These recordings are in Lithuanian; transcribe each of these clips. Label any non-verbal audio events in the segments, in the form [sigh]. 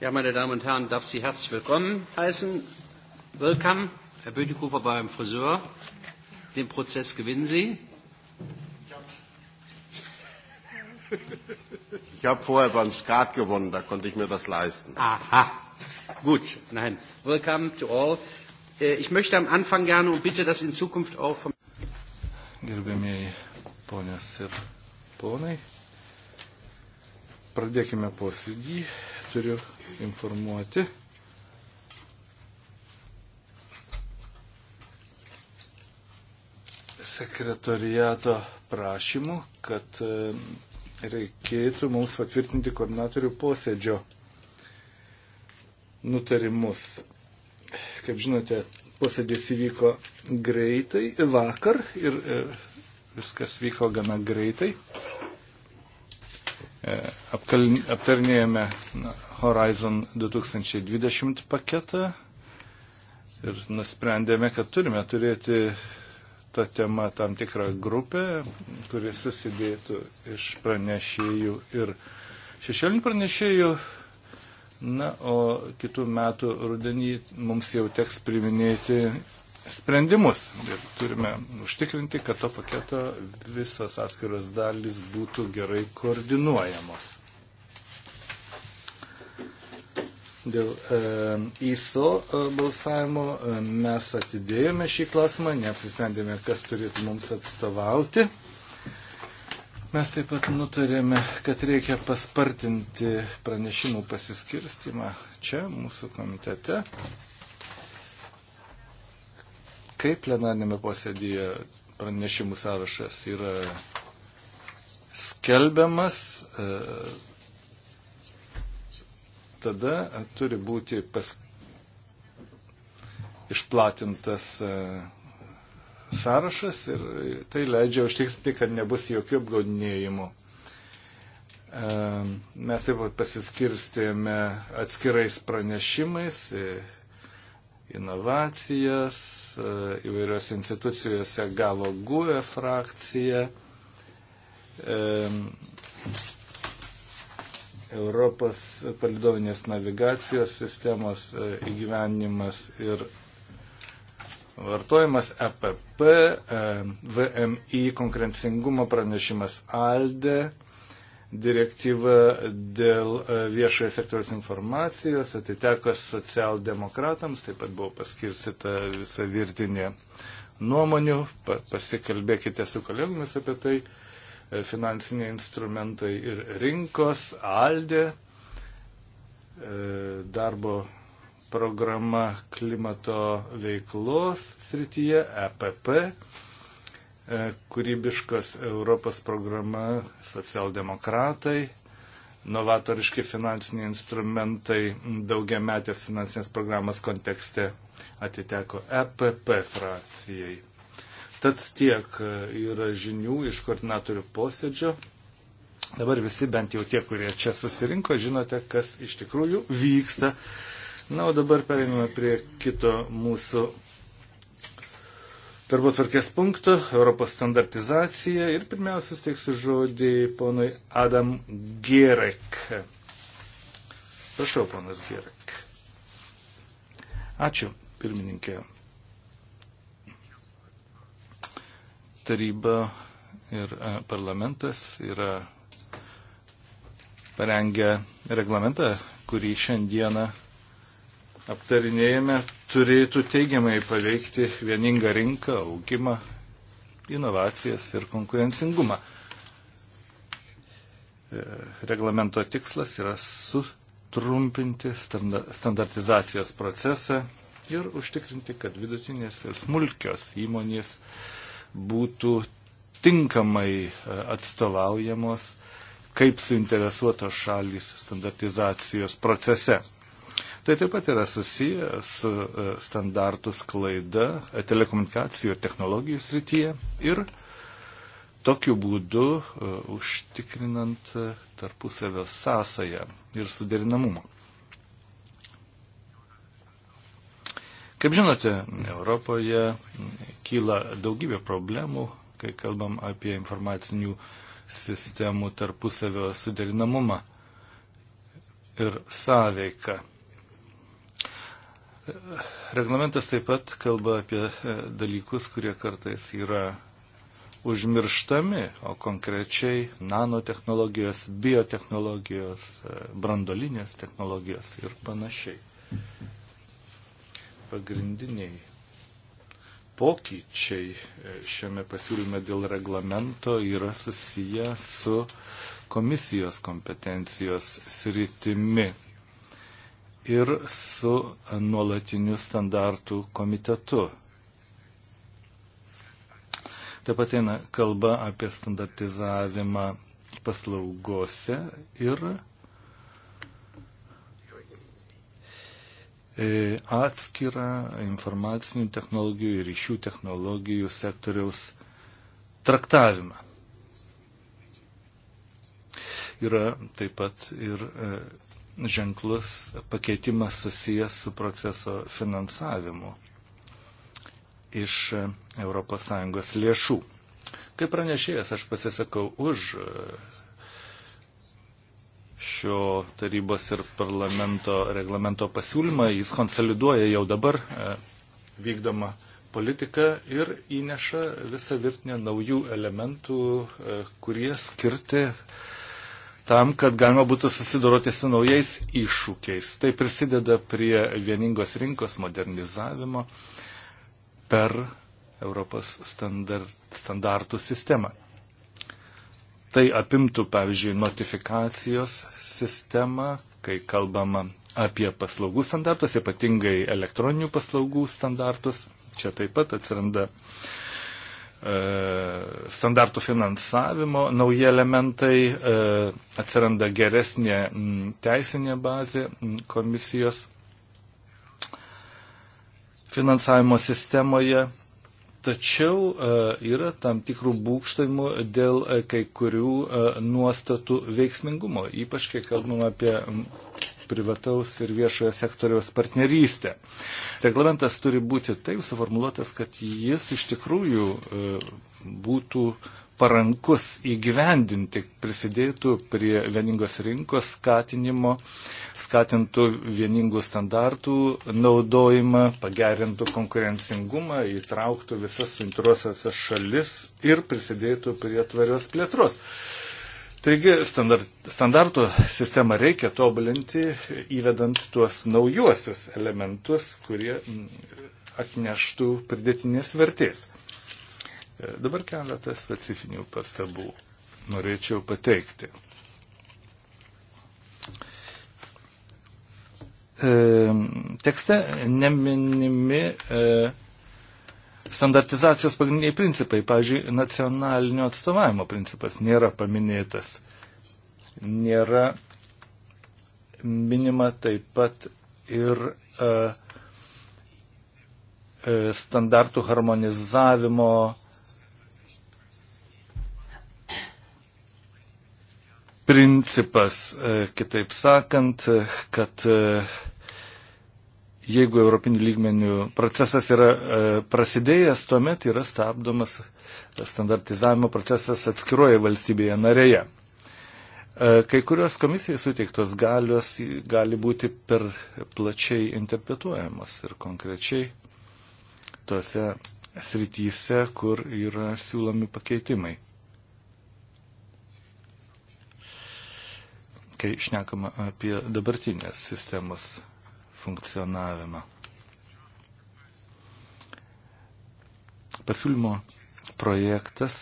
Ja, meine Damen und Herren, darf Sie herzlich willkommen heißen. Willkommen. Herr Bödikofer war im Friseur. Den Prozess gewinnen Sie. Ich habe vorher beim Skat gewonnen, da konnte ich mir das leisten. Aha. Gut, nein. Welcome to all. Äh, ich möchte am Anfang gerne und bitte das in Zukunft auch vom. Gerbėmėjai ponios ir ponai, pradėkime posėdį turiu informuoti, sekretariato prašymų, kad e, reikėtų mums patvirtinti koordinatorių posėdžio nutarimus. Kaip žinote, posėdės įvyko greitai vakar ir e, viskas vyko gana greitai. E, aptarnėjame Horizon 2020 paketą ir nusprendėme, kad turime turėti tą temą tam tikrą grupę, kuri susidėtų iš pranešėjų ir šešėlinių pranešėjų. Na, o kitų metų rudenį mums jau teks priminėti sprendimus. Ir turime užtikrinti, kad to paketo visas atskiras dalis būtų gerai koordinuojamos. Dėl e, ISO e, balsavimo e, mes atidėjome šį klausimą, neapsisprendėme, kas turėtų mums atstovauti. Mes taip pat nutarėme, kad reikia paspartinti pranešimų pasiskirstimą čia, mūsų komitete kai plenarnėme posėdėje pranešimų sąrašas yra skelbiamas, e, tada turi būti pas... išplatintas e, sąrašas ir tai leidžia užtikrinti, kad nebus jokių apgaudinėjimų. E, mes taip pat pasiskirstėme atskirais pranešimais, inovacijas, e, įvairios institucijose gavo GUE frakciją. E, Europos palidovinės navigacijos sistemos e, įgyvenimas ir vartojimas EPP, VMI konkurencingumo pranešimas ALDE, direktyva dėl e, viešojo sektoriaus informacijos atiteko socialdemokratams, taip pat buvo paskirstita visa virtinė nuomonių, pasikalbėkite su kolegomis apie tai, e, finansiniai instrumentai ir rinkos, ALDE, e, darbo programa klimato veiklos srityje, EPP, E, kūrybiškos Europos programa, socialdemokratai, novatoriški finansiniai instrumentai daugiametės finansinės programos kontekste atiteko EPP frakcijai. Tad tiek e, yra žinių iš koordinatorių posėdžio. Dabar visi, bent jau tie, kurie čia susirinko, žinote, kas iš tikrųjų vyksta. Na, o dabar pereiname prie kito mūsų darbo tvarkės punkto Europos standartizacija ir pirmiausia steiksiu žodį ponui Adam Gerek. Prašau, ponas Gerek. Ačiū, pirmininkė. Taryba ir e, parlamentas yra parengę reglamentą, kurį šiandieną aptarinėjame turėtų teigiamai paveikti vieningą rinką, augimą, inovacijas ir konkurencingumą. E, reglamento tikslas yra sutrumpinti standartizacijos procesą ir užtikrinti, kad vidutinės ir smulkios įmonės būtų tinkamai e, atstovaujamos kaip suinteresuotos šalys standartizacijos procese. Tai taip pat yra susiję su e, standartų sklaida e, telekomunikacijų ir technologijų srityje ir tokiu būdu e, užtikrinant tarpusavio sąsają ir suderinamumą. Kaip žinote, Europoje kyla daugybė problemų, kai kalbam apie informacinių sistemų tarpusavio suderinamumą ir sąveiką. Reglamentas taip pat kalba apie e, dalykus, kurie kartais yra užmirštami, o konkrečiai nanotehnologijos, biotehnologijos, e, brandolinės technologijos ir panašiai. Pagrindiniai pokyčiai e, šiame pasiūlyme dėl reglamento yra susiję su komisijos kompetencijos sritimi ir su nuolatiniu standartų komitetu. Taip pat eina kalba apie standartizavimą paslaugose ir e, atskirą informacinių technologijų ir ryšių technologijų sektoriaus traktavimą. Yra taip pat ir e, ženklus pakeitimas susijęs su proceso finansavimu iš ES lėšų. Kaip pranešėjas aš pasisakau už šio tarybos ir parlamento reglamento pasiūlymą. Jis konsoliduoja jau dabar e, vykdomą politiką ir įneša visą virtinę naujų elementų, e, kurie skirti tam, kad galima būtų susidoroti su naujais iššūkiais. Tai prisideda prie vieningos rinkos modernizavimo per Europos standart, standartų sistemą. Tai apimtų, pavyzdžiui, notifikacijos sistemą, kai kalbama apie paslaugų standartus, ypatingai elektroninių paslaugų standartus. Čia taip pat atsiranda uh, E, standartų finansavimo nauji elementai, e, atsiranda geresnė teisinė bazė komisijos finansavimo sistemoje, tačiau e, yra tam tikrų būkštavimų dėl kai kurių nuostatų veiksmingumo, ypač kai kalbam apie privataus ir viešojo sektoriaus partnerystę. Reglamentas turi būti taip suformuoluotas, kad jis iš tikrųjų e, būtų parankus įgyvendinti, prisidėtų prie vieningos rinkos skatinimo, skatintų vieningų standartų naudojimą, pagerintų konkurencingumą, įtrauktų visas suinteresuotas šalis ir prisidėtų prie tvarios plėtros. Taigi standart, standartų sistemą reikia tobulinti, įvedant tuos naujuosius elementus, kurie mm, atneštų pridėtinės vertės. E, dabar keletą specifinių pastabų norėčiau pateikti. E, tekste neminimi e, standartizacijos pagrindiniai principai, pavyzdžiui, nacionalinio atstovavimo principas nėra paminėtas. Nėra minima taip pat ir e, e standartų harmonizavimo principas, e, kitaip sakant, kad e, jeigu europinių lygmenių procesas yra e, prasidėjęs, tuomet yra stabdomas standartizavimo procesas atskiroje valstybėje narėje. E, kai kurios komisijai suteiktos galios gali būti per plačiai interpretuojamos ir konkrečiai tose srityse, kur yra siūlomi pakeitimai. Kai išnekama apie dabartinės sistemos funkcionavimą. Pasiūlymo projektas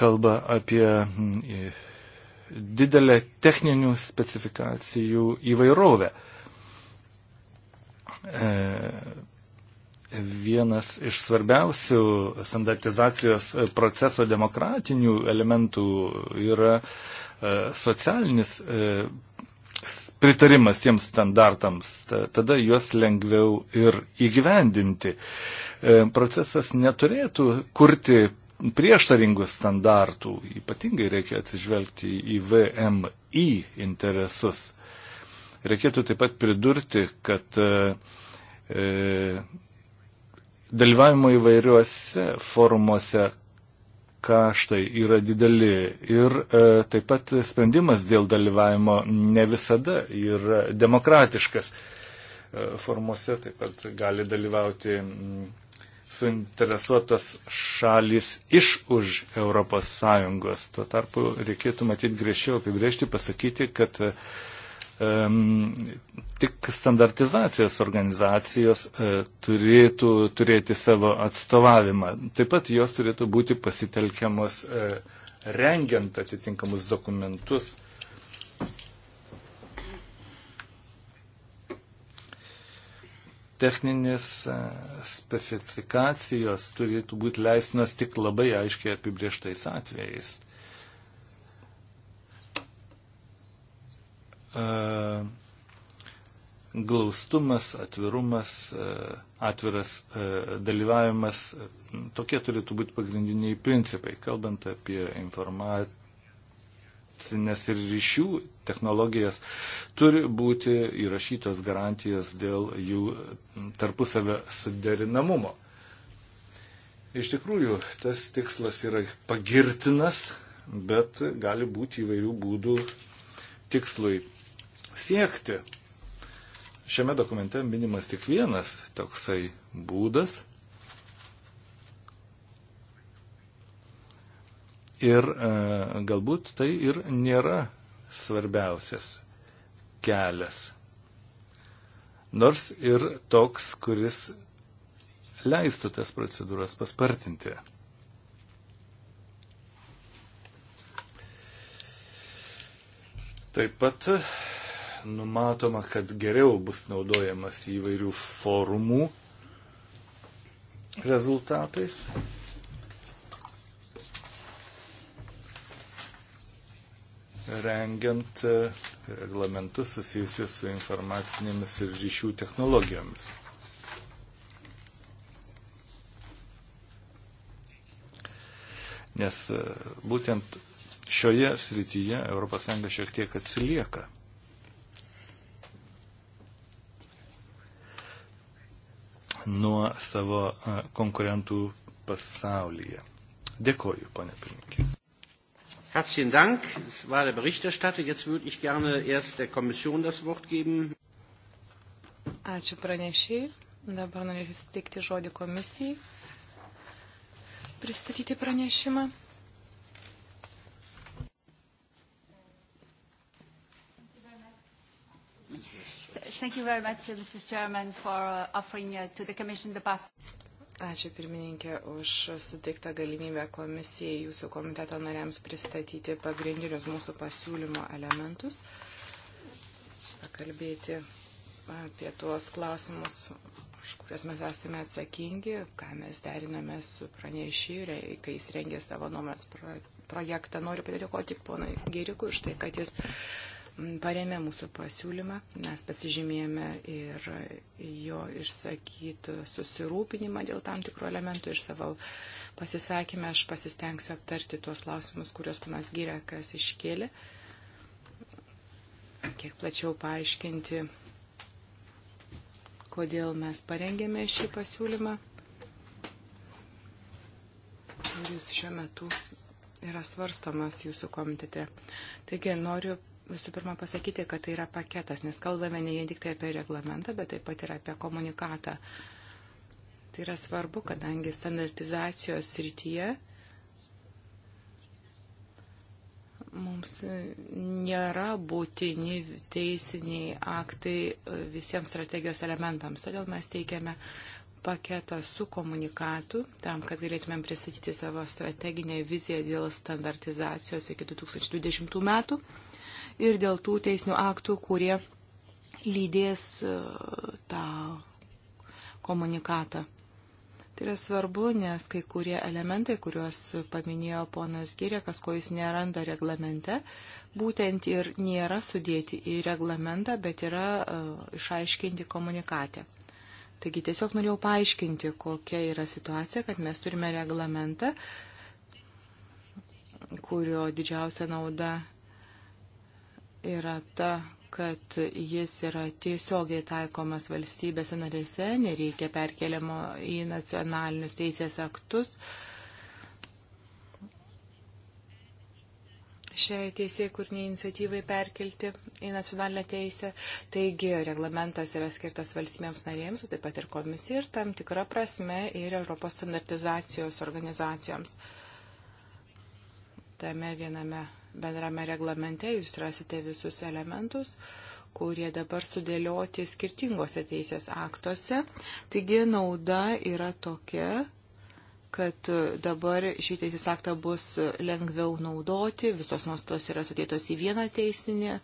kalba apie mm, didelę techninių specifikacijų įvairovę. E, vienas iš svarbiausių standartizacijos proceso demokratinių elementų yra e, socialinis e, pritarimas tiems standartams, tada juos lengviau ir įgyvendinti. E, procesas neturėtų kurti prieštaringų standartų, ypatingai reikia atsižvelgti į VMI interesus. Reikėtų taip pat pridurti, kad e, e dalyvavimo įvairiuose forumuose kaštai yra dideli ir e, taip pat sprendimas dėl dalyvavimo ne visada yra demokratiškas. E, formuose taip pat gali dalyvauti suinteresuotos šalis iš už ES. Tuo tarpu reikėtų matyti griežčiau apibriežti, pasakyti, kad e, Tik standartizacijos organizacijos e, turėtų turėti savo atstovavimą. Taip pat jos turėtų būti pasitelkiamos e, rengiant atitinkamus dokumentus. Techninės e, specifikacijos turėtų būti leistinas tik labai aiškiai apibrieštais atvejais. glaustumas, atvirumas, atviras dalyvavimas, tokie turėtų būti pagrindiniai principai, kalbant apie informaciją komunikacinės ir ryšių technologijas, turi būti įrašytos garantijos dėl jų tarpusavio suderinamumo. Iš tikrųjų, tas tikslas yra pagirtinas, bet gali būti įvairių būdų tikslui siekti. Šiame dokumente minimas tik vienas toksai būdas. Ir e, galbūt tai ir nėra svarbiausias kelias. Nors ir toks, kuris leistų tas procedūras paspartinti. Taip pat numatoma, kad geriau bus naudojamas įvairių forumų rezultatais. rengiant e, reglamentus susijusius su informacinėmis ir ryšių technologijomis. Nes e, būtent šioje srityje ES šiek tiek atsilieka. nuo savo konkurentų pasaulyje. Dėkoju, ponė pirmininkė. Herzlichen Dank. Es war der Berichterstatter. Jetzt würde ich gerne erst der Kommission das Wort geben. Ačiū pranešiai. Dabar norėčiau suteikti žodį komisijai, pristatyti pranešimą. Thank you very much, uh, Mrs. Chairman, for uh, offering uh, to the Commission the pass. Ačiū pirmininkė už suteiktą galimybę komisijai jūsų komiteto nariams pristatyti pagrindinius mūsų pasiūlymo elementus, pakalbėti apie tuos klausimus, už kuriuos mes esame atsakingi, ką mes deriname su pranešėjui, kai jis rengė savo nuomonės projektą. Noriu padėkoti ponui Gerikui už tai, kad jis uh, paremė mūsų pasiūlymą, mes pasižymėjome ir jo išsakytą susirūpinimą dėl tam tikrų elementų ir savo pasisakymę aš pasistengsiu aptarti tuos klausimus, kuriuos panas gyrė, kas iškėlė, kiek plačiau paaiškinti, kodėl mes parengėme šį pasiūlymą, kuris šiuo metu yra svarstomas jūsų komitete. Taigi noriu visų pirma pasakyti, kad tai yra paketas, nes kalbame ne vien tik tai apie reglamentą, bet taip pat ir apie komunikatą. Tai yra svarbu, kadangi standartizacijos srityje mums nėra būtini teisiniai aktai visiems strategijos elementams. Todėl mes teikiame paketą su komunikatu, tam, kad galėtumėm pristatyti savo strateginę viziją dėl standartizacijos iki 2020 metų ir dėl tų teisinių aktų, kurie lydės e, tą komunikatą. Tai yra svarbu, nes kai kurie elementai, kuriuos paminėjo ponas Girėkas, ko jis neranda reglamente, būtent ir nėra sudėti į reglamentą, bet yra uh, išaiškinti komunikatė. Taigi tiesiog norėjau paaiškinti, kokia yra situacija, kad mes turime reglamentą, kurio didžiausia nauda yra ta, kad jis yra tiesiogiai taikomas valstybėse narėse, nereikia perkeliamo į nacionalinius teisės aktus. Šiai teisėjai kurniai iniciatyvai perkelti į nacionalinę teisę. Taigi, reglamentas yra skirtas valstybėms narėms, taip pat ir komisijai ir tam tikra prasme ir Europos standartizacijos organizacijoms. Tame viename bendrame reglamente jūs rasite visus elementus kurie dabar sudėlioti skirtingose teisės aktuose. Taigi nauda yra tokia, kad dabar šį teisės aktą bus lengviau naudoti, visos nuostos yra sudėtos į vieną teisinį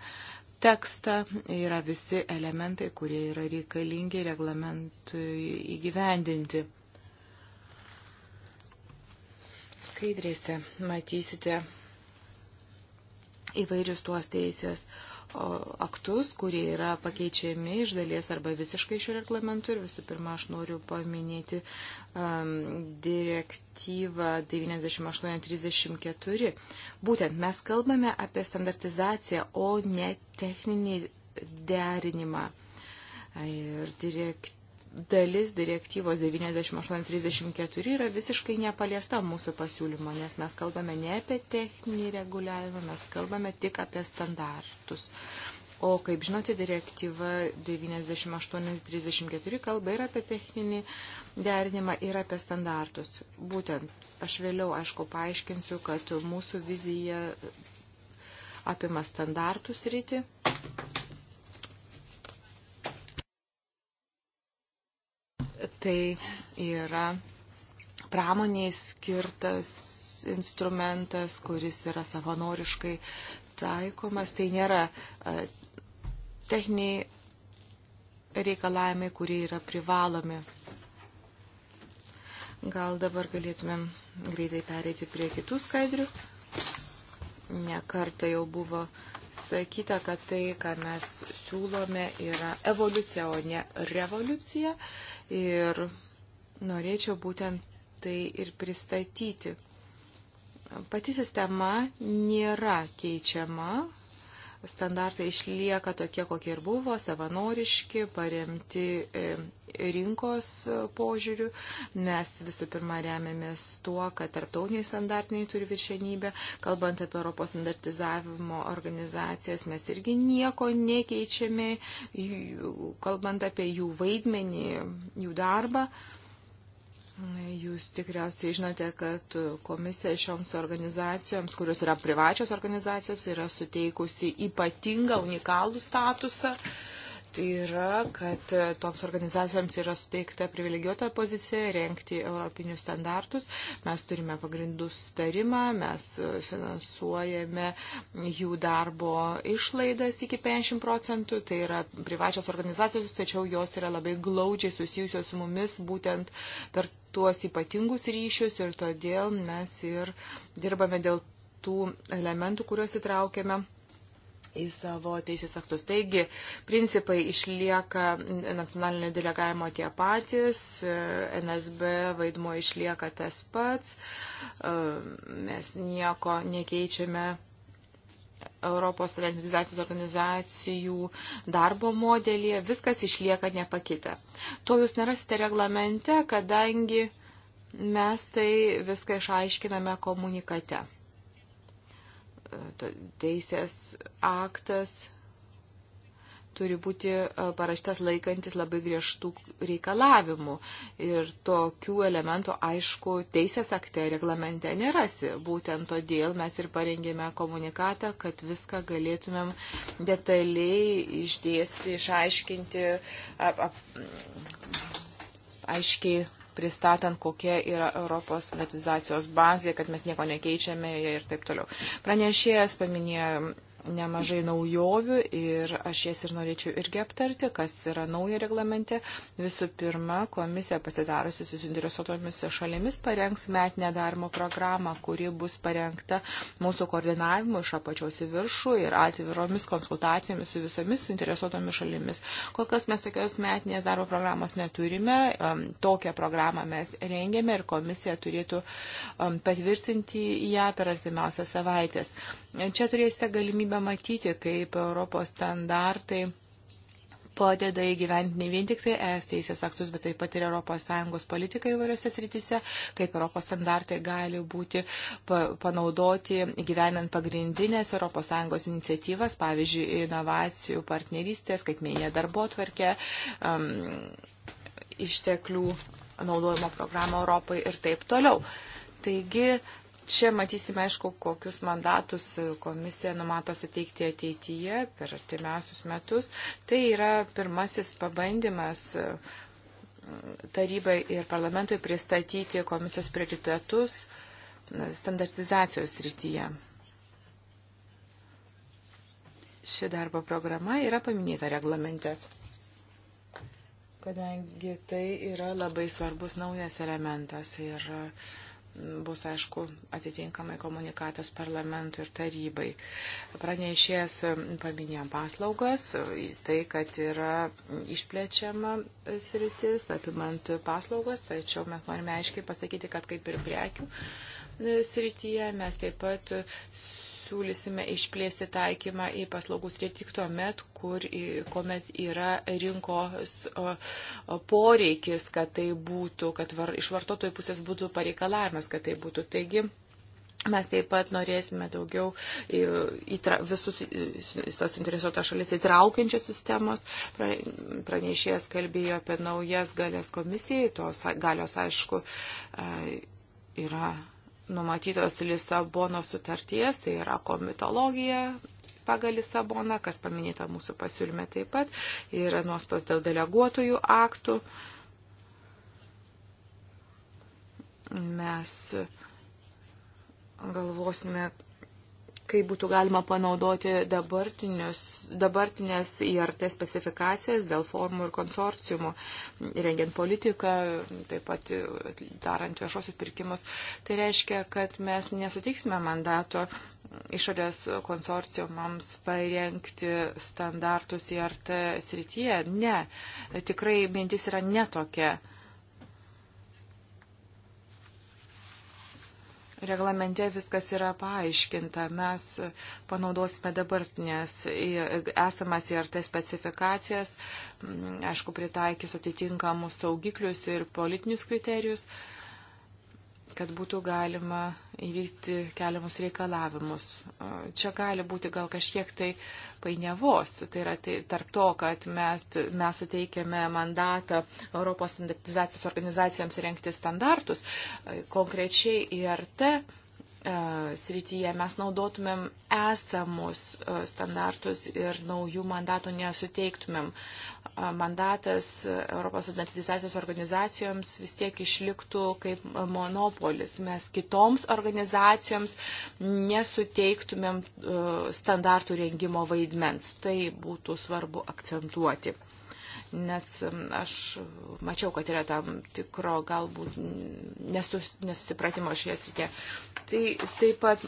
tekstą, yra visi elementai, kurie yra reikalingi reglamentui įgyvendinti. Skaidrėse matysite įvairius tuos teisės aktus, kurie yra pakeičiami iš dalies arba visiškai šiuo reglamentu. Ir visų pirma, aš noriu paminėti um, direktyvą 9834. Būtent mes kalbame apie standartizaciją, o ne techninį derinimą. Ir direktyvą dalis direktyvos 9834 yra visiškai nepaliesta mūsų pasiūlymo, nes mes kalbame ne apie techninį reguliavimą, mes kalbame tik apie standartus. O kaip žinote, direktyva 9834 kalba ir apie techninį derinimą, ir apie standartus. Būtent aš vėliau, aišku, paaiškinsiu, kad mūsų vizija apima standartus rytį tai yra pramoniai skirtas instrumentas, kuris yra savanoriškai taikomas. Tai nėra techniniai reikalavimai, kurie yra privalomi. Gal dabar galėtumėm greitai pereiti prie kitų skaidrių. Nekarta jau buvo sakyta, kad tai, ką mes siūlome, yra evoliucija, o ne revoliucija. Uh, Ir norėčiau būtent tai ir pristatyti. Pati sistema nėra keičiama, standartai išlieka tokie, kokie ir buvo, savanoriški, paremti e, rinkos požiūrių. Mes visų pirma remiamės tuo, kad tarptautiniai standartiniai turi viršenybę. Kalbant apie Europos standartizavimo organizacijas, mes irgi nieko nekeičiame, kalbant apie jų vaidmenį, jų darbą. Uh, Jūs tikriausiai žinote, kad komisija šioms organizacijoms, kurios yra privačios organizacijos, yra suteikusi ypatingą unikalų statusą. Uh, yra, kad e, toms organizacijoms yra suteikta privilegijuota pozicija renkti europinius standartus. Mes turime pagrindų starimą, mes e, finansuojame jų darbo išlaidas iki 50 procentų. Tai yra privačios organizacijos, tačiau jos yra labai glaudžiai susijusios su mumis būtent per tuos ypatingus ryšius ir todėl mes ir dirbame dėl tų elementų, kuriuos įtraukėme į savo teisės aktus. Taigi, principai išlieka nacionalinio delegavimo tie patys, NSB vaidmuo išlieka tas pats, e, mes nieko nekeičiame Europos standartizacijos organizacijų darbo modelį, viskas išlieka nepakitę. To jūs nerasite reglamente, kadangi mes tai viską išaiškiname komunikate. E, teisės aktas turi būti e, paraštas laikantis labai griežtų reikalavimų. Ir tokių elementų, aišku, teisės akte reglamente nerasi. Būtent todėl mes ir parengėme komunikatą, kad viską galėtumėm detaliai išdėsti, išaiškinti, ap, ap, aiškiai pristatant, kokia yra Europos standartizacijos bazė, kad mes nieko nekeičiame ir taip toliau. Pranešėjas paminėjo nemažai naujovių ir aš jas ir norėčiau irgi aptarti, kas yra nauja reglamente. Visų pirma, komisija pasidarusi su suinteresuotomis šalimis parengs metinę darbo programą, kuri bus parengta mūsų koordinavimu iš apačios į viršų ir atviromis konsultacijomis su visomis suinteresuotomis šalimis. Kol kas mes tokios metinės darbo programos neturime, um, tokią programą mes rengėme ir komisija turėtų um, patvirtinti ją per artimiausias savaitės. Čia turėsite galimybę matyti, kaip Europos standartai padeda įgyventi ne vien tik tai ES teisės aktus, bet taip pat ir ES politikai įvairiose srityse, kaip ES standartai gali būti panaudoti gyvenant pagrindinės ES iniciatyvas, pavyzdžiui, inovacijų partnerystės, kaip mėnė darbo tvarkė, um, išteklių naudojimo programą Europai ir taip toliau. Taigi Čia matysime, aišku, kokius mandatus komisija numato suteikti ateityje per artimiausius metus. Tai yra pirmasis pabandymas mm, tarybai ir parlamentui pristatyti komisijos prioritetus mm, standartizacijos rytyje. Ši darbo programa yra paminėta reglamente, kadangi tai yra labai svarbus naujas elementas. Ir, uh, bus, aišku, atitinkamai komunikatas parlamentui ir tarybai. Pranešės e, paminėjo paslaugas, e, tai, kad yra išplečiama sritis, apimant paslaugas, tačiau mes norime aiškiai pasakyti, kad kaip ir prekių e, srityje mes taip pat siūlysime išplėsti taikymą į paslaugus ir tik tuo met, kur, kuomet yra rinkos poreikis, kad tai būtų, kad var, iš vartotojų pusės būtų pareikalavimas, kad tai būtų. Taigi, Mes taip pat norėsime daugiau į, į tra, visus visas interesuotas šalis įtraukiančios sistemos. Pra, pranešėjas kalbėjo apie naujas galės komisijai, tos galios aišku yra numatytos Lisabono sutarties, tai yra komitologija pagal Lisaboną, kas paminėta mūsų pasiūlyme taip pat, yra nuostos dėl deleguotojų aktų. Mes galvosime, kaip būtų galima panaudoti dabartinės IRT specifikacijas dėl formų ir konsorciumų, rengiant politiką, taip pat darant viešosius pirkimus. Tai reiškia, kad mes nesutiksime mandato išorės konsorciumams parengti standartus IRT srityje. Ne, tikrai mintis yra netokia. tokia Reglamente viskas yra paaiškinta. Mes panaudosime dabartinės esamas IRT specifikacijas, aišku, pritaikius atitinkamus saugiklius ir politinius kriterijus. Uh, kad būtų galima įvykti keliamus reikalavimus. Čia gali būti gal kažkiek tai painiavos. Tai yra tai, tarp to, kad mes, mes suteikėme mandatą Europos standartizacijos organizacijoms renkti standartus, konkrečiai IRT E, srityje mes naudotumėm esamus e, standartus ir naujų mandatų nesuteiktumėm. E, mandatas Europos standartizacijos organizacijoms vis tiek išliktų kaip monopolis. Mes kitoms organizacijoms nesuteiktumėm standartų rengimo vaidmens. Tai būtų svarbu akcentuoti. Nes aš mačiau, kad yra tam tikro galbūt nesus, nesusipratimo šioje srityje. Tai taip pat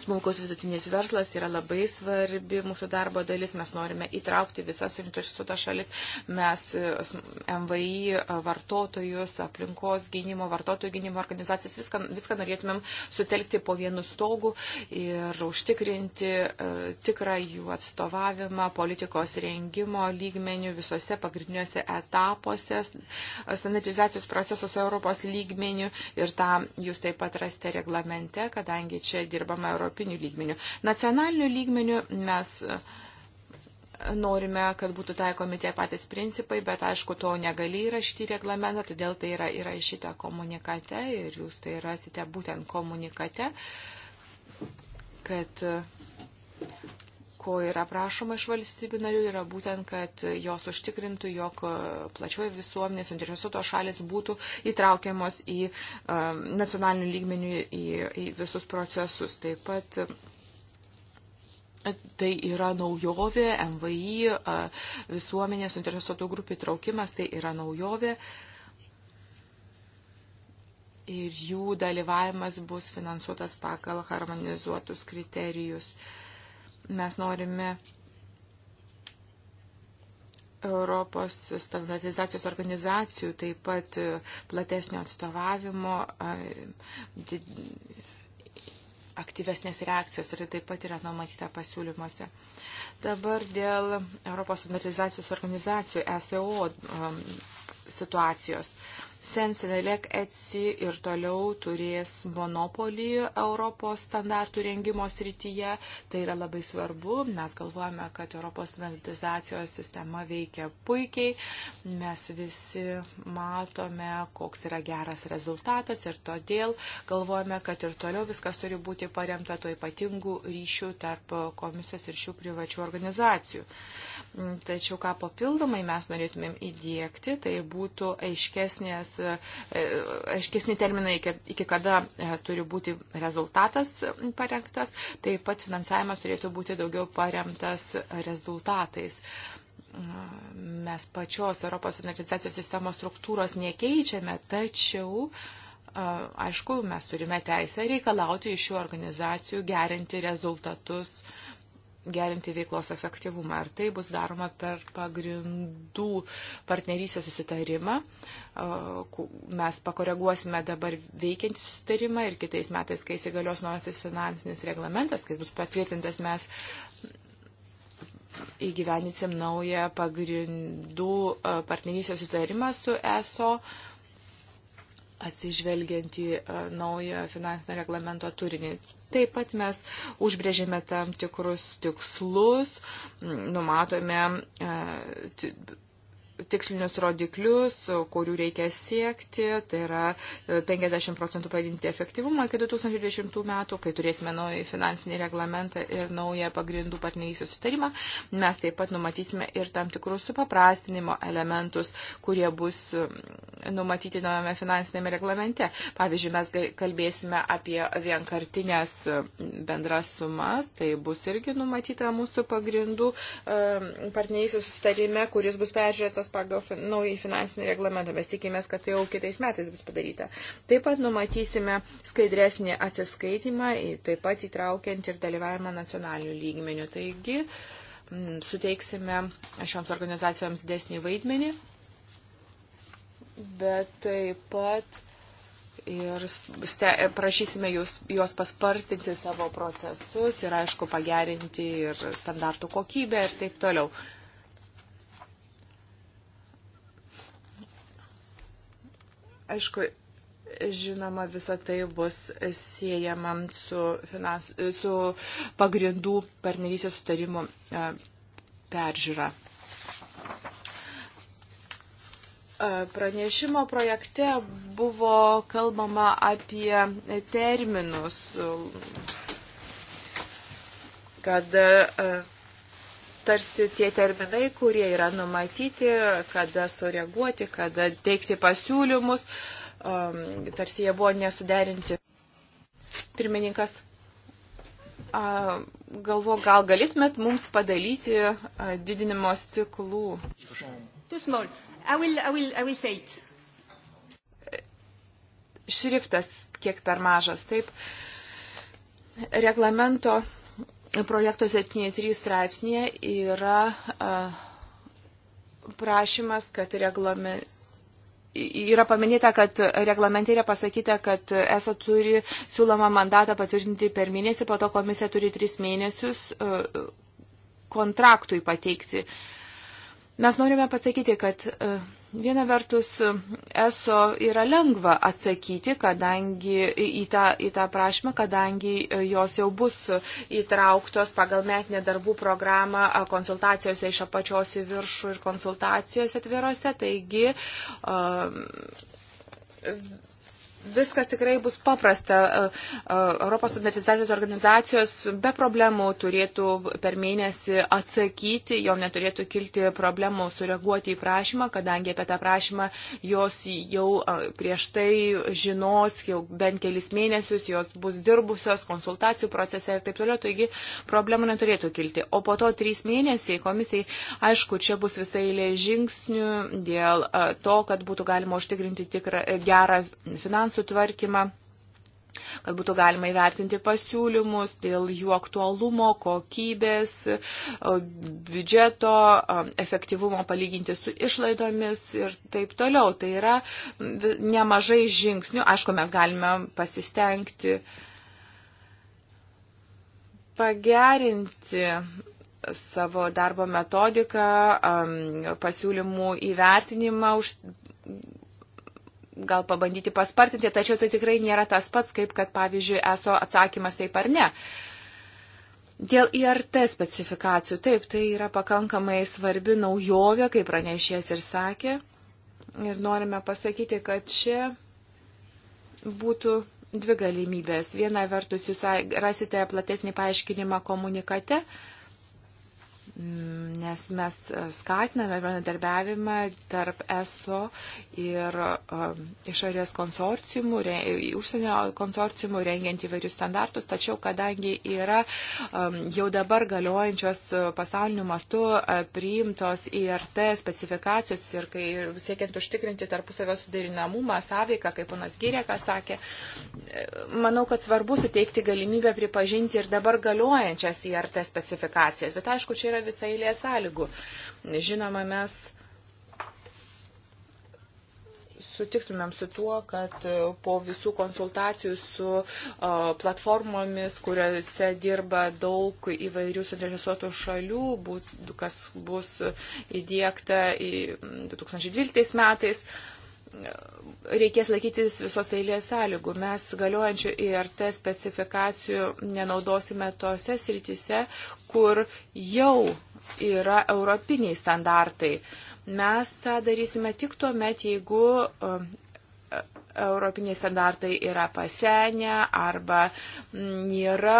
Smulkus vidutinis verslas yra labai svarbi mūsų darbo dalis, mes norime įtraukti visas suinteresuotas šalis, mes e, MVI e, vartotojus, aplinkos gynimo, vartotojų gynimo organizacijas, viską, viską norėtumėm sutelkti po vienu stogu ir užtikrinti e, tikrą jų atstovavimą politikos rengimo lygmenių visose pagrindiniuose etapuose, standartizacijos procesuose Europos lygmenių ir tą jūs taip pat rasite reglamente, kadangi čia dirbama Europos europinių lygmenių. Nacionalinių lygmenių mes e, norime, kad būtų taikomi tie patys principai, bet aišku, to negali įrašyti reglamentą, todėl tai yra įrašyta komunikate ir jūs tai rasite būtent komunikate, kad ko yra prašoma iš valstybių narių, yra būtent, kad jos užtikrintų, jog e, plačioji visuomenė suinteresuotos šalis būtų įtraukiamos į um, nacionalinių lygmenių į, į visus procesus. Taip pat e, Tai yra naujovė, MVI, visuomenės interesuotų grupių įtraukimas, tai yra naujovė ir jų dalyvavimas bus finansuotas pagal harmonizuotus kriterijus. Uh, Mes norime Europos standartizacijos organizacijų, taip pat e, platesnio atstovavimo, aktyvesnės reakcijos ir taip pat yra numatyta pasiūlymuose. Dabar dėl Europos standartizacijos organizacijų SEO um, situacijos. Um, Sensinelek ETSI ir toliau turės monopolį Europos standartų rengimo srityje. Tai yra labai svarbu. Mes galvojame, kad Europos standartizacijos sistema veikia puikiai. Mes visi matome, koks yra geras rezultatas ir todėl galvojame, kad ir toliau viskas turi būti paremta tuo ypatingu ryšiu tarp komisijos ir šių privačių organizacijų. Tačiau ką papildomai mes norėtumėm įdėkti, tai būtų e, aiškesni terminai, iki, iki kada e, turi būti rezultatas parengtas, taip pat finansavimas turėtų būti daugiau paremtas rezultatais mes pačios Europos standartizacijos sistemos struktūros nekeičiame, tačiau, e, aišku, mes turime teisę reikalauti iš šių organizacijų gerinti rezultatus uh, gerinti veiklos efektyvumą. Ir tai bus daroma per pagrindų partnerysę susitarimą. Mes pakoreguosime dabar veikiantį susitarimą ir kitais metais, kai įsigalios naujasis finansinis reglamentas, kai bus patvirtintas, mes įgyvenicim naują pagrindų partnerysę susitarimą su ESO atsižvelgiant į e, naujo finansinio reglamento turinį. Taip pat mes užbrėžėme tam tikrus tikslus, numatome e, tikslinius rodiklius, kurių reikia siekti, tai yra 50 e, procentų padinti efektyvumą iki 2020 metų, kai turėsime naują finansinį reglamentą ir naują pagrindų partnerystės sutarimą, mes taip pat numatysime ir tam tikrus supaprastinimo elementus, kurie bus numatyti naujame finansinėme reglamente. Pavyzdžiui, mes kalbėsime apie vienkartinės bendras sumas, tai bus irgi numatyta mūsų pagrindų e, partnerystės sutarime, kuris bus peržiūrėtas pagal fin, naują finansinį reglamentą. Mes tikimės, kad tai jau kitais metais bus padaryta. Taip pat numatysime skaidresnį atsiskaitimą, taip pat įtraukiant ir dalyvavimą nacionalinių lygmenių. Taigi m, suteiksime šioms organizacijoms desnį vaidmenį, bet taip pat ir ste, prašysime jūs, juos paspartinti savo procesus ir, aišku, pagerinti ir standartų kokybę ir taip toliau. Aišku, žinoma, visa tai bus siejama su, finans, su pagrindų partnerysės sutarimų e, peržiūra. E, pranešimo projekte buvo kalbama apie terminus, kad e, tarsi tie terminai, kurie yra numatyti, kada sureaguoti, kada teikti pasiūlymus, um, tarsi jie buvo nesuderinti. Pirmininkas, galvo, gal galėtumėt mums padalyti didinimo stiklų? Šriftas kiek per mažas, taip. Reglamento projekto 7.3 straipsnėje yra prašymas, kad reglame. Yra paminėta, kad reglamente yra pasakyta, kad ESO turi siūlomą mandatą patvirtinti per mėnesį, po to komisija turi tris mėnesius kontraktui pateikti. Mes norime pasakyti, kad uh, Viena vertus, eso yra lengva atsakyti, kadangi į tą, į tą prašymą, kadangi e, jos jau bus įtrauktos pagal metinę darbų programą konsultacijose iš apačios į viršų ir konsultacijose atvirose. Taigi, um, viskas tikrai bus paprasta. E, e, Europos standartizacijos organizacijos be problemų turėtų per mėnesį atsakyti, jau neturėtų kilti problemų sureaguoti į prašymą, kadangi apie tą prašymą jos jau e, prieš tai žinos, jau bent kelis mėnesius jos bus dirbusios konsultacijų procese ir taip toliau, taigi problemų neturėtų kilti. O po to trys mėnesiai komisijai, aišku, čia bus visai lė žingsnių dėl to, kad būtų galima užtikrinti tikrą gerą finansų finansų tvarkymą kad būtų galima įvertinti pasiūlymus dėl jų aktualumo, kokybės, biudžeto, efektyvumo palyginti su išlaidomis ir taip toliau. Tai yra nemažai žingsnių, aišku, mes galime pasistengti pagerinti savo darbo metodiką, pasiūlymų įvertinimą, už gal pabandyti paspartinti, tačiau tai tikrai nėra tas pats, kaip kad, pavyzdžiui, eso atsakymas taip ar ne. Dėl IRT specifikacijų, taip, tai yra pakankamai svarbi naujovė, kaip pranešės ir sakė. Ir norime pasakyti, kad čia būtų dvi galimybės. Viena vertus, jūs rasite platesnį paaiškinimą komunikate, uh, Mm, nes mes e, skatiname bendradarbiavimą tarp ESO ir e, išorės konsorciumų, re, užsienio konsorciumų rengiant įvairius standartus, tačiau kadangi yra jau dabar galiojančios e, pasauliniu mastu priimtos IRT specifikacijos ir kai siekiant užtikrinti tarpusavio suderinamumą, sąveiką, kaip ponas Gyrekas sakė, manau, kad svarbu suteikti galimybę pripažinti ir dabar galiojančias IRT specifikacijas. Bet aišku, čia yra visą eilę sąlygų. Žinoma, mes sutiktumėm su tuo, kad e, po visų konsultacijų su platformomis, kuriuose dirba daug įvairių suinteresuotų šalių, kas bus įdėkta 2012 metais, reikės laikytis visos eilės sąlygų. Mes galiojančių IRT specifikacijų nenaudosime tose srityse, kur jau yra europiniai standartai. Mes tą darysime tik tuo met, jeigu um, e, europiniai standartai yra pasenę arba nėra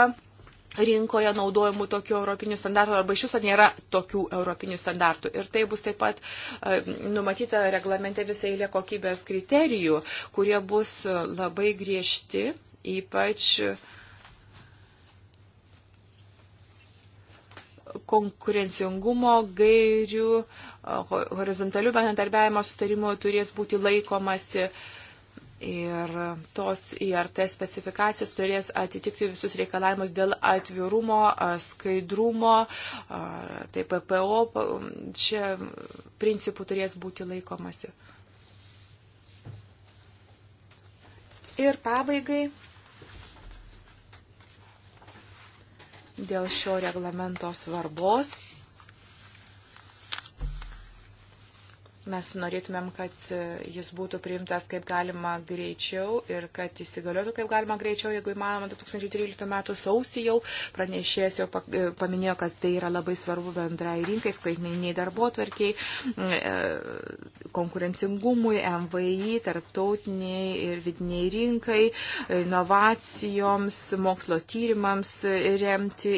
rinkoje naudojamų tokių europinių standartų arba iš viso nėra tokių europinių standartų. Ir tai bus taip pat e, numatyta reglamente visą eilę kokybės kriterijų, kurie bus labai griežti, ypač konkurencingumo gairių, horizontalių bendradarbiavimo sustarimų turės būti laikomasi uh, Ir tos IRT specifikacijos turės atitikti visus reikalavimus dėl atvirumo, skaidrumo, tai PPO, čia principų turės būti laikomasi. Ir pabaigai dėl šio reglamento svarbos Mes norėtumėm, kad e, jis būtų priimtas kaip galima greičiau ir kad įsigaliotų kaip galima greičiau, jeigu įmanoma, 2013 metų sausį jau pranešėjas jau e, paminėjo, kad tai yra labai svarbu bendrai rinkai, skaitmeniniai darbotvarkiai, e, konkurencingumui, MVI, tarptautiniai ir vidiniai rinkai, inovacijoms, mokslo tyrimams remti,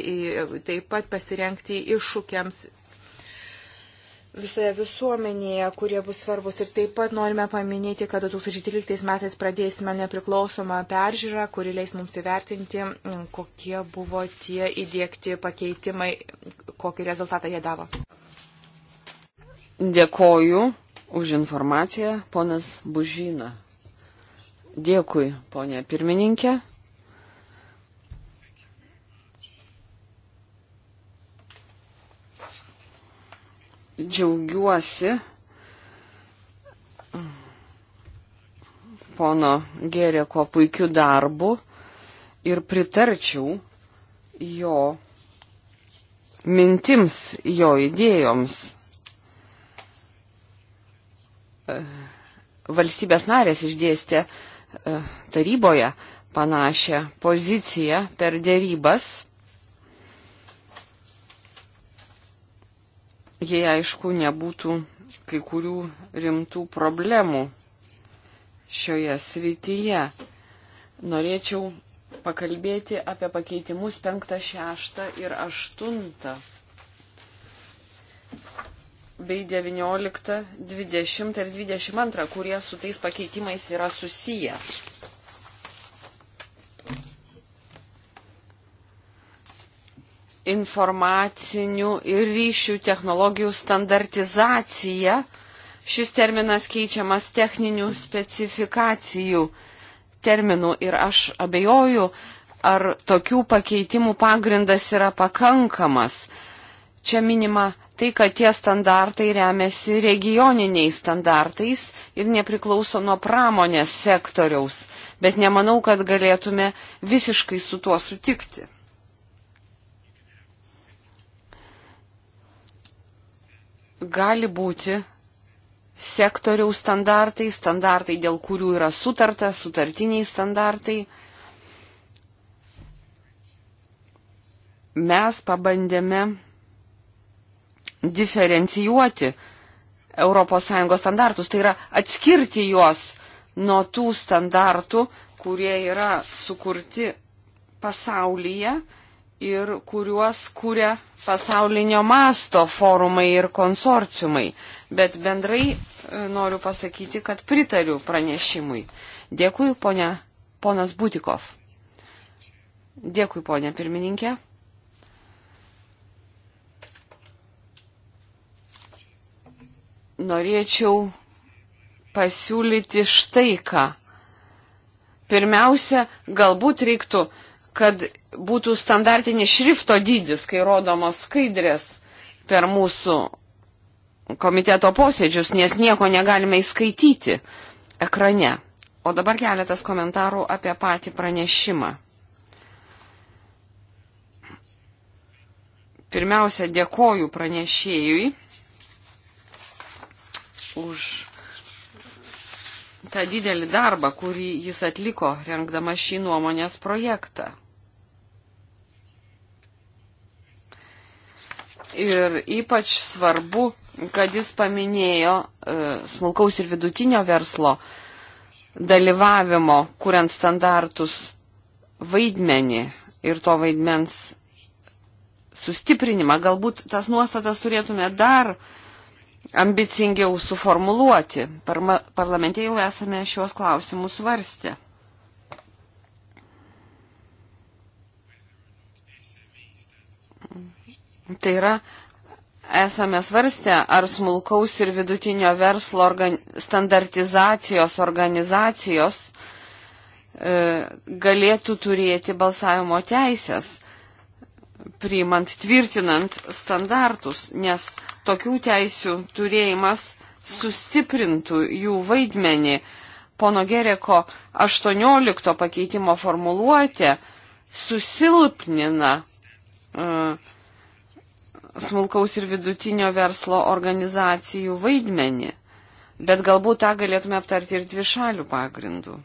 taip pat pasirenkti iššūkiams visoje visuomenėje, kurie bus svarbus. Ir taip pat norime paminėti, kad 2013 metais pradėsime nepriklausomą peržiūrą, kuri leis mums įvertinti, mm, kokie buvo tie įdėkti pakeitimai, kokį rezultatą jie davo. Dėkoju už informaciją, ponas Bužina. Dėkui, ponė pirmininkė. džiaugiuosi pono Gerėko puikiu darbu ir pritarčiau jo mintims, jo idėjoms. Valstybės narės išdėstė e, taryboje panašią poziciją per dėrybas jei aišku nebūtų kai kurių rimtų problemų šioje srityje. Norėčiau pakalbėti apie pakeitimus 5, 6 ir 8 bei 19, 20 ir 22, kurie su tais pakeitimais yra susijęs. informacinių ir ryšių technologijų standartizacija. Šis terminas keičiamas techninių specifikacijų terminų ir aš abejoju, ar tokių pakeitimų pagrindas yra pakankamas. Čia minima tai, kad tie standartai remiasi regioniniais standartais ir nepriklauso nuo pramonės sektoriaus, bet nemanau, kad galėtume visiškai su tuo sutikti. gali būti sektorių standartai, standartai, dėl kurių yra sutarta, sutartiniai standartai. Mes pabandėme diferencijuoti ES standartus, tai yra atskirti juos nuo tų standartų, kurie yra sukurti pasaulyje ir kuriuos kūrė pasaulinio masto forumai ir konsorciumai. Bet bendrai e, noriu pasakyti, kad pritariu pranešimui. Dėkui, ponia, ponas Butikov. Dėkui, ponia pirmininkė. Norėčiau pasiūlyti štai ką. Pirmiausia, galbūt reiktų uh, kad būtų standartinis šrifto dydis, kai rodomos skaidrės per mūsų komiteto posėdžius, nes nieko negalime įskaityti ekrane. O dabar keletas komentarų apie patį pranešimą. Pirmiausia, dėkoju pranešėjui už tą didelį darbą, kurį jis atliko, renkdama šį nuomonės projektą. Ir ypač svarbu, kad jis paminėjo e, smulkaus ir vidutinio verslo dalyvavimo, kuriant standartus vaidmenį ir to vaidmens sustiprinimą. Galbūt tas nuostatas turėtume dar ambicingiau suformuluoti. Parma, parlamente jau esame šios klausimus svarstę. Tai yra, esame svarstę, ar smulkaus ir vidutinio verslo organi standartizacijos organizacijos e, galėtų turėti balsavimo teisės, priimant, tvirtinant standartus, nes tokių teisių turėjimas sustiprintų jų vaidmenį. Pono Gereko 18 pakeitimo formuluotė susilpnina uh, e, smulkaus ir vidutinio verslo organizacijų vaidmenį, bet galbūt tą galėtume aptarti ir dvi šalių pagrindų.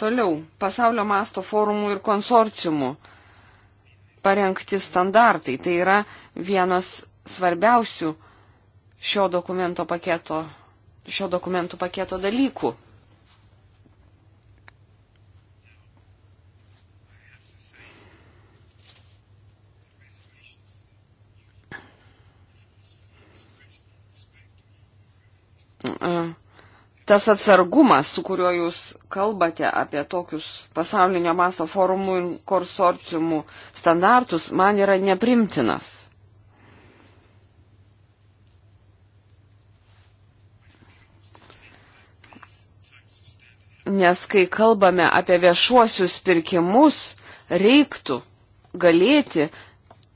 Toliau, pasaulio masto forumų ir konsorciumų parengti standartai. Tai yra vienas svarbiausių šio dokumento paketo, šio dokumentų paketo dalykų. tas atsargumas, su kuriuo jūs kalbate apie tokius pasaulinio masto forumų ir konsorciumų standartus, man yra neprimtinas. Nes kai kalbame apie viešuosius pirkimus, reiktų galėti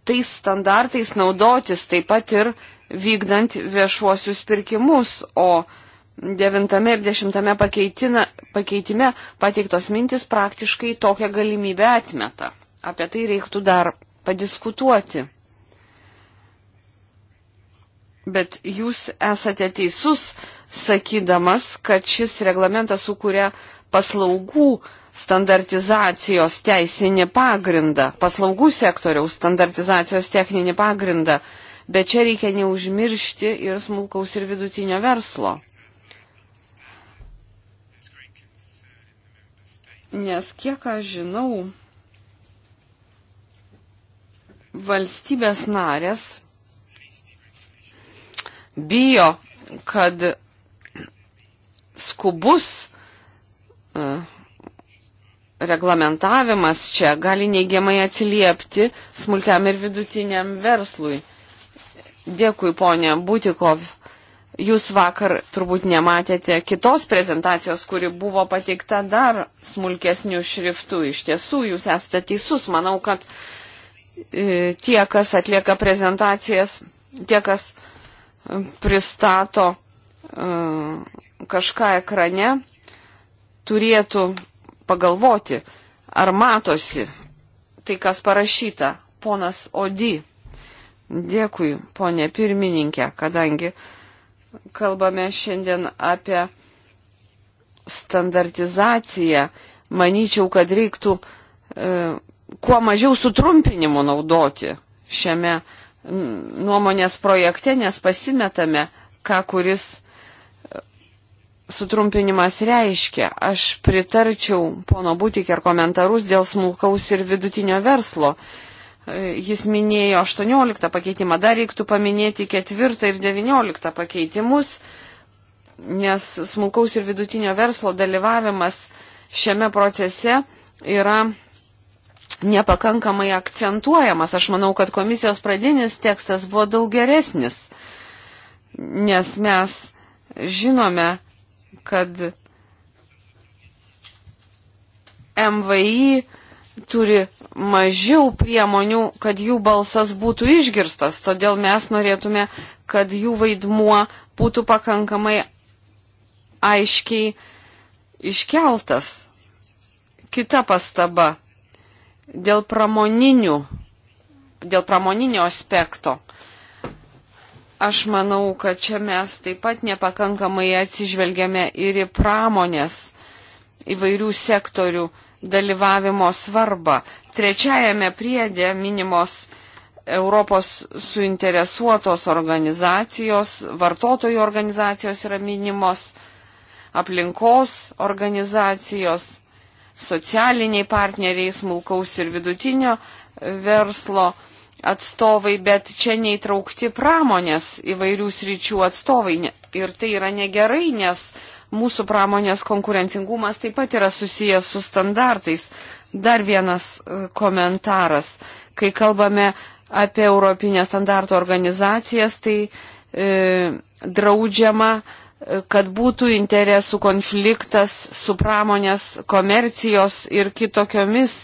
tais standartais naudotis taip pat ir vykdant viešuosius pirkimus, o devintame ir dešimtame pakeitime pateiktos mintis praktiškai tokią galimybę atmeta. Apie tai reiktų dar padiskutuoti. Bet jūs esate teisus, sakydamas, kad šis reglamentas sukuria paslaugų standartizacijos teisinį pagrindą, paslaugų sektoriaus standartizacijos techninį pagrindą. Bet čia reikia neužmiršti ir smulkaus ir vidutinio verslo. Nes kiek aš žinau, valstybės narės bijo, kad skubus e, reglamentavimas čia gali neigiamai atsiliepti smulkiam ir vidutiniam verslui. Dėkui, ponė Butikov. Jūs vakar turbūt nematėte kitos prezentacijos, kuri buvo pateikta dar smulkesnių šriftų. Iš tiesų, jūs esate teisus. Manau, kad e, tie, kas atlieka prezentacijas, tie, kas e, pristato e, kažką ekrane, turėtų pagalvoti, ar matosi tai, kas parašyta. Ponas Odi. Dėkui, ponė pirmininkė, kadangi kalbame šiandien apie standartizaciją, manyčiau, kad reiktų e, kuo mažiau sutrumpinimų naudoti šiame nuomonės projekte, nes pasimetame, ką kuris e, sutrumpinimas reiškia. Aš pritarčiau pono Būtik ir komentarus dėl smulkaus ir vidutinio verslo. E, Jis minėjo 18 pakeitimą, dar reiktų paminėti 4 ir 19 pakeitimus, nes smulkaus ir vidutinio verslo dalyvavimas šiame procese yra nepakankamai akcentuojamas. Aš manau, kad komisijos pradinis tekstas buvo daug geresnis, nes mes žinome, kad MVI turi mažiau priemonių, kad jų balsas būtų išgirstas. Todėl mes norėtume, kad jų vaidmuo būtų pakankamai aiškiai iškeltas. Kita pastaba dėl pramoninių, dėl pramoninio aspekto. Aš manau, kad čia mes taip pat nepakankamai atsižvelgiame ir į pramonės įvairių sektorių dalyvavimo svarbą. Trečiajame priedė minimos Europos suinteresuotos organizacijos, vartotojų organizacijos yra minimos, aplinkos organizacijos, socialiniai partneriai, smulkaus ir vidutinio verslo atstovai, bet čia neįtraukti pramonės įvairių sričių atstovai. Ir tai yra negerai, nes mūsų pramonės konkurencingumas taip pat yra susijęs su standartais. Dar vienas e, komentaras. Kai kalbame apie Europinę standartų organizacijas, tai e, draudžiama, e, kad būtų interesų konfliktas su pramonės, komercijos ir kitokiomis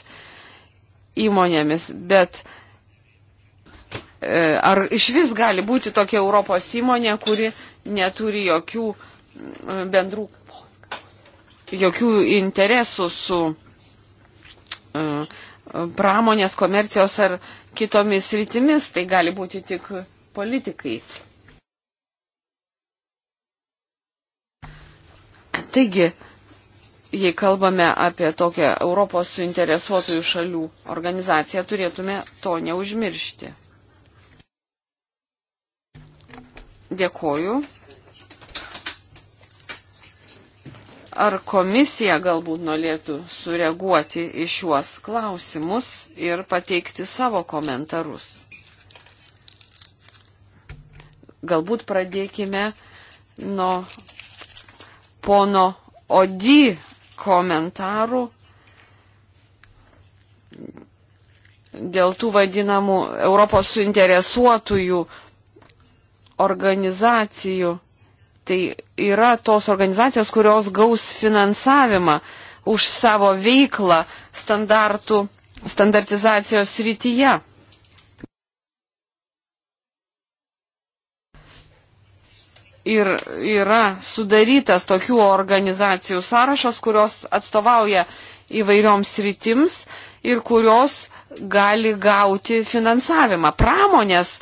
įmonėmis. Bet e, ar iš vis gali būti tokia Europos įmonė, kuri neturi jokių e, bendrų jokių interesų su e, pramonės, komercijos ar kitomis rytimis, tai gali būti tik politikai. Taigi, jei kalbame apie tokią Europos suinteresuotųjų šalių organizaciją, turėtume to neužmiršti. Dėkoju. Ar komisija galbūt norėtų sureaguoti į šiuos klausimus ir pateikti savo komentarus? Galbūt pradėkime nuo pono Odi komentarų dėl tų vadinamų Europos suinteresuotųjų organizacijų. Tai yra tos organizacijos, kurios gaus finansavimą už savo veiklą standartų, standartizacijos rytyje. ir yra sudarytas tokių organizacijų sąrašas, kurios atstovauja įvairioms rytims ir kurios gali gauti finansavimą. Pramonės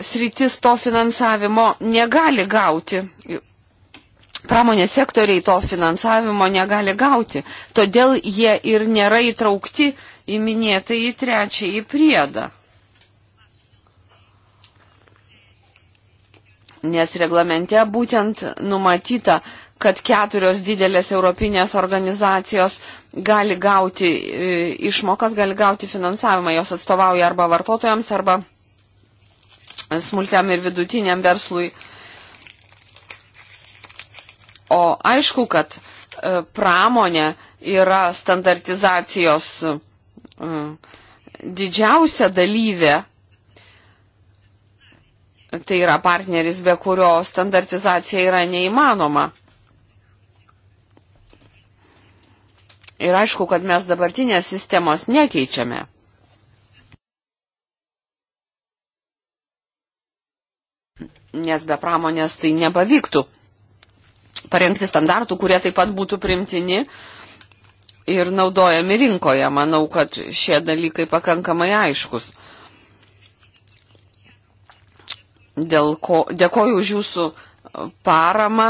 sritis to finansavimo negali gauti. Pramonės sektoriai to finansavimo negali gauti, todėl jie ir nėra įtraukti į minėtą į trečiąjį priedą. Nes reglamente būtent numatyta, kad keturios didelės europinės organizacijos gali gauti e, išmokas, gali gauti finansavimą, jos atstovauja arba vartotojams, arba smulkiam ir vidutiniam verslui. O aišku, kad e, pramonė yra standartizacijos e, didžiausia dalyvė. Tai yra partneris, be kurio standartizacija yra neįmanoma. Ir aišku, kad mes dabartinės sistemos nekeičiame. nes be pramonės tai nepavyktų parengti standartų, kurie taip pat būtų primtini ir naudojami rinkoje. Manau, kad šie dalykai pakankamai aiškus. Dėl ko, dėkoju už jūsų paramą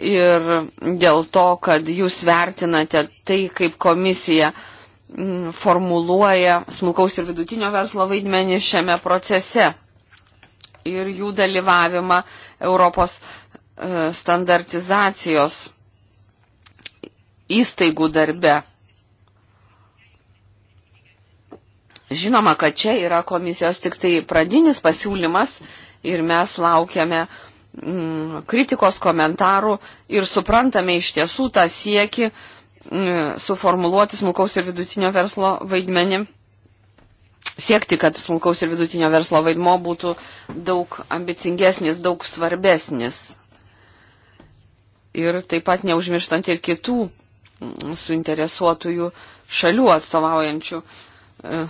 ir dėl to, kad jūs vertinate tai, kaip komisija mm, formuluoja smulkaus ir vidutinio verslo vaidmenį šiame procese ir jų dalyvavimą Europos e, standartizacijos įstaigų darbe. Žinoma, kad čia yra komisijos tik tai pradinis pasiūlymas ir mes laukiame mm, kritikos komentarų ir suprantame iš tiesų tą sieki mm, suformuluoti smulkaus ir vidutinio verslo vaidmenį siekti, kad smulkaus ir vidutinio verslo vaidmo būtų daug ambicingesnis, daug svarbesnis. Ir taip pat neužmirštant ir kitų mm, suinteresuotųjų šalių atstovaujančių e,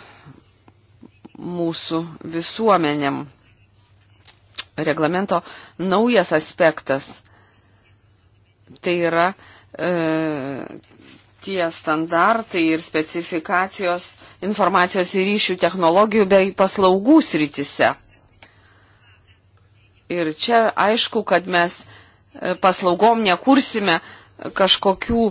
mūsų visuomenėm. Reglamento naujas aspektas tai yra e, tie standartai ir specifikacijos informacijos ir ryšių technologijų bei paslaugų srityse. Ir čia aišku, kad mes e, paslaugom nekursime kažkokių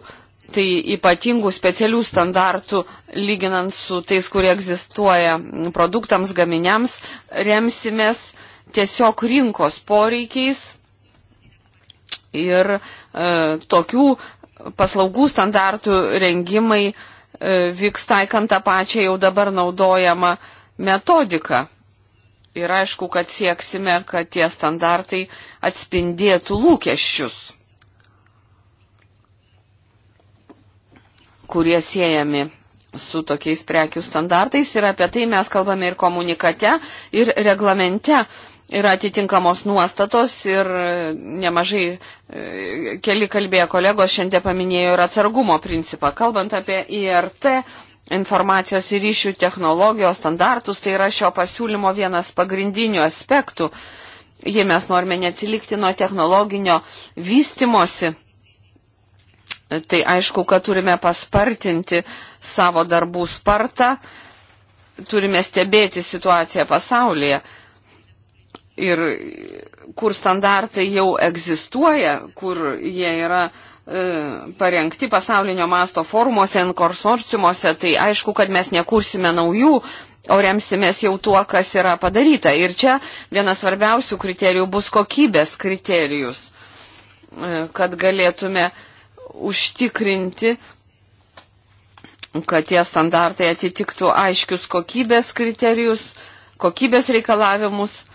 tai ypatingų specialių standartų, lyginant su tais, kurie egzistuoja produktams, gaminiams, remsimės tiesiog rinkos poreikiais ir e, tokių paslaugų standartų rengimai e, vyks taikant tą pačią jau dabar naudojamą metodiką. Ir aišku, kad sieksime, kad tie standartai atspindėtų lūkesčius, kurie siejami su tokiais prekių standartais. Ir apie tai mes kalbame ir komunikate, ir reglamente yra atitinkamos nuostatos ir e, nemažai e, keli kalbėję kolegos šiandien paminėjo ir atsargumo principą. Kalbant apie IRT, informacijos ir ryšių technologijos standartus, tai yra šio pasiūlymo vienas pagrindinių aspektų. Jei mes norime neatsilikti nuo technologinio vystimosi, tai aišku, kad turime paspartinti savo darbų spartą, turime stebėti situaciją pasaulyje ir kur standartai jau egzistuoja, kur jie yra e, parengti pasaulinio masto forumuose, konsorciumuose, tai aišku, kad mes nekursime naujų, o remsimės jau tuo, kas yra padaryta. Ir čia vienas svarbiausių kriterijų bus kokybės kriterijus, e, kad galėtume užtikrinti, kad tie standartai atitiktų aiškius kokybės kriterijus, kokybės reikalavimus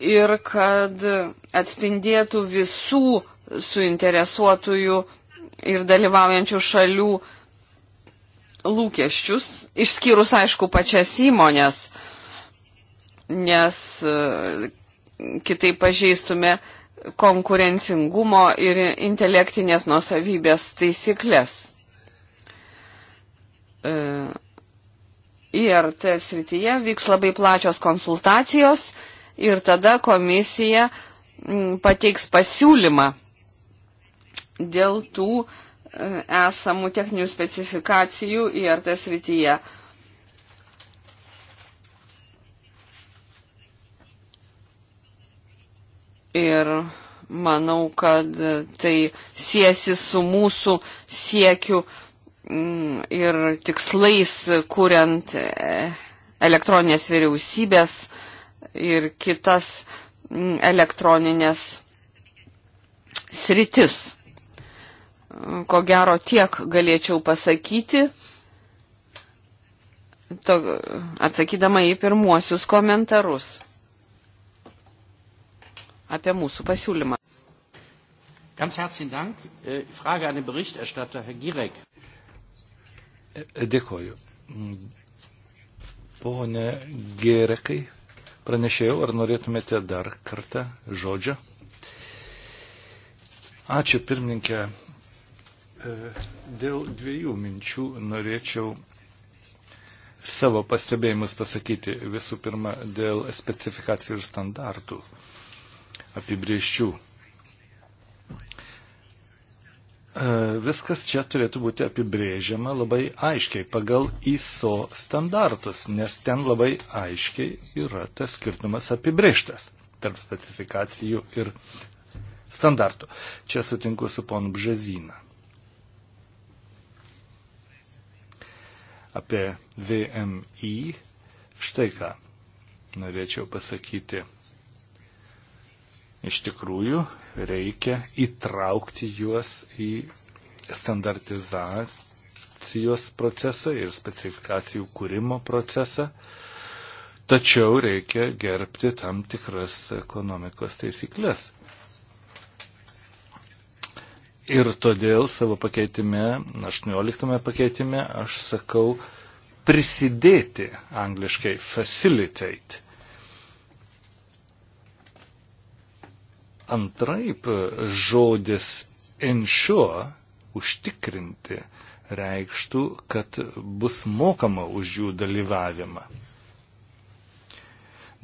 ir kad atspindėtų visų suinteresuotųjų ir dalyvaujančių šalių lūkesčius, išskyrus, aišku, pačias įmonės, nes e, kitaip pažeistume konkurencingumo ir intelektinės nuosavybės taisyklės. E, IRT srityje vyks labai plačios konsultacijos ir tada komisija mm, pateiks pasiūlymą dėl tų e, esamų techninių specifikacijų IRT srityje. Ir manau, kad tai siesi su mūsų siekiu mm, ir tikslais, kuriant e, elektroninės vyriausybės ir kitas mm, elektroninės sritis. Ko gero tiek galėčiau pasakyti, to, atsakydama į pirmuosius komentarus apie mūsų pasiūlymą. Ganz herzlichen Dank. Äh, Frage an den Berichterstatter, Herr Girek. Dėkoju. Pone Gerekai, Pranešėjau, ar norėtumėte dar kartą žodžio? Ačiū pirmininkė. E, dėl dviejų minčių norėčiau savo pastebėjimus pasakyti. Visų pirma, dėl specifikacijų ir standartų apibrieščių. E, viskas čia turėtų būti apibrėžiama labai aiškiai pagal ISO standartus, nes ten labai aiškiai yra tas skirtumas apibrėžtas tarp specifikacijų ir standartų. Čia sutinku su ponu Bžezina. Apie VMI štai ką norėčiau pasakyti. Iš tikrųjų, reikia įtraukti juos į standartizacijos procesą ir specifikacijų kūrimo procesą. Tačiau reikia gerbti tam tikras ekonomikos taisyklės. Ir todėl savo pakeitime, 18 pakeitime, aš sakau prisidėti angliškai facilitate. Antraip žodis ensure užtikrinti reikštų, kad bus mokama už jų dalyvavimą.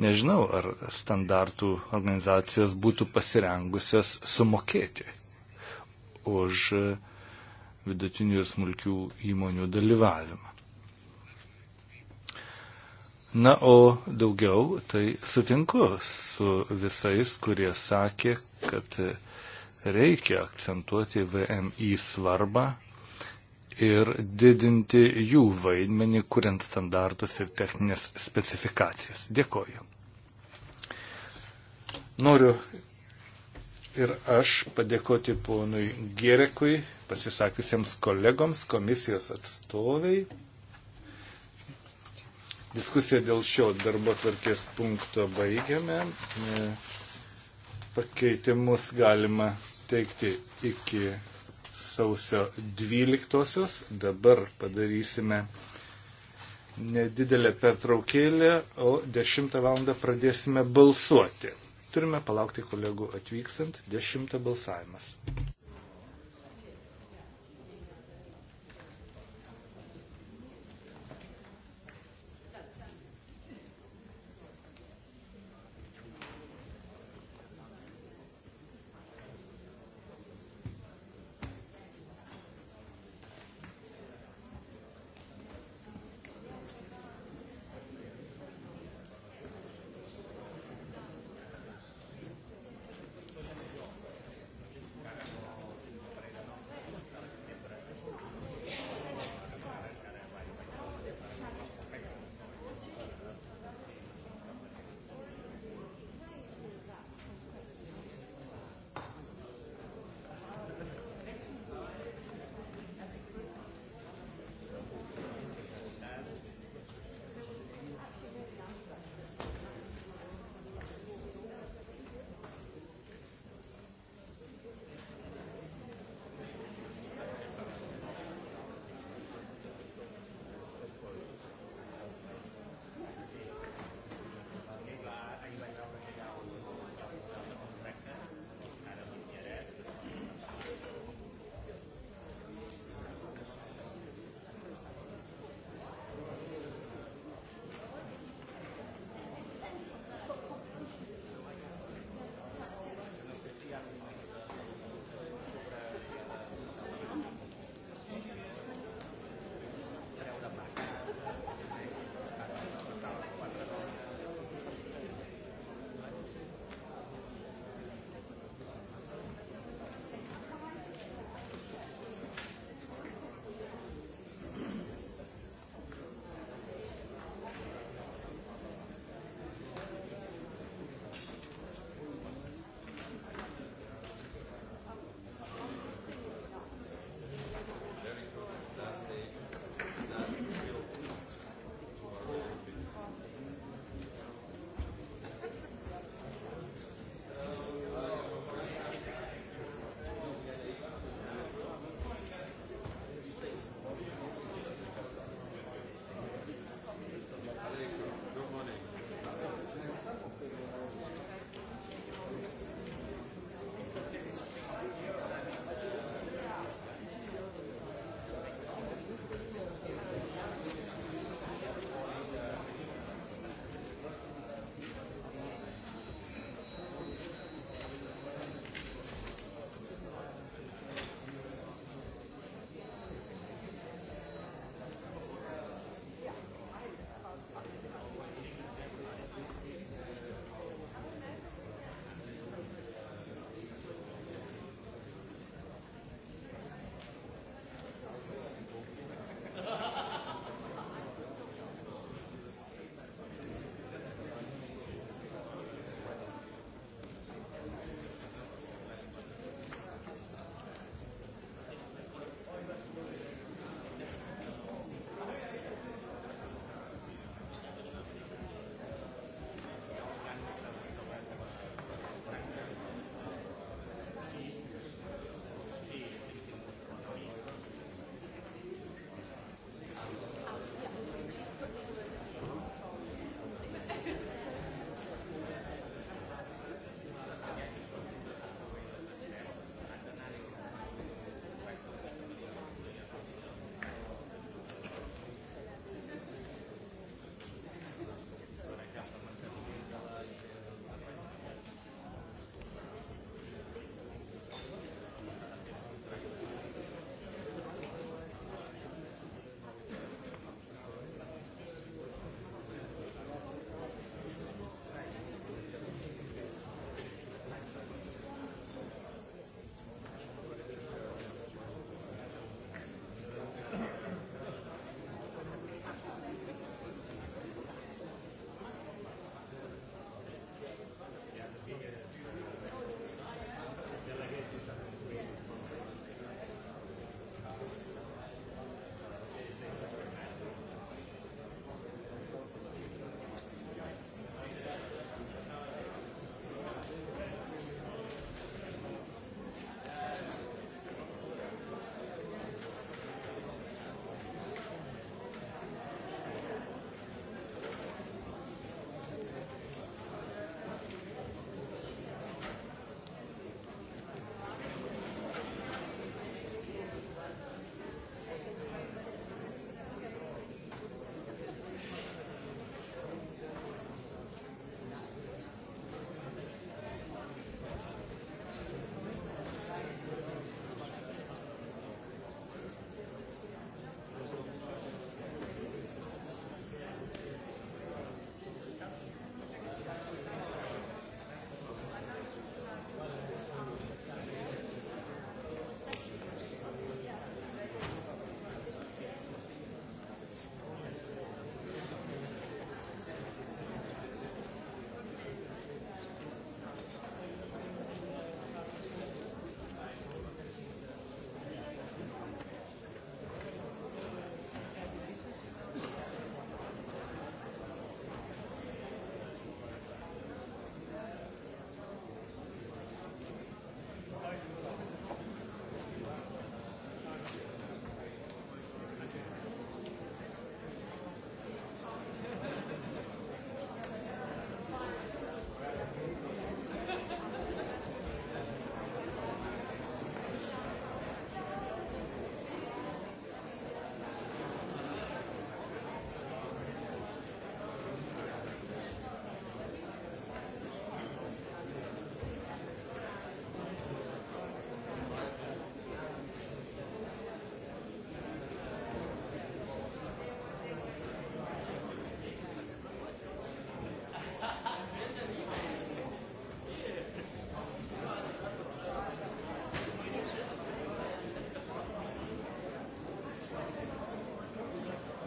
Nežinau, ar standartų organizacijos būtų pasirengusios sumokėti už vidutinių ir smulkių įmonių dalyvavimą. Na, o daugiau tai sutinku su visais, kurie sakė, kad reikia akcentuoti VMI svarbą ir didinti jų vaidmenį, kuriant standartus ir techninės specifikacijas. Dėkoju. Noriu ir aš padėkoti ponui Gerekui, pasisakiusiems kolegoms, komisijos atstoviai. Diskusiją dėl šio darbo tvarkės punkto baigiame. E, pakeitimus galima teikti iki sausio 12-osios. Dabar padarysime nedidelę pertraukėlę, o 10 val. pradėsime balsuoti. Turime palaukti kolegų atvykstant 10 balsavimas.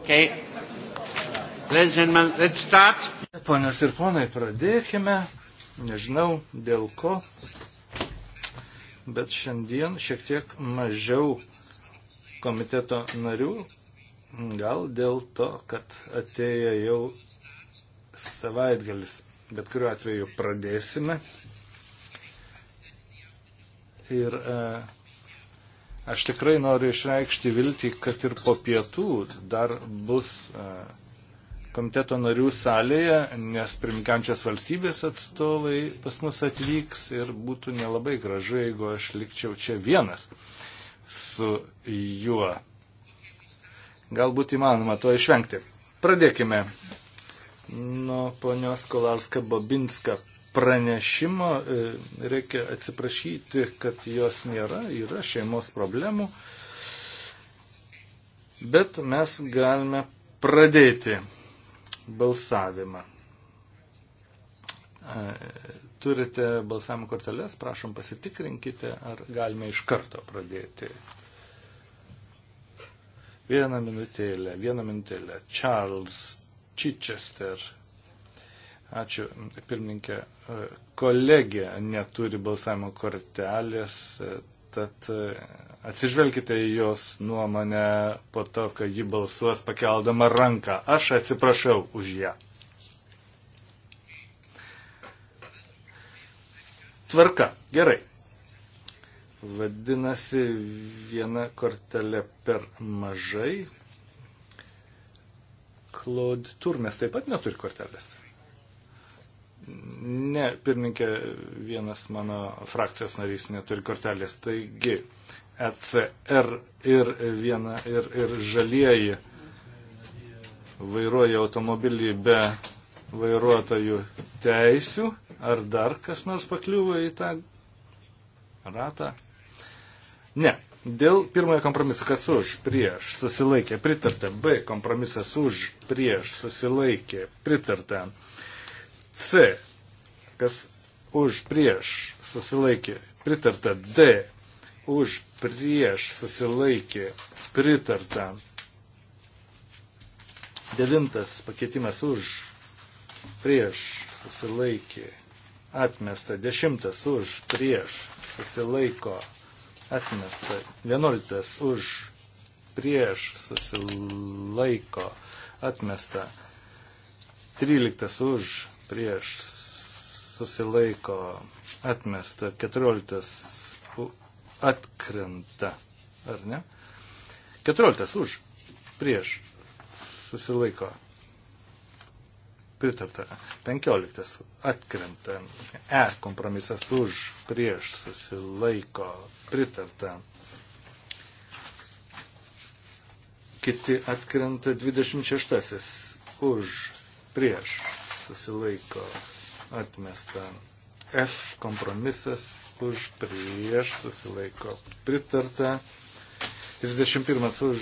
Okay. Ladies and gentlemen, let's start. Ponios ir ponai, pradėkime. Nežinau dėl ko, bet šiandien šiek tiek mažiau komiteto narių. Gal dėl to, kad atėjo jau savaitgalis. Bet kuriuo atveju pradėsime. Ir uh, Aš tikrai noriu išreikšti viltį, kad ir po pietų dar bus e, komiteto narių salėje, nes primkančios valstybės atstovai pas mus atvyks ir būtų nelabai gražu, jeigu aš likčiau čia vienas su juo. Galbūt įmanoma to išvengti. Pradėkime nuo ponios Kolarska Bobinska pranešimo e, reikia atsiprašyti, kad jos nėra, yra šeimos problemų, bet mes galime pradėti balsavimą. E, turite balsavimo korteles, prašom pasitikrinkite, ar galime iš karto pradėti. Vieną minutėlę, vieną minutėlę. Charles Chichester Ačiū, pirmininkė. Kolegė neturi balsavimo kortelės, tad atsižvelkite į jos nuomonę po to, kai ji balsuos pakeldama ranką. Aš atsiprašau už ją. Tvarka. Gerai. Vadinasi, viena kortelė per mažai. Claude Turmes taip pat neturi kortelės. Ne, pirmininkė, vienas mano frakcijos narys neturi kortelės. Taigi, ECR ir, viena, ir, ir žalieji vairuoja automobilį be vairuotojų teisių. Ar dar kas nors pakliuvo į tą ratą? Ne. Dėl pirmojo kompromiso, kas už, prieš, susilaikė, pritarta. B kompromisas už, prieš, susilaikė, pritarta. C. Kas už prieš susilaikė pritarta. D. Už prieš susilaikė pritarta. Devintas pakeitimas už prieš susilaikė atmesta. Dešimtas už prieš susilaiko atmesta. Vienuoliktas už prieš susilaiko atmesta. Tryliktas už prieš susilaiko atmesta, 14 atkrenta, ar ne? 14 už, prieš susilaiko pritarta, 15 atkrenta, E kompromisas už, prieš susilaiko pritarta. Kiti atkrenta 26 už, prieš susilaiko atmesta. F kompromisas už prieš susilaiko pritarta. 31 už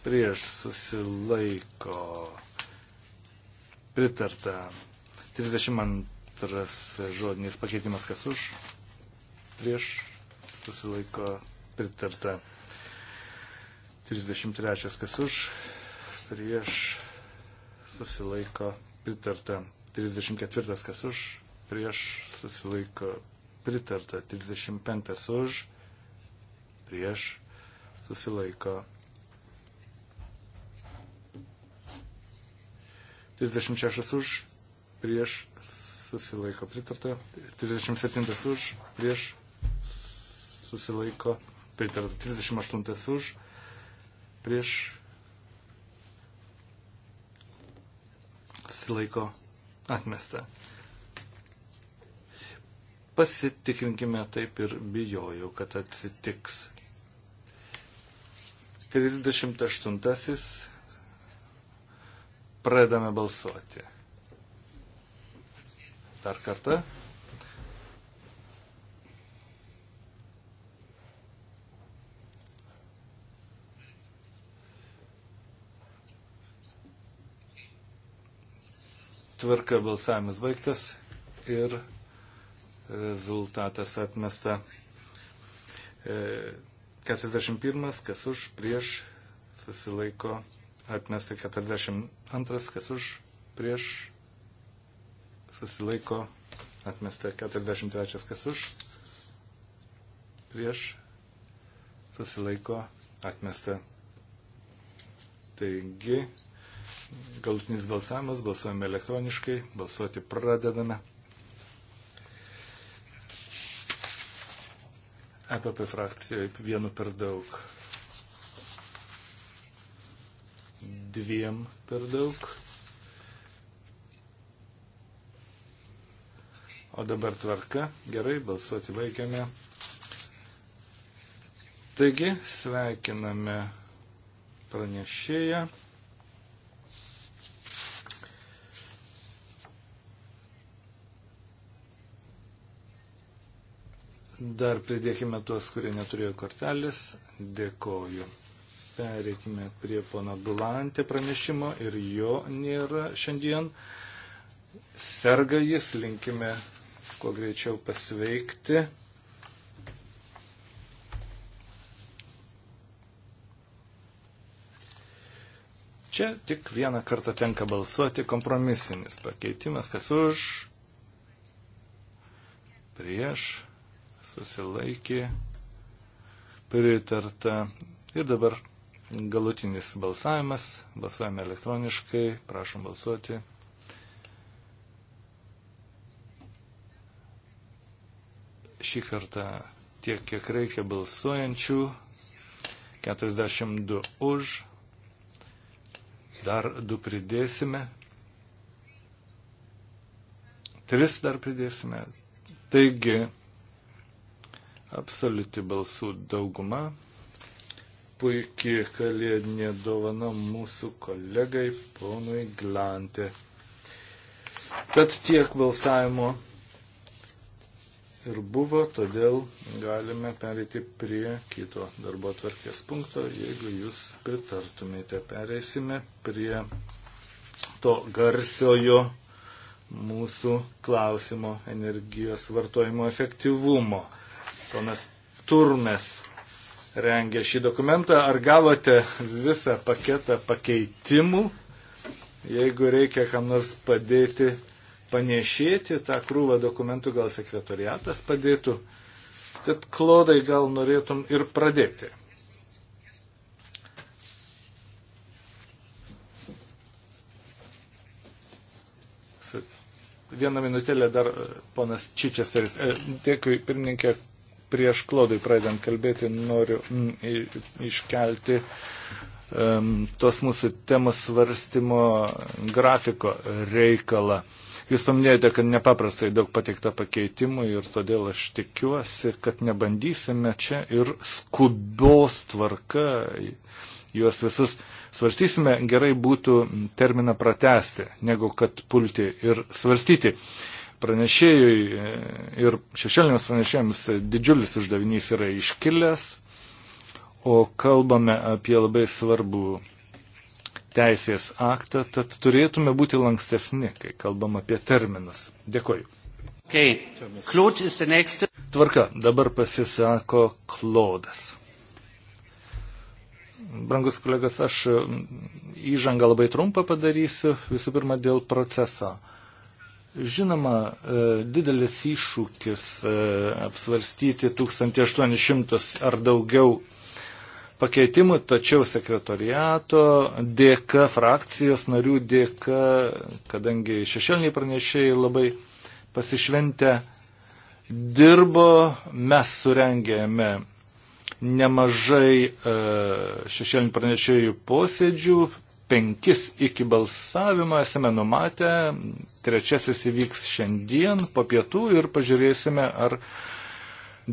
prieš susilaiko pritarta. 32 žodinis pakeitimas kas už prieš susilaiko pritarta. 33 kas už prieš susilaiko pritarta. 34 kas už, prieš susilaiko pritarta, 35 už, prieš susilaiko. 36 už, prieš susilaiko pritarta, 37 už, prieš susilaiko pritarta, 38 už, prieš susilaiko pritarta atmesta. Pasitikrinkime taip ir bijojau, kad atsitiks. 38. Pradame balsuoti. Dar kartą. tvarka balsavimas baigtas ir rezultatas atmesta. 41, e, kas už, prieš, susilaiko, atmesta 42, kas už, prieš, susilaiko, atmesta 43, kas už, prieš, susilaiko, atmesta. Taigi, galutinis balsavimas, balsuojame elektroniškai, balsuoti pradedame. EPP frakcijoje vienu per daug, dviem per daug. O dabar tvarka, gerai, balsuoti baigiame. Taigi, sveikiname pranešėją. Dar pridėkime tuos, kurie neturėjo kortelės. Dėkoju. Pereikime prie pono Dulantė pranešimo ir jo nėra šiandien. Serga jis, linkime kuo greičiau pasveikti. Čia tik vieną kartą tenka balsuoti kompromisinis pakeitimas, kas už, prieš susilaikė, pritarta. Ir dabar galutinis balsavimas, balsuojame elektroniškai, prašom balsuoti. Šį kartą tiek, kiek reikia balsuojančių, 42 už, dar du pridėsime, tris dar pridėsime. Taigi, absoliuti balsų dauguma. Puikiai kalėdinė dovana mūsų kolegai ponui Glantė. Tad tiek balsavimo ir buvo, todėl galime perėti prie kito darbo atvarkės punkto, jeigu jūs pritartumėte. Pereisime prie to garsiojo mūsų klausimo energijos vartojimo efektyvumo. Ponas Turmes rengė šį dokumentą. Ar gavote visą paketą pakeitimų? Jeigu reikia kam nors padėti panešėti tą krūvą dokumentų, gal sekretoriatas padėtų. Tad klodai gal norėtum ir pradėti. Vieną minutėlę dar e, ponas Čičesteris. E, dėkui, pirmininkė, Prieš klodai pradedant kalbėti noriu mm, iškelti um, tos mūsų temos svarstymo grafiko reikalą. Jūs paminėjote, kad nepaprastai daug pateikta pakeitimų ir todėl aš tikiuosi, kad nebandysime čia ir skubos tvarka juos visus svarstysime, gerai būtų terminą pratesti, negu kad pulti ir svarstyti. Uh, pranešėjui e, ir šešėlinėms pranešėjams didžiulis uždavinys yra iškilęs, o kalbame apie labai svarbų teisės aktą, tad turėtume būti lankstesni, kai kalbam apie terminus. Dėkoju. Okay. Tvarka, dabar pasisako Klodas. Brangus kolegas, aš įžangą labai trumpą padarysiu, visų pirma, dėl proceso. Žinoma, e, didelis iššūkis e, apsvarstyti 1800 ar daugiau pakeitimų, tačiau sekretoriato dėka, frakcijos narių dėka, kadangi šešėliniai pranešėjai labai pasišventę dirbo, mes surengėme nemažai e, šešėlinių pranešėjų posėdžių, 5 iki balsavimo esame numatę, trečiasis įvyks šiandien po pietų ir pažiūrėsime, ar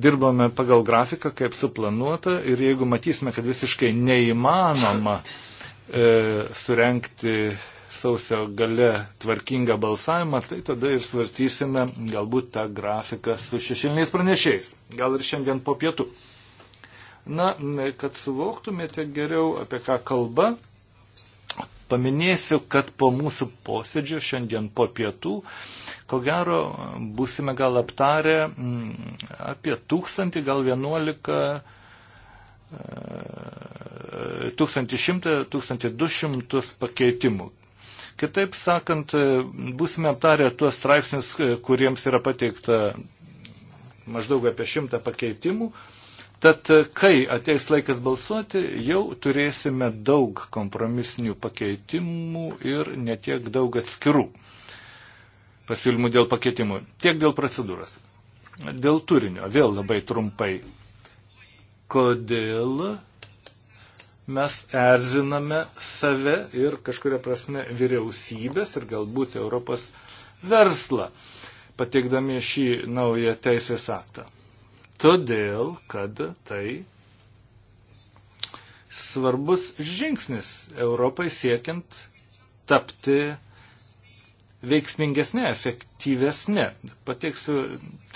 dirbame pagal grafiką, kaip suplanuota ir jeigu matysime, kad visiškai neįmanoma e, surenkti sausio gale tvarkingą balsavimą, tai tada ir svarstysime galbūt tą grafiką su šešiliniais pranešiais. Gal ir šiandien po pietų. Na, kad suvoktumėte geriau, apie ką kalba, Paminėsiu, kad po mūsų posėdžio šiandien po pietų, ko gero, būsime gal aptarę mm, apie tūkstantį, gal vienuolika, e, tūkstantį šimtą, tūkstantį du šimtus pakeitimų. Kitaip sakant, e, būsime aptarę tuos straipsnius, e, kuriems yra pateikta maždaug apie šimtą pakeitimų. Tad, e, kai ateis laikas balsuoti, jau turėsime daug kompromisinių pakeitimų ir netiek daug atskirų pasiūlymų dėl pakeitimų. Tiek dėl procedūros. Dėl turinio, vėl labai trumpai. Kodėl mes erziname save ir kažkuria prasme vyriausybės ir galbūt Europos verslą, pateikdami šį naują teisės aktą? todėl kad tai svarbus žingsnis Europai siekiant tapti veiksmingesnė, efektyvesnė. Pateiksiu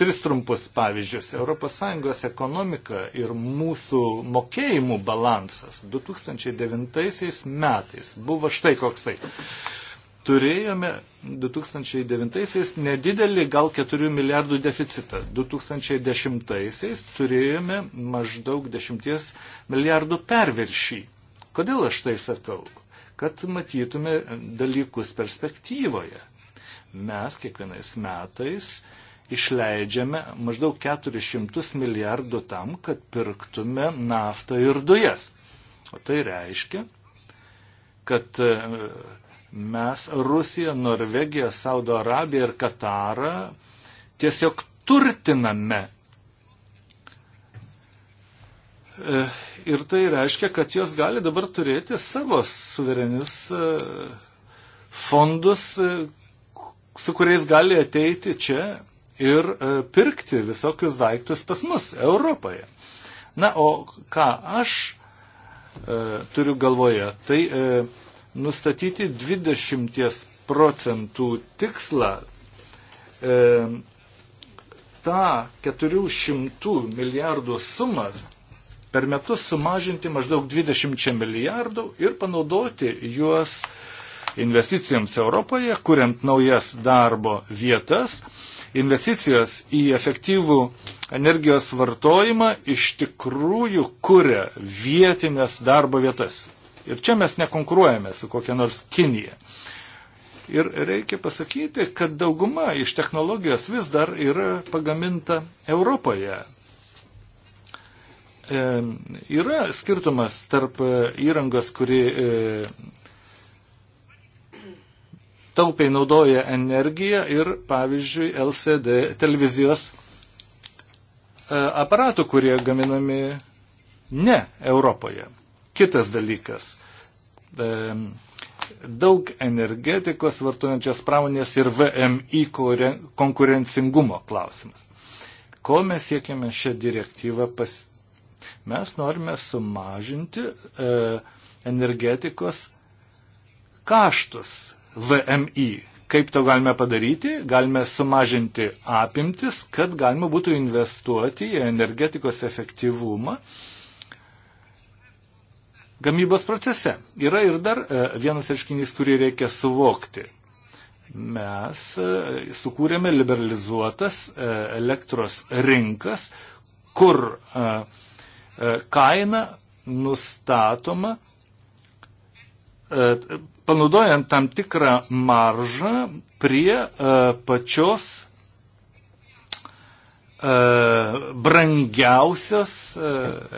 tris trumpus pavyzdžius. ES ekonomika ir mūsų mokėjimų balansas 2009 metais buvo štai koksai turėjome 2009-aisiais nedidelį gal 4 milijardų deficitą. 2010-aisiais turėjome maždaug 10 milijardų perviršį. Kodėl aš tai sakau? Kad matytume dalykus perspektyvoje. Mes kiekvienais metais išleidžiame maždaug 400 milijardų tam, kad pirktume naftą ir dujas. O tai reiškia, kad mes Rusiją, Norvegiją, Saudo Arabiją ir Katarą tiesiog turtiname. E, ir tai reiškia, kad jos gali dabar turėti savo suverenius e, fondus, e, su kuriais gali ateiti čia ir pirkti visokius daiktus pas mus Europoje. Na, o ką aš turiu galvoje, tai nustatyti 20 procentų tikslą. E, tą 400 milijardų sumą per metus sumažinti maždaug 20 milijardų ir panaudoti juos investicijoms Europoje, kuriant naujas darbo vietas. Investicijos į efektyvų energijos vartojimą iš tikrųjų kuria vietinės darbo vietas. Ir čia mes nekonkuruojame su kokia nors Kinija. Ir reikia pasakyti, kad dauguma iš technologijos vis dar yra pagaminta Europoje. E, yra skirtumas tarp e, įrangos, kuri e, taupiai naudoja energiją ir, pavyzdžiui, LCD televizijos e, aparatų, kurie gaminami ne Europoje. Kitas dalykas. Daug energetikos vartojančias pramonės ir VMI konkurencingumo klausimas. Ko mes siekiame šią direktyvą pas... Mes norime sumažinti e, energetikos kaštus VMI. Kaip to galime padaryti? Galime sumažinti apimtis, kad galima būtų investuoti į energetikos efektyvumą gamybos procese. Yra ir dar e, vienas reiškinys, kurį reikia suvokti. Mes e, sukūrėme liberalizuotas e, elektros rinkas, kur kaina nustatoma panaudojant tam tikrą maržą prie pačios brangiausios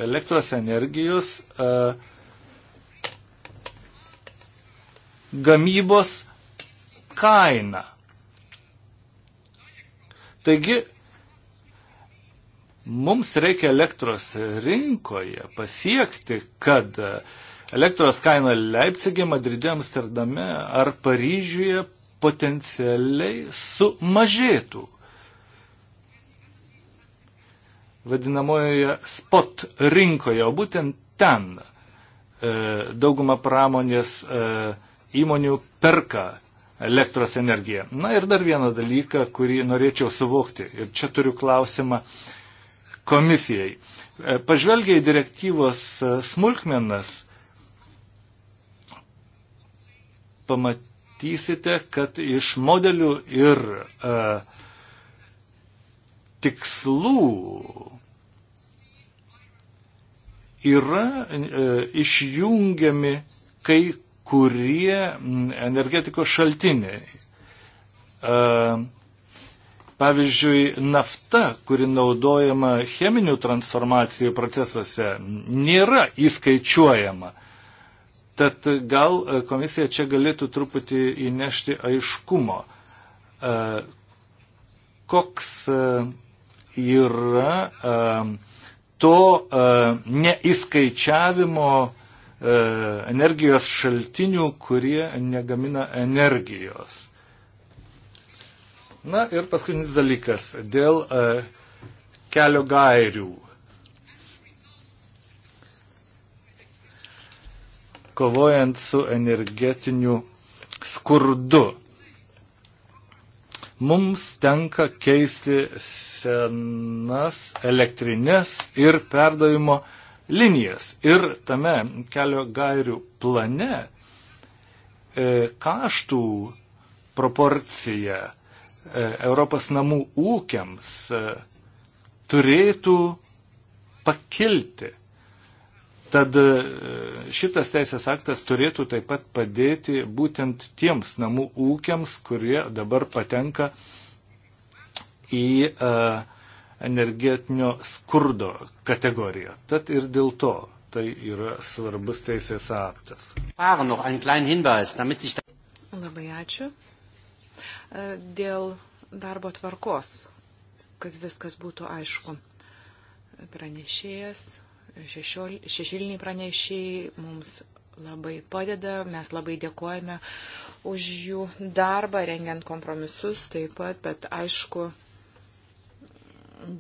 elektros energijos uh, gamybos kainą. Taigi, mums reikia elektros rinkoje pasiekti, kad elektros kaina Leipzigė, Madride, Amsterdame ar Paryžiuje potencialiai sumažėtų. Vadinamojoje spot rinkoje, o būtent ten e, dauguma pramonės e, įmonių perka elektros energiją. Na ir dar vieną dalyką, kurį norėčiau suvokti. Ir čia turiu klausimą komisijai. E, Pažvelgiai direktyvos e, smulkmenas, pamatysite, kad iš modelių ir a, e, tikslų yra e, išjungiami kai kurie energetikos šaltiniai. E, pavyzdžiui, nafta, kuri naudojama cheminių transformacijų procesuose, nėra įskaičiuojama. Tad gal e, komisija čia galėtų truputį įnešti aiškumo, e, koks yra to neįskaičiavimo E, energijos šaltinių, kurie negamina energijos. Na ir paskutinis dalykas dėl e, kelio gairių. Kovojant su energetiniu skurdu. Mums tenka keisti senas elektrinės ir perdavimo uh, linijas. Ir tame kelio gairių plane e, kaštų proporcija e, Europos namų ūkiams e, turėtų pakilti. Tad e, šitas teisės aktas turėtų taip pat padėti būtent tiems namų ūkiams, kurie dabar patenka į uh, energetinio skurdo kategoriją. Tad ir dėl to tai yra svarbus teisės aktas. Labai ačiū. E, dėl darbo tvarkos, kad viskas būtų aišku. Pranešėjas, šešiliniai pranešėjai mums labai padeda, mes labai dėkojame už jų darbą, rengiant kompromisus taip pat, bet aišku,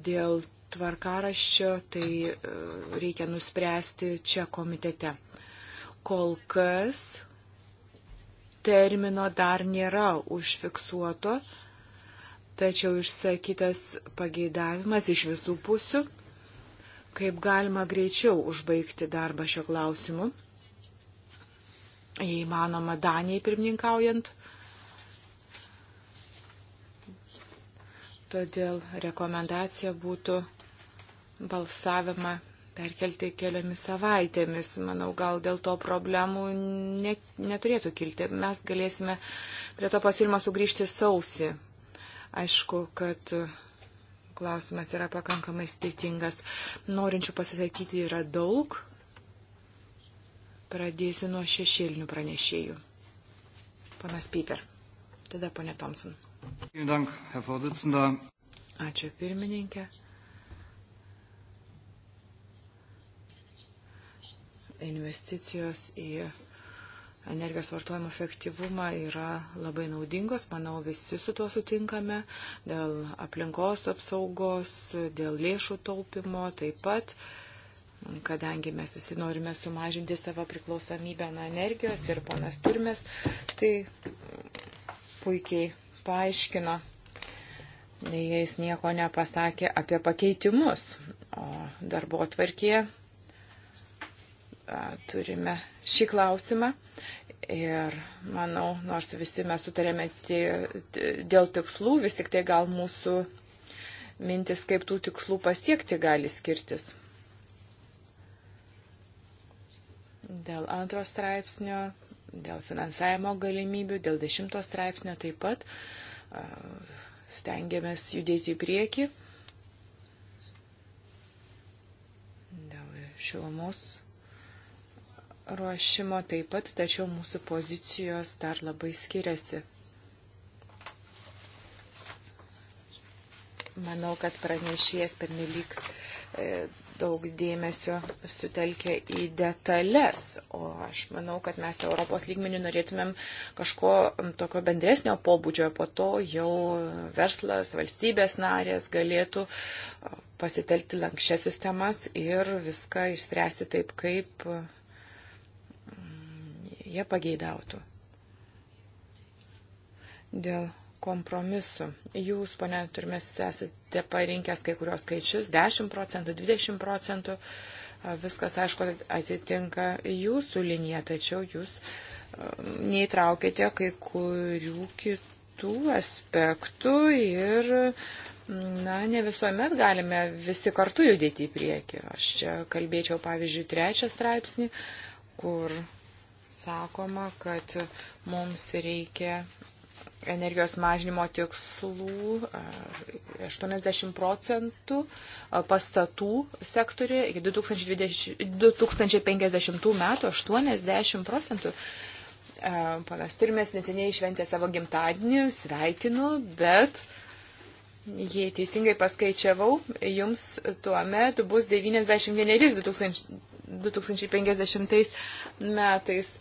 Dėl tvarkaraščio tai e, reikia nuspręsti čia komitete. Kol kas termino dar nėra užfiksuoto, tačiau išsakytas pageidavimas iš visų pusių, kaip galima greičiau užbaigti darbą šio klausimu, įmanoma Danijai pirmininkaujant, Todėl rekomendacija būtų balsavimą perkelti keliomis savaitėmis. Manau, gal dėl to problemų net, neturėtų kilti. Mes galėsime prie to pasiūlymo sugrįžti sausi. Aišku, kad klausimas yra pakankamai sudėtingas. Norinčių pasisakyti yra daug. Pradėsiu nuo šešėlinių pranešėjų. Panas Piper. Tada ponė Thompson. Ačiū pirmininkė. Investicijos į energijos vartojimo efektyvumą yra labai naudingos, manau visi su tuo sutinkame, dėl aplinkos apsaugos, dėl lėšų taupimo taip pat, kadangi mes visi norime sumažinti savo priklausomybę nuo energijos ir ponas Turmes, tai puikiai paaiškino, jais nieko nepasakė apie pakeitimus. O darbo atvarkėje turime šį klausimą. Ir manau, nors visi mes sutarėme dėl tikslų, vis tik tai gal mūsų mintis, kaip tų tikslų pasiekti, gali skirtis. Dėl antro straipsnio dėl finansavimo galimybių, dėl dešimto straipsnio taip pat stengiamės judėti į priekį. Dėl šilumos ruošimo taip pat, tačiau mūsų pozicijos dar labai skiriasi. Manau, kad pranešėjas pernelyg e, daug dėmesio sutelkia į detalės, o aš manau, kad mes Europos lygmenių norėtumėm kažko tokio bendresnio pobūdžio, po to jau verslas, valstybės narės galėtų pasitelkti lankščias sistemas ir viską išspręsti taip, kaip jie pageidautų. Dėl kompromisų. Jūs, ponė, turime esate parinkęs kai kurios skaičius - 10 procentų, 20 procentų. Viskas, aišku, atitinka jūsų liniją, tačiau jūs neįtraukite kai kurių kitų aspektų ir, na, ne visuomet galime visi kartu judėti į priekį. Aš čia kalbėčiau, pavyzdžiui, trečią straipsnį, kur sakoma, kad mums reikia energijos mažinimo tikslų 80 e, procentų e, pastatų sektoriuje iki 2020, 2050 metų 80 procentų. E, panas Turmės neseniai išventė savo gimtadienį, sveikinu, bet jei teisingai paskaičiavau, jums tuo metu bus 91 2000, 2050 metais.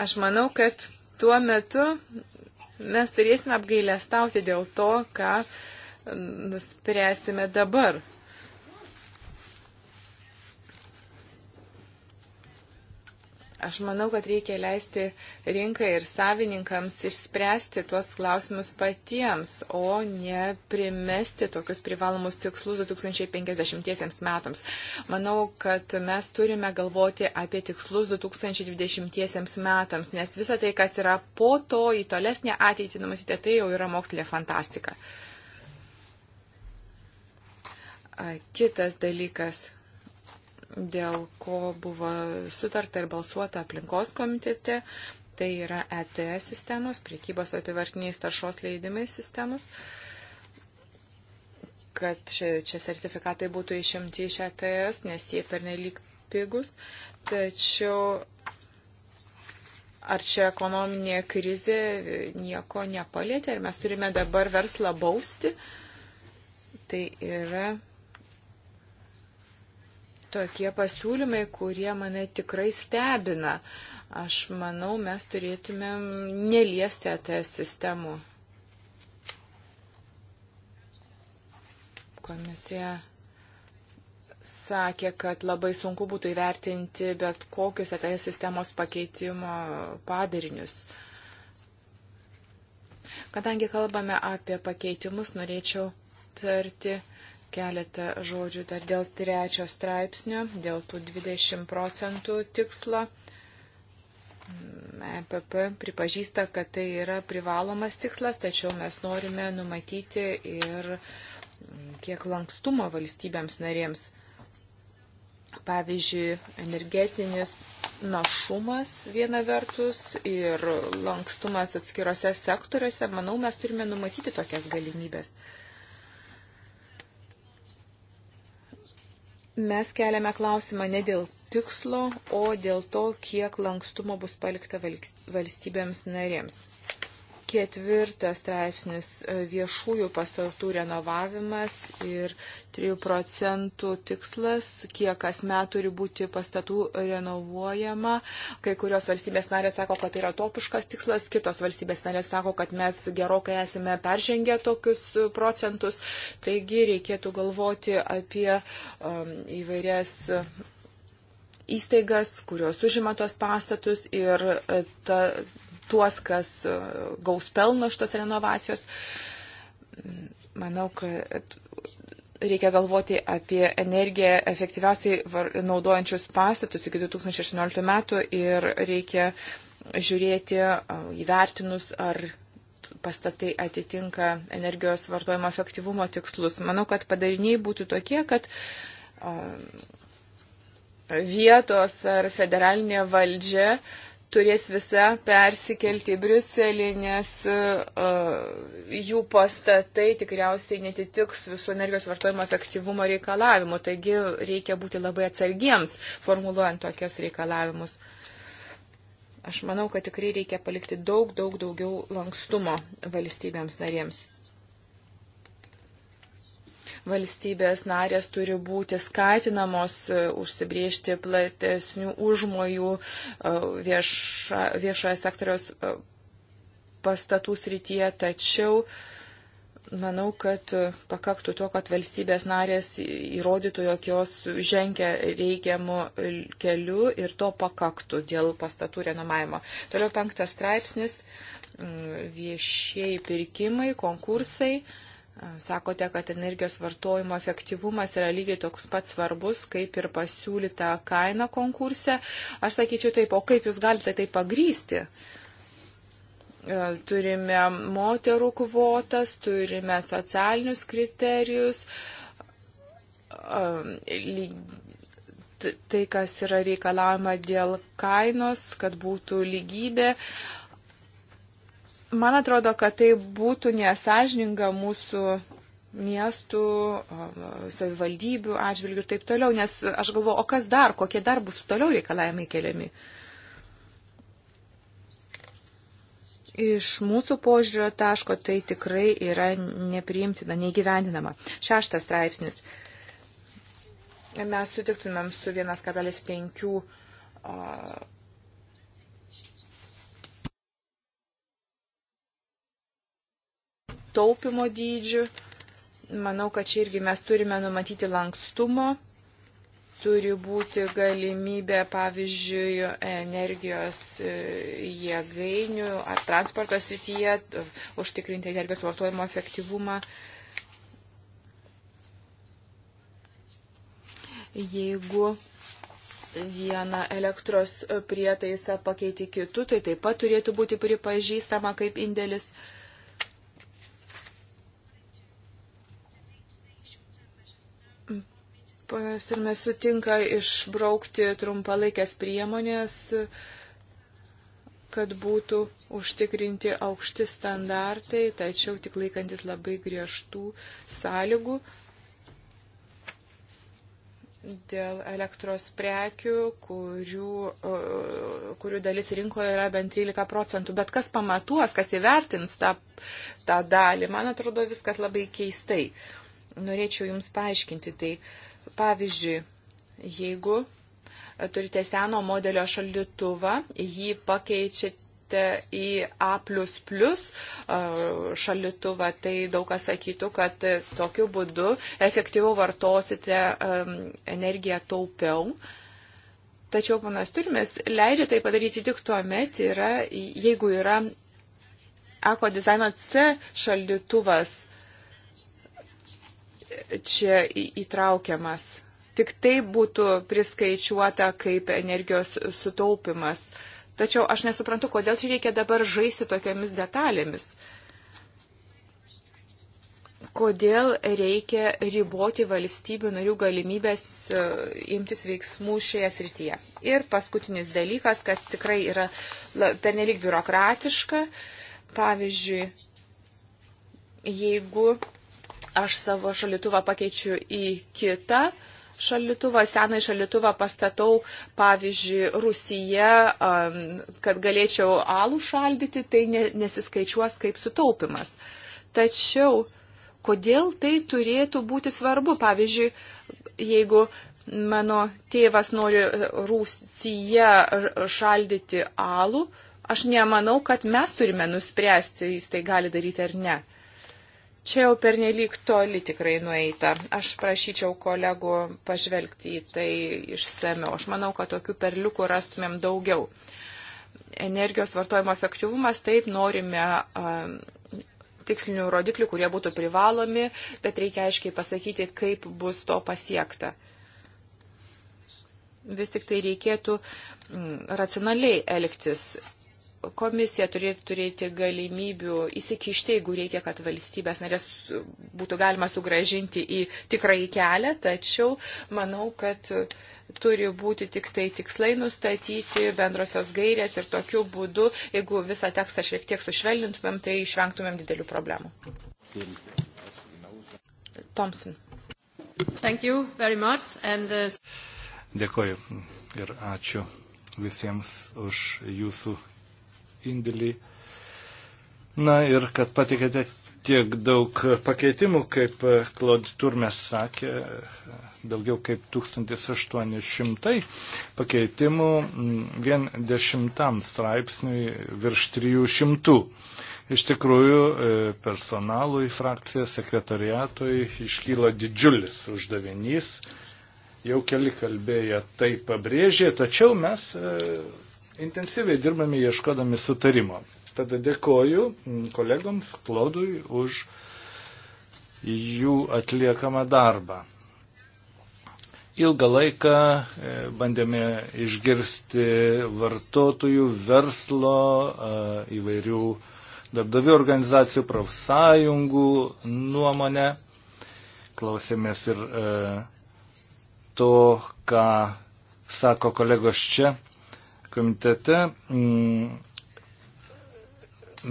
Aš manau, kad tuo metu mes turėsime apgailę stauti dėl to, ką nuspręsime mm, dabar. Aš manau, kad reikia leisti rinkai ir savininkams išspręsti tuos klausimus patiems, o ne primesti tokius privalomus tikslus 2050 metams. Manau, kad mes turime galvoti apie tikslus 2020 metams, nes visa tai, kas yra po to į tolesnę ateitį numasyti, tai jau yra mokslinė fantastika. Kitas dalykas dėl ko buvo sutarta ir balsuota aplinkos komitete, tai yra ETS sistemos, priekybos apivartiniais taršos leidimais sistemos kad čia, čia sertifikatai būtų išimti iš ETS, nes jie pernelyg pigus. Tačiau ar čia ekonominė krizė nieko nepalėtė, ar mes turime dabar verslą bausti? Tai yra tokie pasiūlymai, kurie mane tikrai stebina. Aš manau, mes turėtumėm neliesti ATS e sistemų. Komisija sakė, kad labai sunku būtų įvertinti bet kokius ATS e sistemos pakeitimo padarinius. Kadangi kalbame apie pakeitimus, norėčiau tarti keletą žodžių dar dėl trečio straipsnio, dėl tų 20 procentų tikslo. EPP pripažįsta, kad tai yra privalomas tikslas, tačiau mes norime numatyti ir kiek lankstumo valstybėms narėms. Pavyzdžiui, energetinis našumas viena vertus ir lankstumas atskirose sektoriuose, manau, mes turime numatyti tokias galimybės. mes keliame klausimą ne dėl tikslo, o dėl to, kiek lankstumo bus palikta valstybėms narėms. Ketvirtas straipsnis e, - viešųjų pastatų renovavimas ir 3 procentų tikslas, kiek kasmet turi būti pastatų renovuojama. Kai kurios valstybės narės sako, kad tai yra topiškas tikslas, kitos valstybės narės sako, kad mes gerokai esame peržengę tokius procentus. Taigi reikėtų galvoti apie um, įvairias įstaigas, kurios užima tos pastatus ir e, ta, tuos, kas e, gaus pelno šitos renovacijos. Manau, kad reikia galvoti apie energiją efektyviausiai naudojančius pastatus iki 2016 metų ir reikia žiūrėti, e, įvertinus, ar pastatai atitinka energijos vartojimo efektyvumo tikslus. Manau, kad padariniai būtų tokie, kad e, vietos ar federalinė valdžia uh, turės visa persikelti į Briuselį, nes uh, jų pastatai tikriausiai netitiks visų energijos vartojimo efektyvumo reikalavimų. Taigi reikia būti labai atsargiems formuluojant tokias reikalavimus. Aš manau, kad tikrai reikia palikti daug, daug daugiau lankstumo valstybėms narėms valstybės narės turi būti skatinamos e, užsibriežti platesnių užmojų e, vieša, viešojo sektoriaus e, pastatų srityje, tačiau manau, kad pakaktų to, kad valstybės narės įrodytų, jog jos žengia reikiamu keliu ir to pakaktų dėl pastatų renomavimo. Toliau penktas straipsnis mm, - viešieji pirkimai, konkursai. Uh, Sakote, kad energijos vartojimo efektyvumas yra lygiai toks pat svarbus, kaip ir pasiūlyta kaina konkurse. Aš sakyčiau taip, o kaip jūs galite tai pagrysti? E, turime moterų kvotas, turime socialinius kriterijus, e, tai, kas yra reikalavima dėl kainos, kad būtų lygybė. Man atrodo, kad tai būtų nesažininga mūsų miestų, savivaldybių atžvilgių ir taip toliau, nes aš galvoju, o kas dar, kokie dar bus toliau reikalavimai keliami. Iš mūsų požiūrio taško tai tikrai yra nepriimtina, neįgyvendinama. Šeštas straipsnis. Mes sutiktumėm su 1,5 taupimo dydžiu. Manau, kad čia irgi mes turime numatyti lankstumo. Turi būti galimybė, pavyzdžiui, energijos e, jėgainių ar transporto srityje užtikrinti energijos vartojimo efektyvumą. Jeigu vieną elektros prietaisą pakeiti kitų, tai taip pat turėtų būti pripažįstama kaip indėlis. Uh, Pasirme sutinka išbraukti trumpalaikės priemonės, kad būtų užtikrinti aukšti standartai, tačiau tik laikantis labai griežtų sąlygų dėl elektros prekių, kurių, kurių dalis rinkoje yra bent 13 procentų. Bet kas pamatuos, kas įvertins tą, tą dalį, man atrodo viskas labai keistai. Norėčiau Jums paaiškinti tai. Uh, Pavyzdžiui, jeigu e, turite seno modelio šaldytuvą, jį pakeičiate į A e, šaldytuvą, tai daug kas sakytų, kad e, tokiu būdu efektyviau vartosite energiją taupiau. Tačiau panas turimės leidžia tai padaryti tik tuo met, yra, jeigu yra Eko dizaino C šaldytuvas čia įtraukiamas. Tik tai būtų priskaičiuota kaip energijos sutaupimas. Tačiau aš nesuprantu, kodėl čia reikia dabar žaisti tokiamis detalėmis. Kodėl reikia riboti valstybių narių galimybės e, imtis veiksmų šioje srityje. Ir paskutinis dalykas, kas tikrai yra pernelik biurokratiška. Pavyzdžiui, jeigu aš savo šalituvą pakeičiu į kitą šalituvą, seną šalituvą pastatau, pavyzdžiui, Rusija, kad galėčiau alų šaldyti, tai nesiskaičiuos kaip sutaupimas. Tačiau, kodėl tai turėtų būti svarbu? Pavyzdžiui, jeigu mano tėvas nori Rusija šaldyti alų, aš nemanau, kad mes turime nuspręsti, jis tai gali daryti ar ne. Čia jau pernelyg toli tikrai nueita. Aš prašyčiau kolegų pažvelgti į tai išsameu. Aš manau, kad tokių perliukų rastumėm daugiau. Energijos vartojimo efektyvumas, taip, norime. Um, tikslinių rodiklių, kurie būtų privalomi, bet reikia aiškiai pasakyti, kaip bus to pasiekta vis tik tai reikėtų racionaliai elgtis komisija turėtų turėti galimybių įsikišti, jeigu reikia, kad valstybės narės būtų galima sugražinti į tikrąjį kelią, tačiau manau, kad turi būti tik tai tikslai nustatyti, bendrosios gairės ir tokiu būdu, jeigu visą tekstą šiek tiek sušvelnintumėm, tai išvengtumėm didelių problemų. Thompson. Thank you very much. And, uh... Dėkoju ir ačiū visiems už jūsų indėlį. Na ir kad patikėte tiek daug pakeitimų, kaip Klod Turmes sakė, daugiau kaip 1800 pakeitimų vien dešimtam straipsniui virš 300. Iš tikrųjų, e, personalui frakcija, sekretariatui iškyla didžiulis uždavinys. Jau keli kalbėję tai pabrėžė, tačiau mes e, intensyviai dirbame ieškodami sutarimo. Tada dėkoju kolegoms Klaudui už jų atliekamą darbą. Ilgą laiką e, bandėme išgirsti vartotojų, verslo, e, įvairių darbdavių organizacijų, profsąjungų nuomonę. Klausėmės ir e, to, ką sako kolegos čia komitete mm,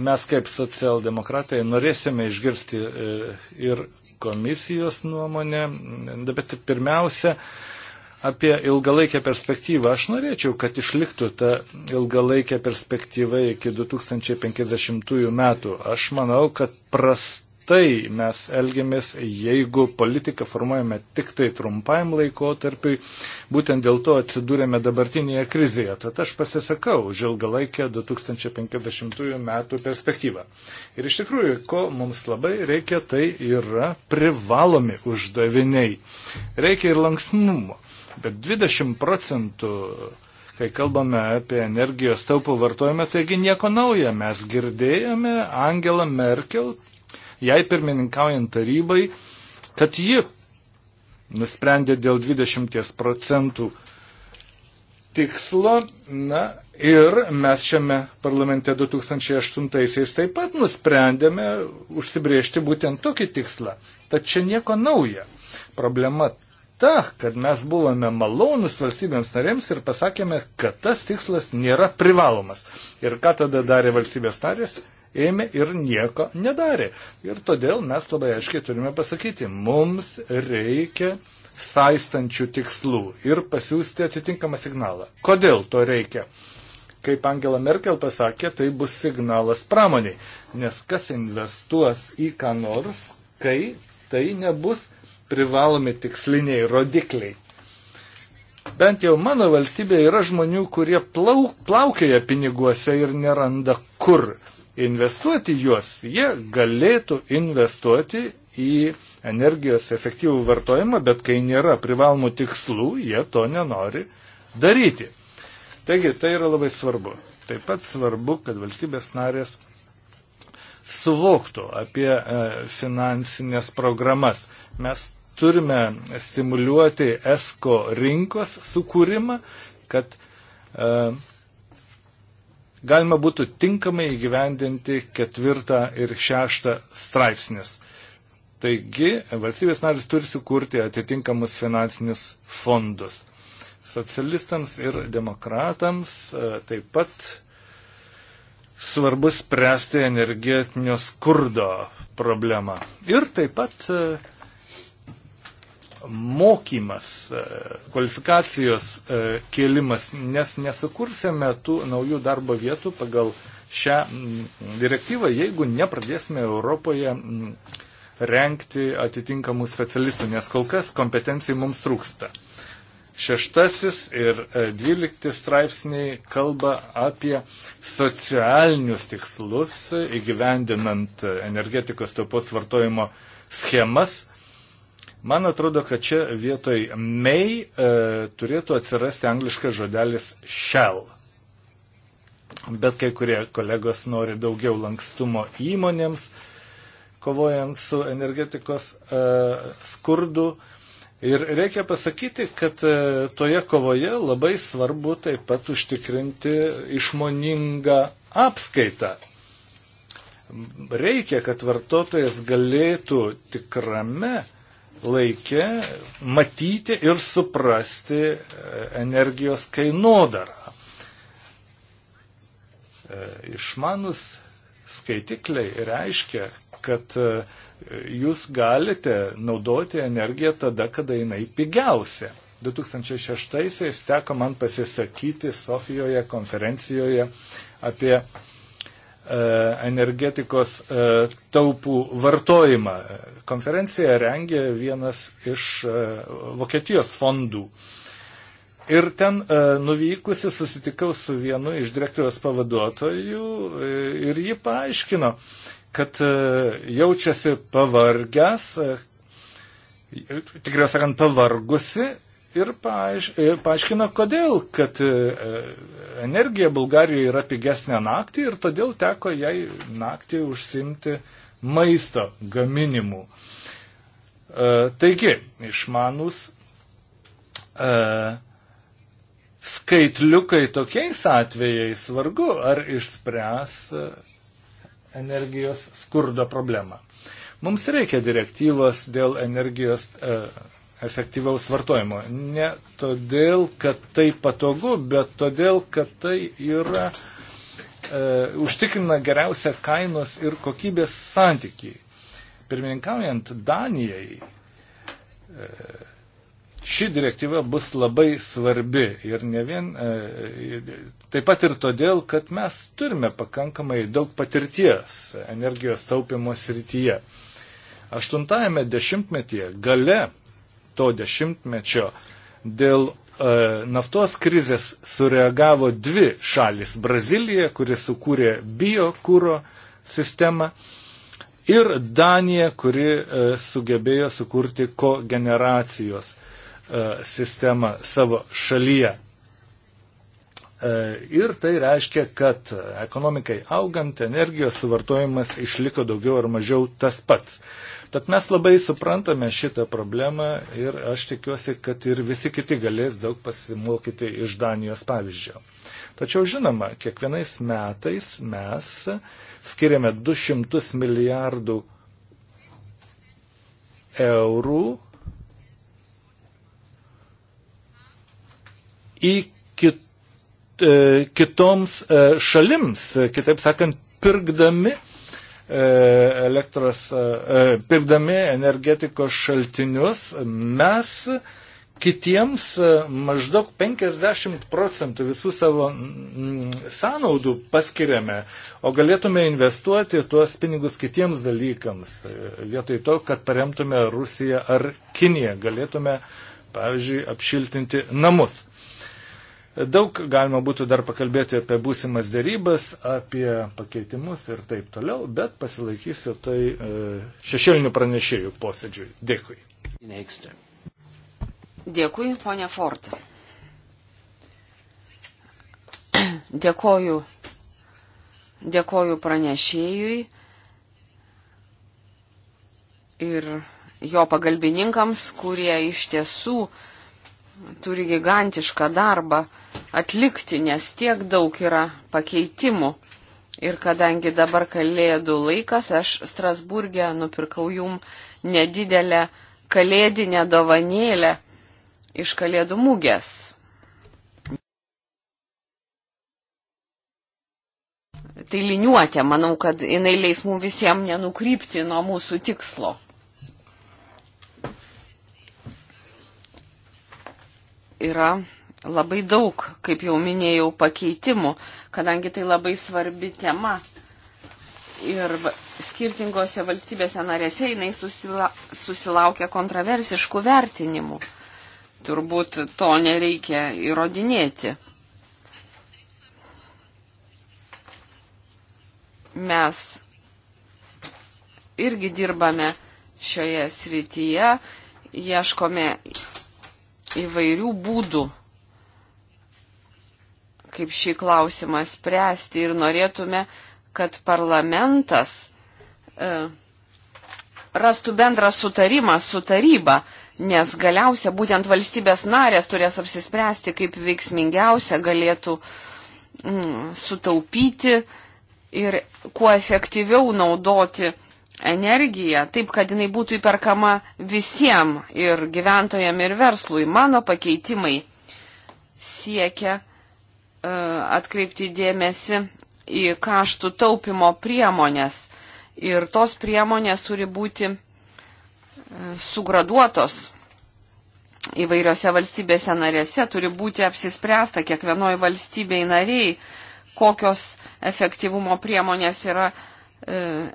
mes kaip socialdemokratai norėsime išgirsti e, ir komisijos nuomonę, bet pirmiausia, apie ilgalaikę perspektyvą. Aš norėčiau, kad išliktų ta ilgalaikė perspektyva iki 2050 metų. Aš manau, kad prast prastai mes elgiamės, jeigu politiką formuojame tik tai trumpam laikotarpiui. Būtent dėl to atsidūrėme dabartinėje krizėje. Tad aš pasisakau už ilgalaikę 2050 metų perspektyvą. Ir iš tikrųjų, ko mums labai reikia, tai yra privalomi uždaviniai. Reikia ir lanksnumo. Bet 20 procentų kai kalbame apie energijos taupų vartojimą, taigi nieko nauja. Mes girdėjome Angelą Merkel jai pirmininkaujant tarybai, kad ji nusprendė dėl 20 procentų tikslo. Na ir mes šiame parlamente 2008-aisiais taip pat nusprendėme užsibriežti būtent tokį tikslą. Tad čia nieko nauja. Problema ta, kad mes buvome malonus valstybėms narėms ir pasakėme, kad tas tikslas nėra privalomas. Ir ką tada darė valstybės narės? ėmė ir nieko nedarė. Ir todėl mes labai aiškiai turime pasakyti, mums reikia saistančių tikslų ir pasiūsti atitinkamą signalą. Kodėl to reikia? Kaip Angela Merkel pasakė, tai bus signalas pramoniai, nes kas investuos į ką nors, kai tai nebus privalomi tiksliniai rodikliai. Bent jau mano valstybėje yra žmonių, kurie plauk, plaukioja piniguose ir neranda kur investuoti juos, jie galėtų investuoti į energijos efektyvų vartojimą, bet kai nėra privalomų tikslų, jie to nenori daryti. Taigi tai yra labai svarbu. Taip pat svarbu, kad valstybės narės suvoktų apie e, finansinės programas. Mes turime stimuliuoti ESCO rinkos sukūrimą, kad uh, galima būtų tinkamai įgyvendinti ketvirtą ir šeštą straipsnis. Taigi, valstybės narys turi sukurti atitinkamus finansinius fondus. Socialistams ir demokratams e, taip pat svarbu spręsti energetinio skurdo problemą. Ir taip pat e, mokymas, e, kvalifikacijos e, kėlimas, nes nesukursime tų naujų darbo vietų pagal šią mm, direktyvą, jeigu nepradėsime Europoje mm, renkti atitinkamų specialistų, nes kol kas kompetencijai mums trūksta. Šeštasis ir e, dvyliktis straipsniai kalba apie socialinius tikslus įgyvendinant energetikos taupos vartojimo schemas Man atrodo, kad čia vietoj may e, turėtų atsirasti angliškas žodelis shall. Bet kai kurie kolegos nori daugiau lankstumo įmonėms, kovojant su energetikos e, skurdu. Ir reikia pasakyti, kad e, toje kovoje labai svarbu taip pat užtikrinti išmoningą apskaitą reikia, kad vartotojas galėtų tikrame laike matyti ir suprasti e, energijos kainodarą. E, išmanus skaitikliai reiškia, kad e, jūs galite naudoti energiją tada, kada jinai pigiausia. 2006-aisiais teko man pasisakyti Sofijoje konferencijoje apie E, energetikos e, taupų vartojimą. Konferenciją rengė vienas iš e, Vokietijos fondų. Ir ten nuvykusi susitikau su vienu iš direktoriaus pavaduotojų ir ji paaiškino, kad jaučiasi pavargęs, tikriausiai sakant, pavargusi ir paaiškino, kodėl, kad Energija Bulgarijoje yra pigesnė naktį ir todėl teko jai naktį užsimti maisto gaminimu. E, taigi, išmanus e, skaitliukai tokiais atvejais vargu ar išspręs e, energijos skurdo problemą. Mums reikia direktyvos dėl energijos e, efektyvaus vartojimo. Ne todėl, kad tai patogu, bet todėl, kad tai yra e, užtikrina geriausią kainos ir kokybės santykį. Pirmininkaujant Danijai, e, ši direktyva bus labai svarbi ir ne vien, e, taip pat ir todėl, kad mes turime pakankamai daug patirties energijos taupimo srityje. Aštuntajame dešimtmetyje gale dešimtmečio dėl e, naftos krizės sureagavo dvi šalis - Brazilija, kuri sukūrė biokūro sistemą, ir Danija, kuri e, sugebėjo sukurti kogeneracijos e, sistemą savo šalyje. E, ir tai reiškia, kad ekonomikai augant energijos suvartojimas išliko daugiau ar mažiau tas pats. Tad mes labai suprantame šitą problemą ir aš tikiuosi, kad ir visi kiti galės daug pasimokyti iš Danijos pavyzdžio. Tačiau žinoma, kiekvienais metais mes skiriame 200 milijardų eurų į kit, e, kitoms e, šalims, kitaip sakant, pirkdami E, elektros, e, e, pirkdami energetikos šaltinius, mes kitiems maždaug 50 procentų visų savo mm, sąnaudų paskiriame, o galėtume investuoti tuos pinigus kitiems dalykams. Vietoj to, kad paremtume Rusiją ar Kiniją, galėtume, pavyzdžiui, apšiltinti namus. Daug galima būtų dar pakalbėti apie būsimas dėrybas, apie pakeitimus ir taip toliau, bet pasilaikysiu tai e, šešėlinių pranešėjų posėdžiui. Dėkui. Neikstė. Dėkui, ponia Fort. Dėkoju. Dėkoju pranešėjui ir jo pagalbininkams, kurie iš tiesų turi gigantišką darbą atlikti, nes tiek daug yra pakeitimų. Ir kadangi dabar kalėdų laikas, aš Strasburgė nupirkau jum nedidelę kalėdinę dovanėlę iš kalėdų mūgės. Tai liniuotė, manau, kad jinai leis mums visiems nenukrypti nuo mūsų tikslo. Yra labai daug, kaip jau minėjau, pakeitimų, kadangi tai labai svarbi tema. Ir skirtingose valstybėse narėse jinai susila, susilaukia kontroversiškų vertinimų. Turbūt to nereikia įrodinėti. Mes irgi dirbame šioje srityje, ieškome įvairių būdų kaip šį klausimą spręsti ir norėtume, kad parlamentas e, rastų bendrą sutarimą su taryba, nes galiausia būtent valstybės narės turės apsispręsti, kaip veiksmingiausia galėtų mm, sutaupyti ir kuo efektyviau naudoti energiją, taip, kad jinai būtų įperkama visiems ir gyventojams, ir verslui. Mano pakeitimai siekia atkreipti dėmesį į kaštų taupimo priemonės. Ir tos priemonės turi būti e, sugraduotos įvairiose valstybėse narėse, turi būti apsispręsta kiekvienoje valstybėje nariai, kokios efektyvumo priemonės yra e,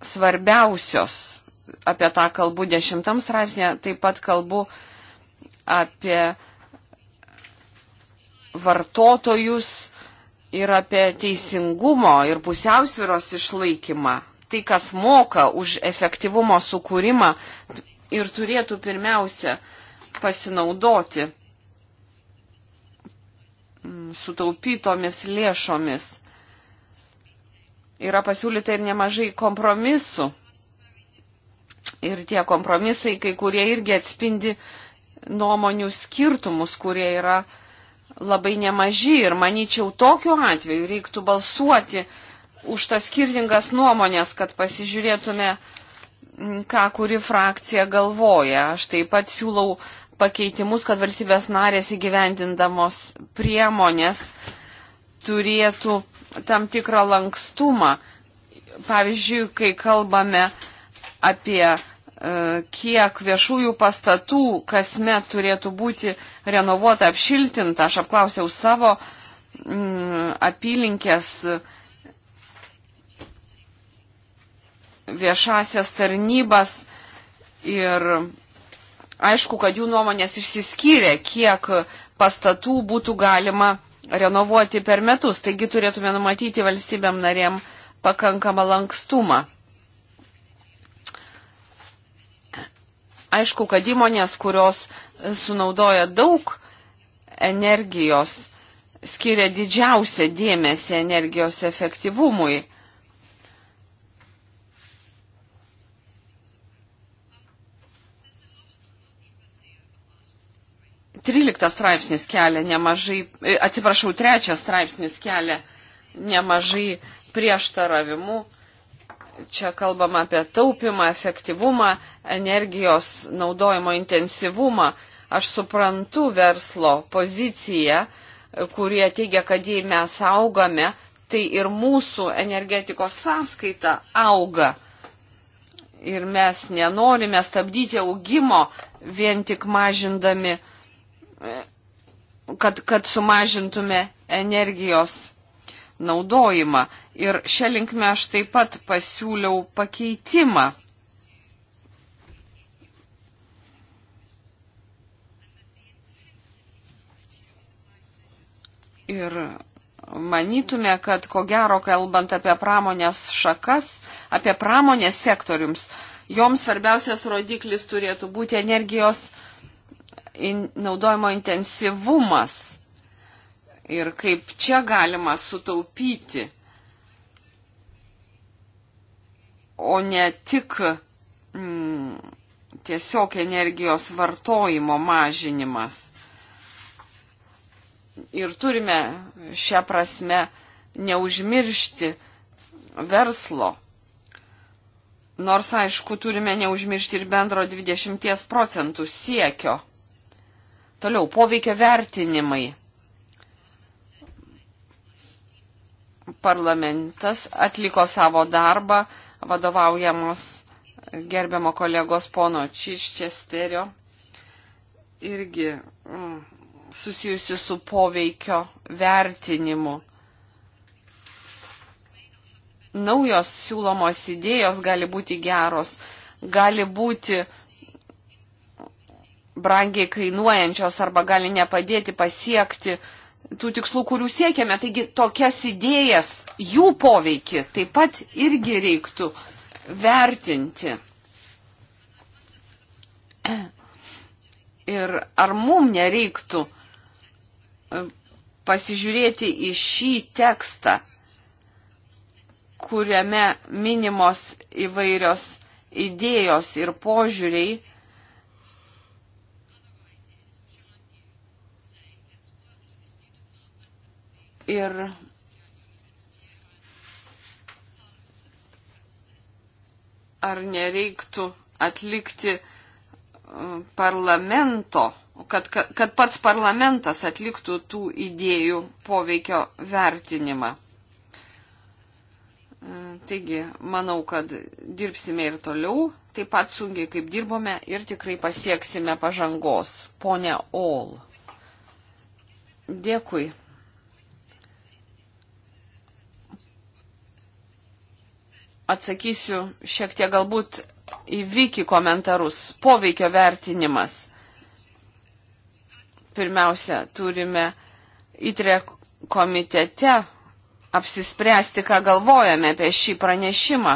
svarbiausios. Apie tą kalbu dešimtam straipsnė, taip pat kalbu apie vartotojus ir apie teisingumo ir pusiausviros išlaikymą. Tai, kas moka už efektyvumo sukūrimą ir turėtų pirmiausia pasinaudoti mm, sutaupytomis lėšomis. Yra pasiūlyta ir nemažai kompromisų. Ir tie kompromisai, kai kurie irgi atspindi nuomonių skirtumus, kurie yra uh, labai nemaži ir manyčiau tokiu atveju reiktų balsuoti už tas skirtingas nuomonės, kad pasižiūrėtume, mm, ką kuri frakcija galvoja. Aš taip pat siūlau pakeitimus, kad valstybės narės įgyvendindamos priemonės turėtų tam tikrą lankstumą. Pavyzdžiui, kai kalbame apie E, kiek viešųjų pastatų kasmet turėtų būti renovuota, apšiltinta. Aš apklausiau savo mm, apylinkės viešasias tarnybas ir aišku, kad jų nuomonės išsiskyrė, kiek pastatų būtų galima renovuoti per metus. Taigi turėtume numatyti valstybėm narėm pakankamą lankstumą. Aišku, kad įmonės, kurios sunaudoja daug energijos, skiria didžiausią dėmesį energijos efektyvumui. Tryliktas straipsnis kelia nemažai, e, atsiprašau, trečias straipsnis kelia nemažai prieštaravimų. Čia kalbama apie taupimą, efektyvumą, energijos naudojimo intensyvumą. Aš suprantu verslo poziciją, kurie teigia, kad jei mes augame, tai ir mūsų energetikos sąskaita auga. Ir mes nenorime stabdyti augimo vien tik mažindami, kad, kad sumažintume energijos naudojimą. Ir šią linkmę aš taip pat pasiūliau pakeitimą. Ir manytume, kad ko gero, kalbant apie pramonės šakas, apie pramonės sektoriums, joms svarbiausias rodiklis turėtų būti energijos naudojimo intensyvumas ir kaip čia galima sutaupyti, o ne tik mm, tiesiog energijos vartojimo mažinimas. Ir turime šią prasme neužmiršti verslo. Nors, aišku, turime neužmiršti ir bendro 20 procentų siekio. Toliau, poveikia vertinimai. parlamentas atliko savo darbą, vadovaujamas gerbiamo kolegos pono Čiščesterio, irgi mm, susijusi su poveikio vertinimu naujos siūlomos idėjos gali būti geros, gali būti brangiai kainuojančios arba gali nepadėti pasiekti tų tikslų, kurių siekiame. Taigi tokias idėjas, jų poveikį taip pat irgi reiktų vertinti. Ir ar mum nereiktų e, pasižiūrėti į šį tekstą, kuriame minimos įvairios idėjos ir požiūriai, Ir ar nereiktų atlikti uh, parlamento, kad, kad, kad pats parlamentas atliktų tų idėjų poveikio vertinimą. Uh, taigi, manau, kad dirbsime ir toliau, taip pat sunkiai kaip dirbome ir tikrai pasieksime pažangos. Pone Ol. Dėkui. atsakysiu šiek tiek galbūt į Viki komentarus. Poveikio vertinimas. Pirmiausia, turime įtrė komitete apsispręsti, ką galvojame apie šį pranešimą.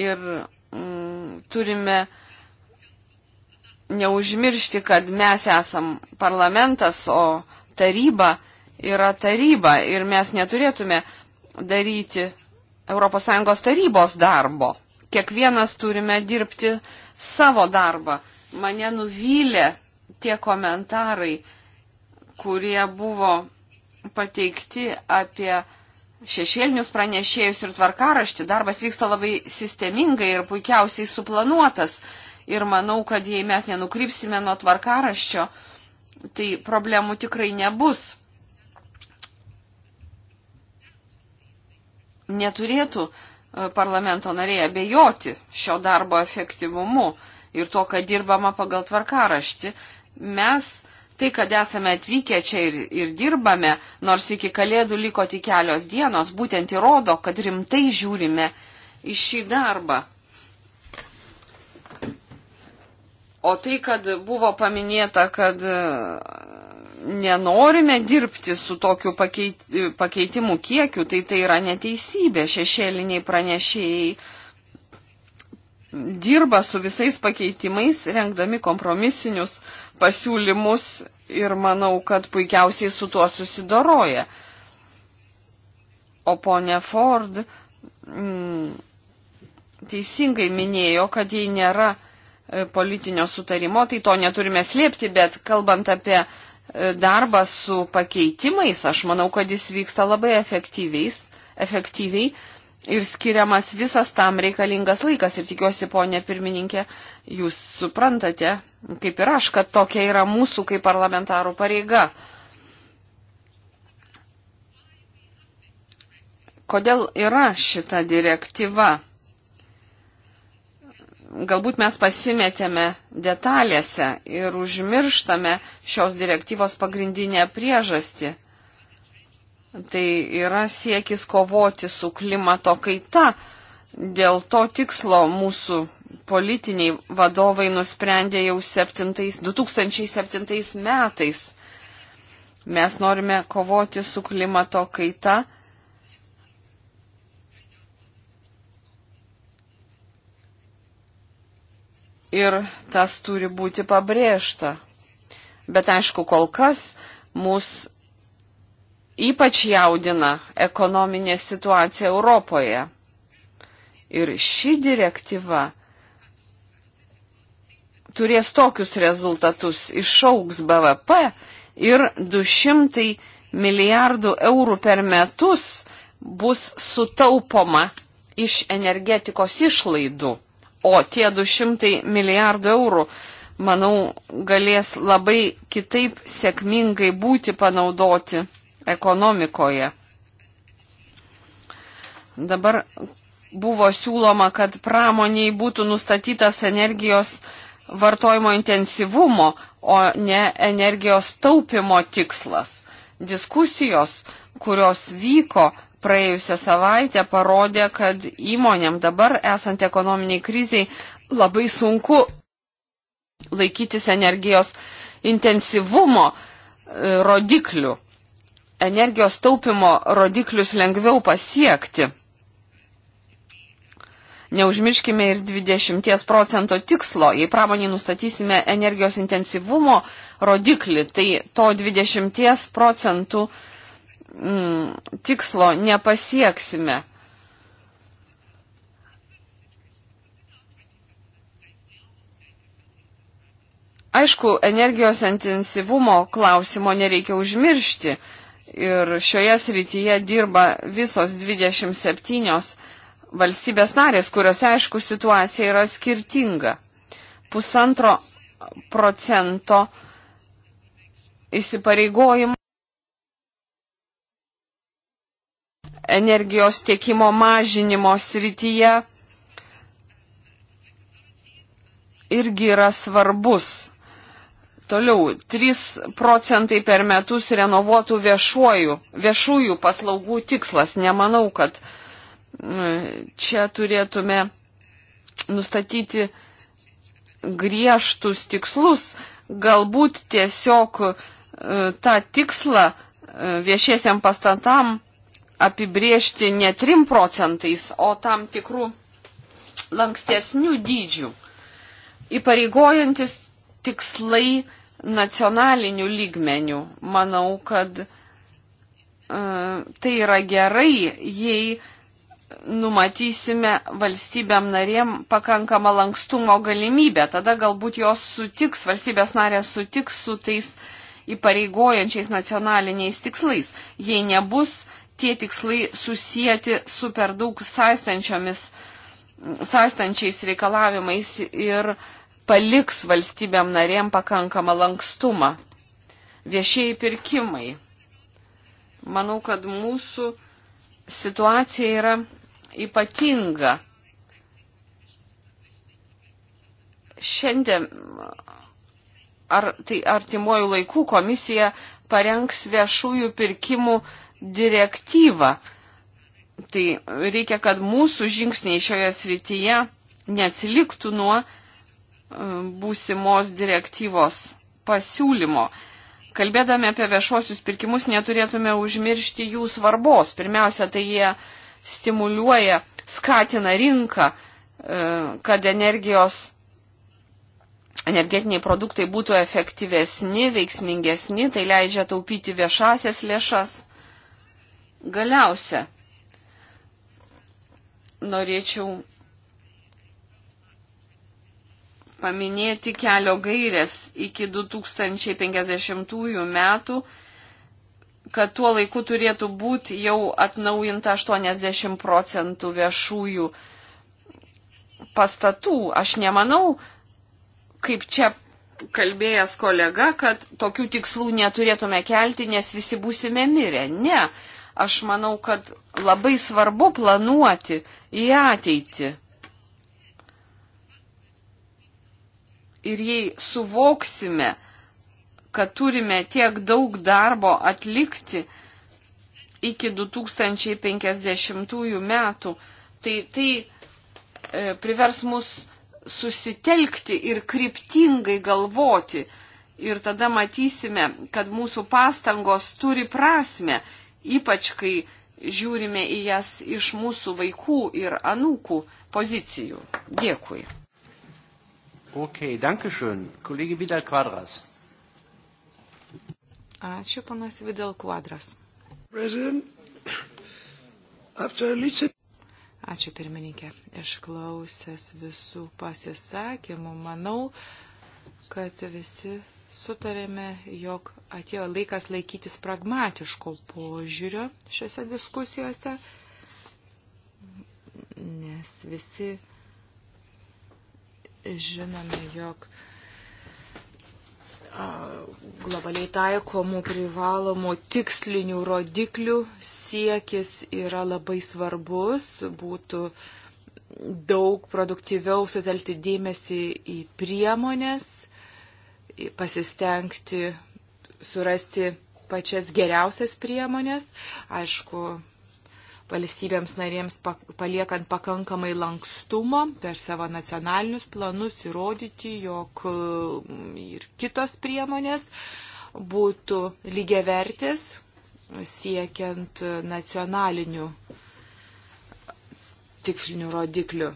Ir mm, turime neužmiršti, kad mes esam parlamentas, o taryba yra taryba ir mes neturėtume uh, daryti ES tarybos darbo. Kiekvienas turime dirbti savo darbą. Mane nuvylė tie komentarai, kurie buvo pateikti apie šešėlinius pranešėjus ir tvarkaraštį. Darbas vyksta labai sistemingai ir puikiausiai suplanuotas. Ir manau, kad jei mes nenukrypsime nuo tvarkaraščio, tai problemų tikrai nebus. neturėtų e, parlamento nariai abejoti šio darbo efektyvumu ir to, kad dirbama pagal tvarkaraštį. Mes tai, kad esame atvykę čia ir, ir dirbame, nors iki kalėdų liko tik kelios dienos, būtent įrodo, kad rimtai žiūrime į šį darbą. O tai, kad buvo paminėta, kad nenorime dirbti su tokiu pakeit, pakeitimu kiekiu, tai tai yra neteisybė. Šešėliniai pranešėjai dirba su visais pakeitimais, rengdami kompromisinius pasiūlymus ir manau, kad puikiausiai su tuo susidoroja. O ponė Ford mm, teisingai minėjo, kad jei nėra e, politinio sutarimo, tai to neturime slėpti, bet kalbant apie uh, darbas su pakeitimais, aš manau, kad jis vyksta labai efektyviai ir skiriamas visas tam reikalingas laikas. Ir tikiuosi, ponė pirmininkė, jūs suprantate, kaip ir aš, kad tokia yra mūsų kaip parlamentarų pareiga. Kodėl yra šita direktyva? galbūt mes pasimetėme detalėse ir užmirštame šios direktyvos pagrindinę priežastį. Tai yra siekis kovoti su klimato kaita. Dėl to tikslo mūsų politiniai vadovai nusprendė jau 7, 2007 metais. Mes norime kovoti su klimato kaita ir tas turi būti pabrėžta. Bet aišku, kol kas mus ypač jaudina ekonominė situacija Europoje. Ir ši direktyva turės tokius rezultatus, išauks BVP ir 200 milijardų eurų per metus bus sutaupoma iš energetikos išlaidų. O tie 200 milijardų eurų, manau, galės labai kitaip sėkmingai būti panaudoti ekonomikoje. Dabar buvo siūloma, kad pramoniai būtų nustatytas energijos vartojimo intensyvumo, o ne energijos taupimo tikslas. Diskusijos, kurios vyko, praėjusią savaitę parodė, kad įmonėm dabar esant ekonominiai kriziai labai sunku laikytis energijos intensyvumo e, rodiklių. Energijos taupimo rodiklius lengviau pasiekti. Neužmirškime ir 20 procento tikslo. Jei pramonį nustatysime energijos intensyvumo rodiklį, tai to 20 procentų uh, mm, tikslo nepasieksime. Aišku, energijos intensyvumo klausimo nereikia užmiršti ir šioje srityje dirba visos 27 valstybės narės, kuriuose aišku situacija yra skirtinga. Pusantro procento įsipareigojimų energijos tiekimo mažinimo srityje irgi yra svarbus. Toliau, 3 procentai per metus renovuotų viešuoju, viešųjų paslaugų tikslas. Nemanau, kad čia turėtume nustatyti griežtus tikslus. Galbūt tiesiog e, tą tikslą e, viešiesiam pastatam apibriežti ne 3 procentais, o tam tikrų lankstesnių dydžių, įpareigojantis tikslai nacionalinių lygmenių. Manau, kad e, tai yra gerai, jei numatysime valstybėm narėm pakankamą lankstumo galimybę. Tada galbūt jos sutiks, valstybės narės sutiks su tais įpareigojančiais nacionaliniais tikslais. Jei nebus tie tikslai susijęti su per daug saistančiomis, saistančiais reikalavimais ir paliks valstybėm narėm pakankamą lankstumą. Viešieji pirkimai. Manau, kad mūsų situacija yra ypatinga. Šiandien ar tai artimuoju laiku komisija parengs viešųjų pirkimų direktyvą. Tai reikia, kad mūsų žingsniai šioje srityje neatsiliktų nuo e, būsimos direktyvos pasiūlymo. Kalbėdami apie viešuosius pirkimus neturėtume užmiršti jų svarbos. Pirmiausia, tai jie stimuliuoja, skatina rinką, e, kad energijos, energetiniai produktai būtų efektyvesni, veiksmingesni, tai leidžia taupyti viešasias lėšas. Galiausia, norėčiau paminėti kelio gairės iki 2050 metų, kad tuo laiku turėtų būti jau atnaujinta 80 procentų viešųjų pastatų. Aš nemanau, kaip čia kalbėjęs kolega, kad tokių tikslų neturėtume kelti, nes visi būsime mirę. Ne, Aš manau, kad labai svarbu planuoti į ateitį. Ir jei suvoksime, kad turime tiek daug darbo atlikti iki 2050 metų, tai tai e, privers mus susitelkti ir kryptingai galvoti. Ir tada matysime, kad mūsų pastangos turi prasme ypač kai žiūrime į jas iš mūsų vaikų ir anūkų pozicijų. Dėkui. Okay, dankeschön. Kolegė Vidal Quadras. Ačiū, panas Vidal Quadras. Ačiū, pirmininkė. Išklausęs visų pasisakymų, manau, kad visi sutarėme, jog atėjo laikas laikytis pragmatiško požiūrio šiuose diskusijose, nes visi žinome, jog globaliai taikomų privalomų tikslinių rodiklių siekis yra labai svarbus, būtų daug produktyviau sutelkti dėmesį į priemonės pasistengti surasti pačias geriausias priemonės, aišku, valstybėms narėms paliekant pakankamai lankstumo per savo nacionalinius planus įrodyti, jog mm, ir kitos priemonės būtų lygiavertis siekiant nacionalinių tikslinių rodiklių.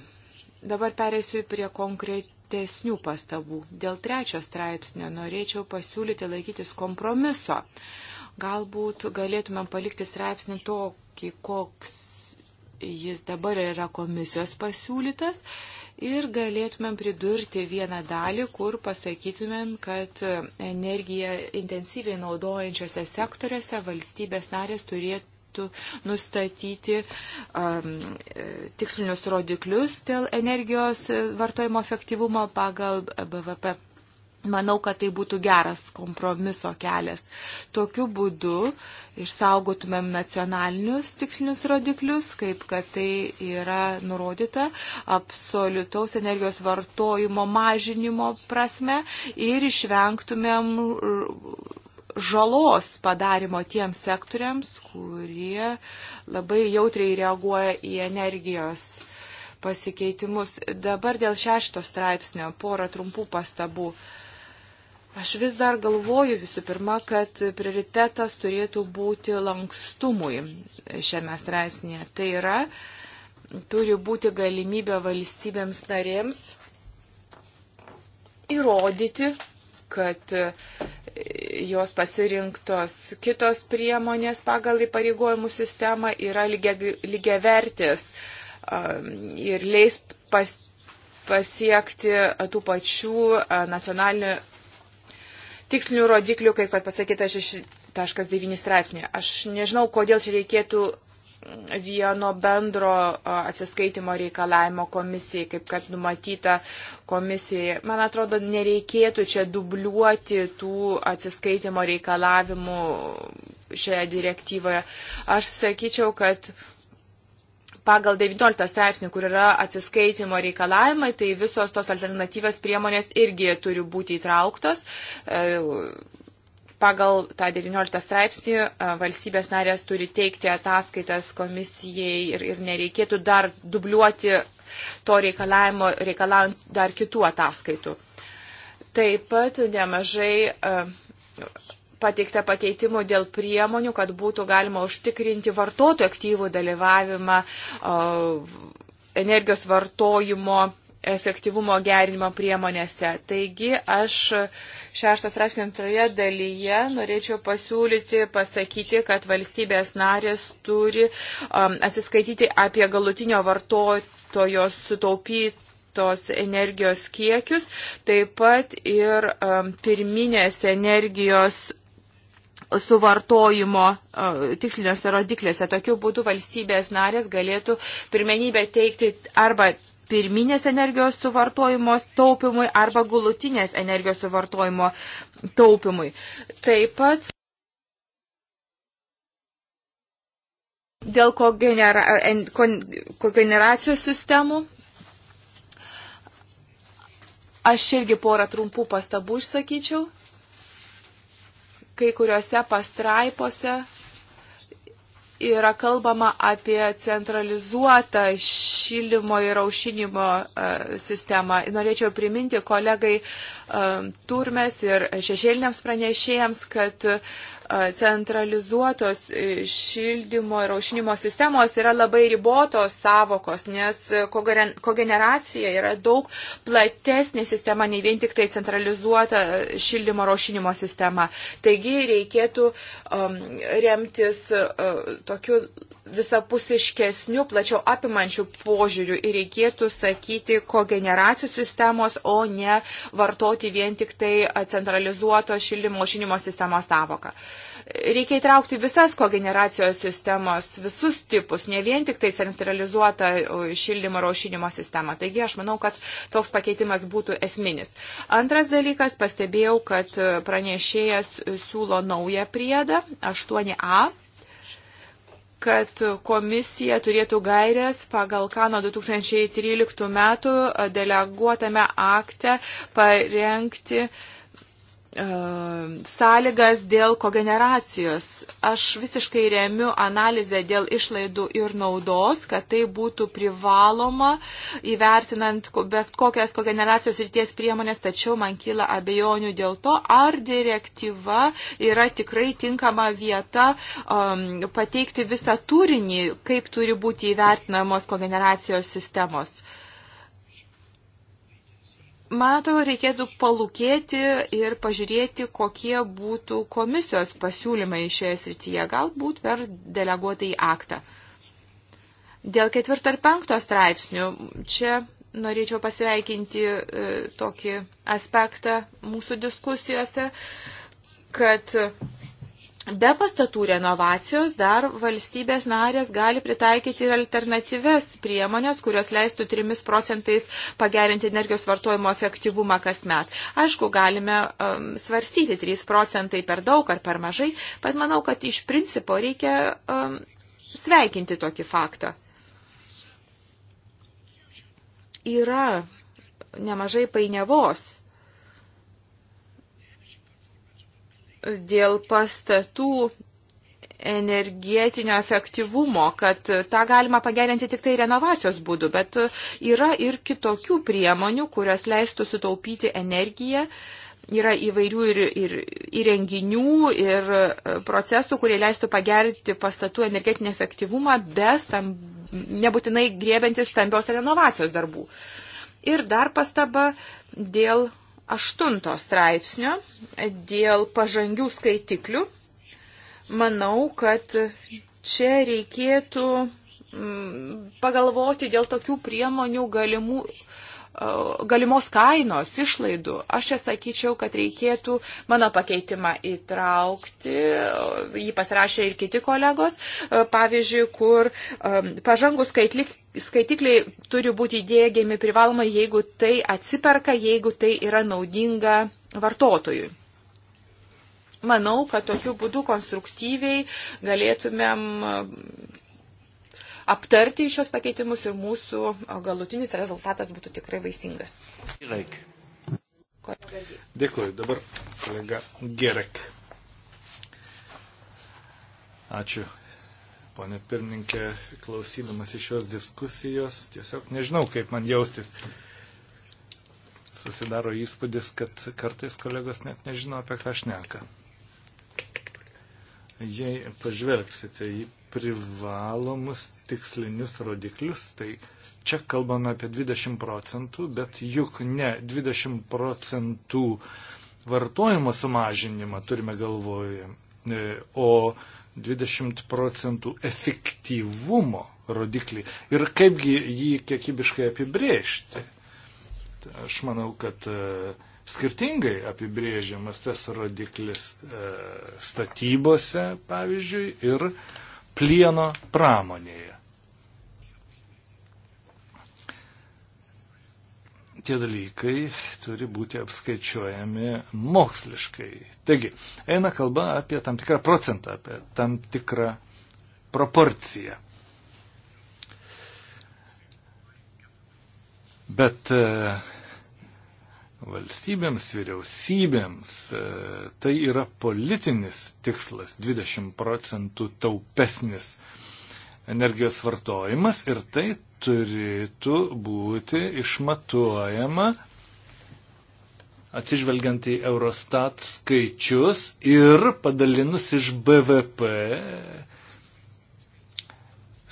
Dabar pereisiu prie konkrečių platesnių pastabų. Dėl trečio straipsnio norėčiau pasiūlyti laikytis kompromiso. Galbūt galėtumėm palikti straipsnį tokį, koks jis dabar yra komisijos pasiūlytas ir galėtumėm pridurti vieną dalį, kur pasakytumėm, kad energiją intensyviai naudojančiose sektoriuose valstybės narės turėtų metų nustatyti um, tikslinius rodiklius dėl energijos e, vartojimo efektyvumo pagal BVP. Manau, kad tai būtų geras kompromiso kelias. Tokiu būdu išsaugotumėm nacionalinius tikslinius rodiklius, kaip kad tai yra nurodyta absoliutaus energijos vartojimo mažinimo prasme ir išvengtumėm žalos padarimo tiems sektoriams, kurie labai jautriai reaguoja į energijos pasikeitimus. Dabar dėl šešto straipsnio porą trumpų pastabų. Aš vis dar galvoju visų pirma, kad prioritetas turėtų būti lankstumui šiame straipsnėje. Tai yra, turi būti galimybė valstybėms narėms įrodyti, kad jos pasirinktos kitos priemonės pagal įpareigojimų sistemą yra lygiavertis lygia um, ir leis pas, pasiekti tų pačių uh, nacionalinių tikslinių rodiklių, kaip kad pasakyta 6.9 straipsnė. Aš nežinau, kodėl čia reikėtų vieno bendro atsiskaitimo reikalavimo komisijai, kaip kad numatyta komisijoje. Man atrodo, nereikėtų čia dubliuoti tų atsiskaitimo reikalavimų šioje direktyvoje. Aš sakyčiau, kad pagal 19 straipsnį, kur yra atsiskaitimo reikalavimai, tai visos tos alternatyvios priemonės irgi turi būti įtrauktos. E, pagal tą 19 straipsnį e, valstybės narės turi teikti ataskaitas komisijai ir, ir nereikėtų dar dubliuoti to reikalavimo, reikalaujant dar kitų ataskaitų. Taip pat nemažai e, pateikta pakeitimų dėl priemonių, kad būtų galima užtikrinti vartotojų aktyvų dalyvavimą energijos vartojimo efektyvumo gerinimo priemonėse. Taigi aš šeštas rašinio antroje dalyje norėčiau pasiūlyti pasakyti, kad valstybės narės turi um, atsiskaityti apie galutinio vartotojo sutaupytą tos energijos kiekius, taip pat ir um, pirminės energijos suvartojimo uh, tiksliniuose rodiklėse. Tokiu būdu valstybės narės galėtų pirmenybę teikti arba pirminės energijos suvartojimo taupimui arba gulutinės energijos suvartojimo taupimui. Taip pat dėl kogenera, kogeneracijos sistemų. Aš irgi porą trumpų pastabų išsakyčiau. Kai kuriuose pastraipose yra kalbama apie centralizuotą šilimo ir aušinimo e, sistemą. Norėčiau priminti kolegai e, turmes ir šešėliniams pranešėjams, kad centralizuotos e, šildymo ir aušinimo sistemos yra labai ribotos savokos, nes e, kogeneracija yra daug platesnė sistema, nei vien tik tai centralizuota e, šildymo ir aušinimo sistema. Taigi reikėtų um, remtis uh, tokiu visapusiškesnių, plačiau apimančių požiūrių ir reikėtų sakyti kogeneracijų sistemos, o ne vartoti vien tik tai centralizuoto šildymo šinimo sistemos savoką. Reikia įtraukti visas kogeneracijos sistemos, visus tipus, ne vien tik tai centralizuotą šildymo ir aušinimo sistemą. Taigi aš manau, kad toks pakeitimas būtų esminis. Antras dalykas, pastebėjau, kad pranešėjas siūlo naują priedą 8a kad komisija turėtų gairias, pagal ką nuo 2013 metų deleguotame akte parengti uh, E, sąlygas dėl kogeneracijos. Aš visiškai remiu analizę dėl išlaidų ir naudos, kad tai būtų privaloma įvertinant bet kokias kogeneracijos ir ties priemonės, tačiau man kyla abejonių dėl to, ar direktyva yra tikrai tinkama vieta um, pateikti visą turinį, kaip turi būti įvertinamos kogeneracijos sistemos. Uh, Man atrodo, reikėtų palūkėti ir pažiūrėti, kokie būtų komisijos pasiūlymai šioje srityje, galbūt per deleguotą į aktą. Dėl ketvirto ir penkto straipsnių čia norėčiau pasveikinti e, tokį aspektą mūsų diskusijose, kad Be pastatų renovacijos dar valstybės narės gali pritaikyti ir alternatyves priemonės, kurios leistų 3 procentais pagerinti energijos vartojimo efektyvumą kasmet. Aišku, galime um, svarstyti 3 procentai per daug ar per mažai, bet manau, kad iš principo reikia um, sveikinti tokį faktą. Yra nemažai painiavos dėl pastatų energetinio efektyvumo, kad tą galima pagerinti tik tai renovacijos būdu, bet yra ir kitokių priemonių, kurios leistų sutaupyti energiją. Yra įvairių ir, ir įrenginių ir e, procesų, kurie leistų pagerinti pastatų energetinį efektyvumą, bes tam nebūtinai grėbiantis stambios renovacijos darbų. Ir dar pastaba dėl aštunto straipsnio dėl pažangių skaitiklių. Manau, kad čia reikėtų mm, pagalvoti dėl tokių priemonių galimų galimos kainos išlaidų. Aš čia sakyčiau, kad reikėtų mano pakeitimą įtraukti, jį pasirašė ir kiti kolegos, pavyzdžiui, kur pažangų skaitlik skaitikliai turi būti įdėgiami privalomai, jeigu tai atsiperka, jeigu tai yra naudinga vartotojui. Manau, kad tokiu būdu konstruktyviai galėtumėm uh, aptarti šios pakeitimus ir mūsų uh, galutinis rezultatas būtų tikrai vaisingas. Dėkui, dabar kolega Gerek. Ačiū Pone pirmininkė, klausydamas iš šios diskusijos, tiesiog nežinau, kaip man jaustis. Susidaro įspūdis, kad kartais kolegos net nežino, apie ką aš neka. Jei pažvelgsite į privalomus tikslinius rodiklius, tai čia kalbame apie 20 procentų, bet juk ne 20 procentų vartojimo sumažinimą turime galvoje, e, o 20 procentų efektyvumo rodiklį ir kaipgi jį kiekybiškai apibrėžti. Aš manau, kad e, skirtingai apibrėžiamas tas rodiklis e, statybose, pavyzdžiui, ir plieno pramonėje. tie dalykai turi būti apskaičiuojami moksliškai. Taigi, eina kalba apie tam tikrą procentą, apie tam tikrą proporciją. Bet e, valstybėms, vyriausybėms e, tai yra politinis tikslas 20 procentų taupesnis energijos vartojimas ir tai turėtų būti išmatuojama atsižvelgiant į Eurostat skaičius ir padalinus iš BVP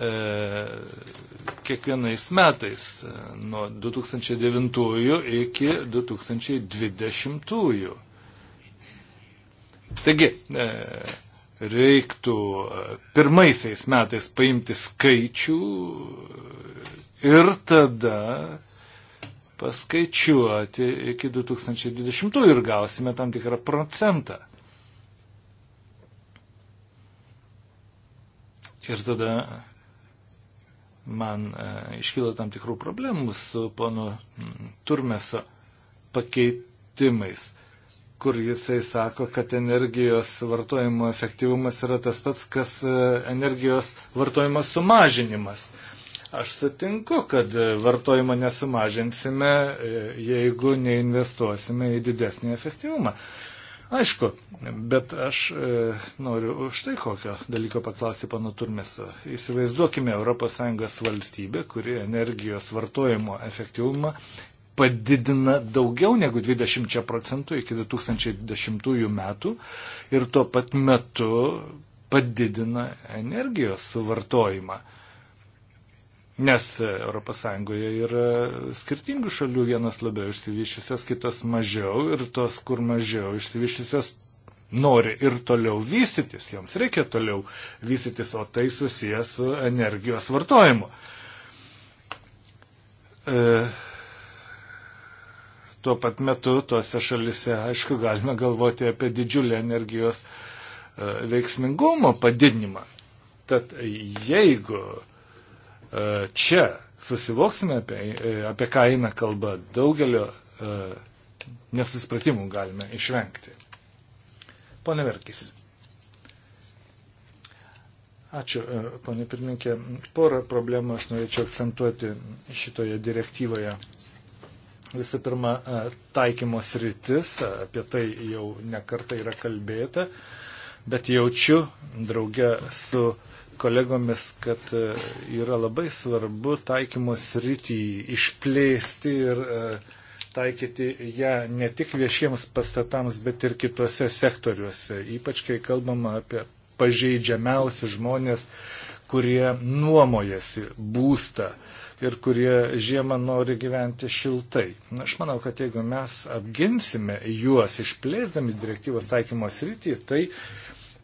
e, kiekvienais metais e, nuo 2009 iki 2020. Taigi, e, reiktų e, pirmaisiais metais paimti skaičių ir tada paskaičiuoti iki 2020 ir gausime tam tikrą procentą. Ir tada man e, iškyla tam tikrų problemų su pono Turmeso pakeitimais kur jisai sako, kad energijos vartojimo efektyvumas yra tas pats, kas e, energijos vartojimo sumažinimas. Aš sutinku, kad e, vartojimą nesumažinsime, e, jeigu neinvestuosime į didesnį efektyvumą. Aišku, bet aš e, noriu štai kokio dalyko paklausti pano Turmeso. Įsivaizduokime ES valstybę, kuri energijos vartojimo efektyvumą padidina daugiau negu 20 procentų iki 2020 metų ir tuo pat metu padidina energijos suvartojimą. Nes ES yra skirtingų šalių, vienas labiau išsivyščiusios, kitos mažiau ir tos, kur mažiau išsivyščiusios, nori ir toliau vystytis, joms reikia toliau vystytis, o tai susijęs su energijos vartojimu. E, tuo pat metu tuose šalise, aišku, galime galvoti apie didžiulį energijos e, veiksmingumo padidinimą. Tad jeigu e, čia susivoksime, apie, e, apie ką eina kalba, daugelio nesuspratimų galime išvengti. Pone Verkis. Ačiū, ponė pirmininkė. Porą problemų aš norėčiau akcentuoti šitoje direktyvoje. Visų pirma, e, taikymos rytis, e, apie tai jau nekarta yra kalbėta, bet jaučiu draugę su kolegomis, kad e, yra labai svarbu taikymos rytį išplėsti ir taikyti ją ne tik viešiems pastatams, bet ir kitose sektoriuose, ypač kai kalbama apie pažeidžiamiausi žmonės, kurie nuomojasi būstą ir kurie žiemą nori gyventi šiltai. Na, aš manau, kad jeigu mes apginsime juos išplėsdami direktyvos taikymo sritį, tai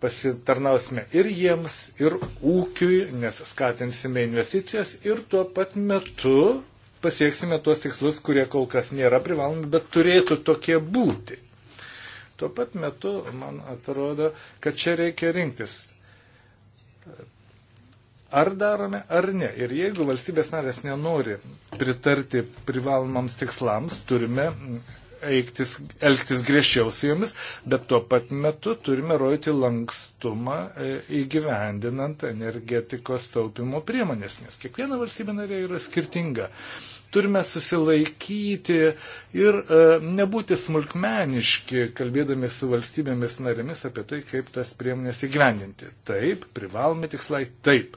pasitarnausime ir jiems, ir ūkiui, nes skatinsime investicijas ir tuo pat metu pasieksime tuos tikslus, kurie kol kas nėra privalomi, bet turėtų tokie būti. Tuo pat metu man atrodo, kad čia reikia rinktis ar darome, ar ne. Ir jeigu valstybės narės nenori pritarti privalomams tikslams, turime eiktis, elgtis griežčiau su jomis, bet tuo pat metu turime rodyti lankstumą e, įgyvendinant energetikos taupimo priemonės, nes kiekviena valstybė narė yra skirtinga turime susilaikyti ir e, nebūti smulkmeniški, kalbėdami su valstybėmis narėmis apie tai, kaip tas priemonės įgyvendinti. Taip, privalomi tikslai, taip.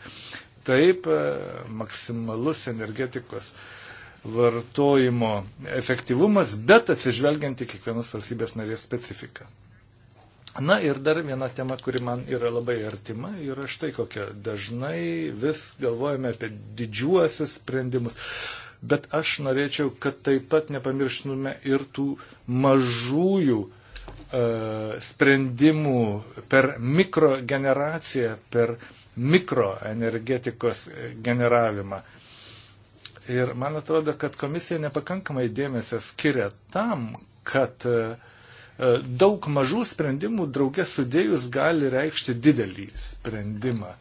Taip, e, maksimalus energetikos vartojimo efektyvumas, bet atsižvelgiant į kiekvienos valstybės narės specifiką. Na ir dar viena tema, kuri man yra labai artima, yra štai kokia. Dažnai vis galvojame apie didžiuosius sprendimus bet aš norėčiau, kad taip pat nepamirštume ir tų mažųjų e, sprendimų per mikrogeneraciją, per mikroenergetikos generavimą. Ir man atrodo, kad komisija nepakankamai dėmesio skiria tam, kad e, e, daug mažų sprendimų draugė sudėjus gali reikšti didelį sprendimą.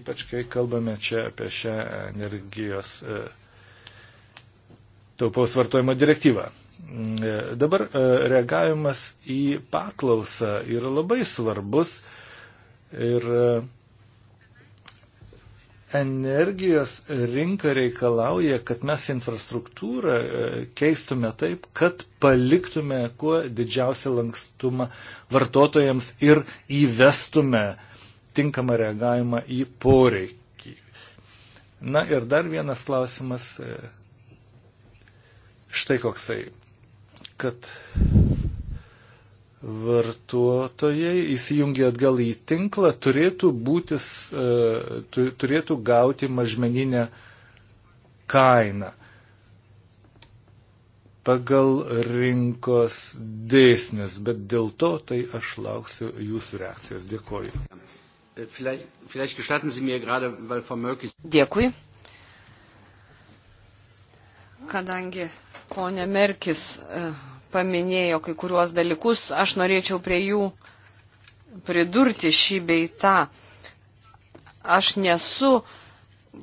Ypač kai kalbame čia apie šią energijos taupaus vartojimo direktyvą. Mm, e, dabar e, reagavimas į paklausą yra labai svarbus ir e, energijos rinka reikalauja, kad mes infrastruktūrą keistume taip, kad paliktume kuo didžiausią lankstumą vartotojams ir įvestume tinkamą reagavimą į poreikį. Na ir dar vienas klausimas štai koksai, kad vartotojai įsijungia atgal į tinklą turėtų, būtis, e, turėtų gauti mažmeninę kainą pagal rinkos dėsnius, bet dėl to tai aš lauksiu jūsų reakcijos. Dėkoju. Dėkui. Kadangi ponė Merkis e, paminėjo kai kuriuos dalykus, aš norėčiau prie jų pridurti šį beitą. Aš nesu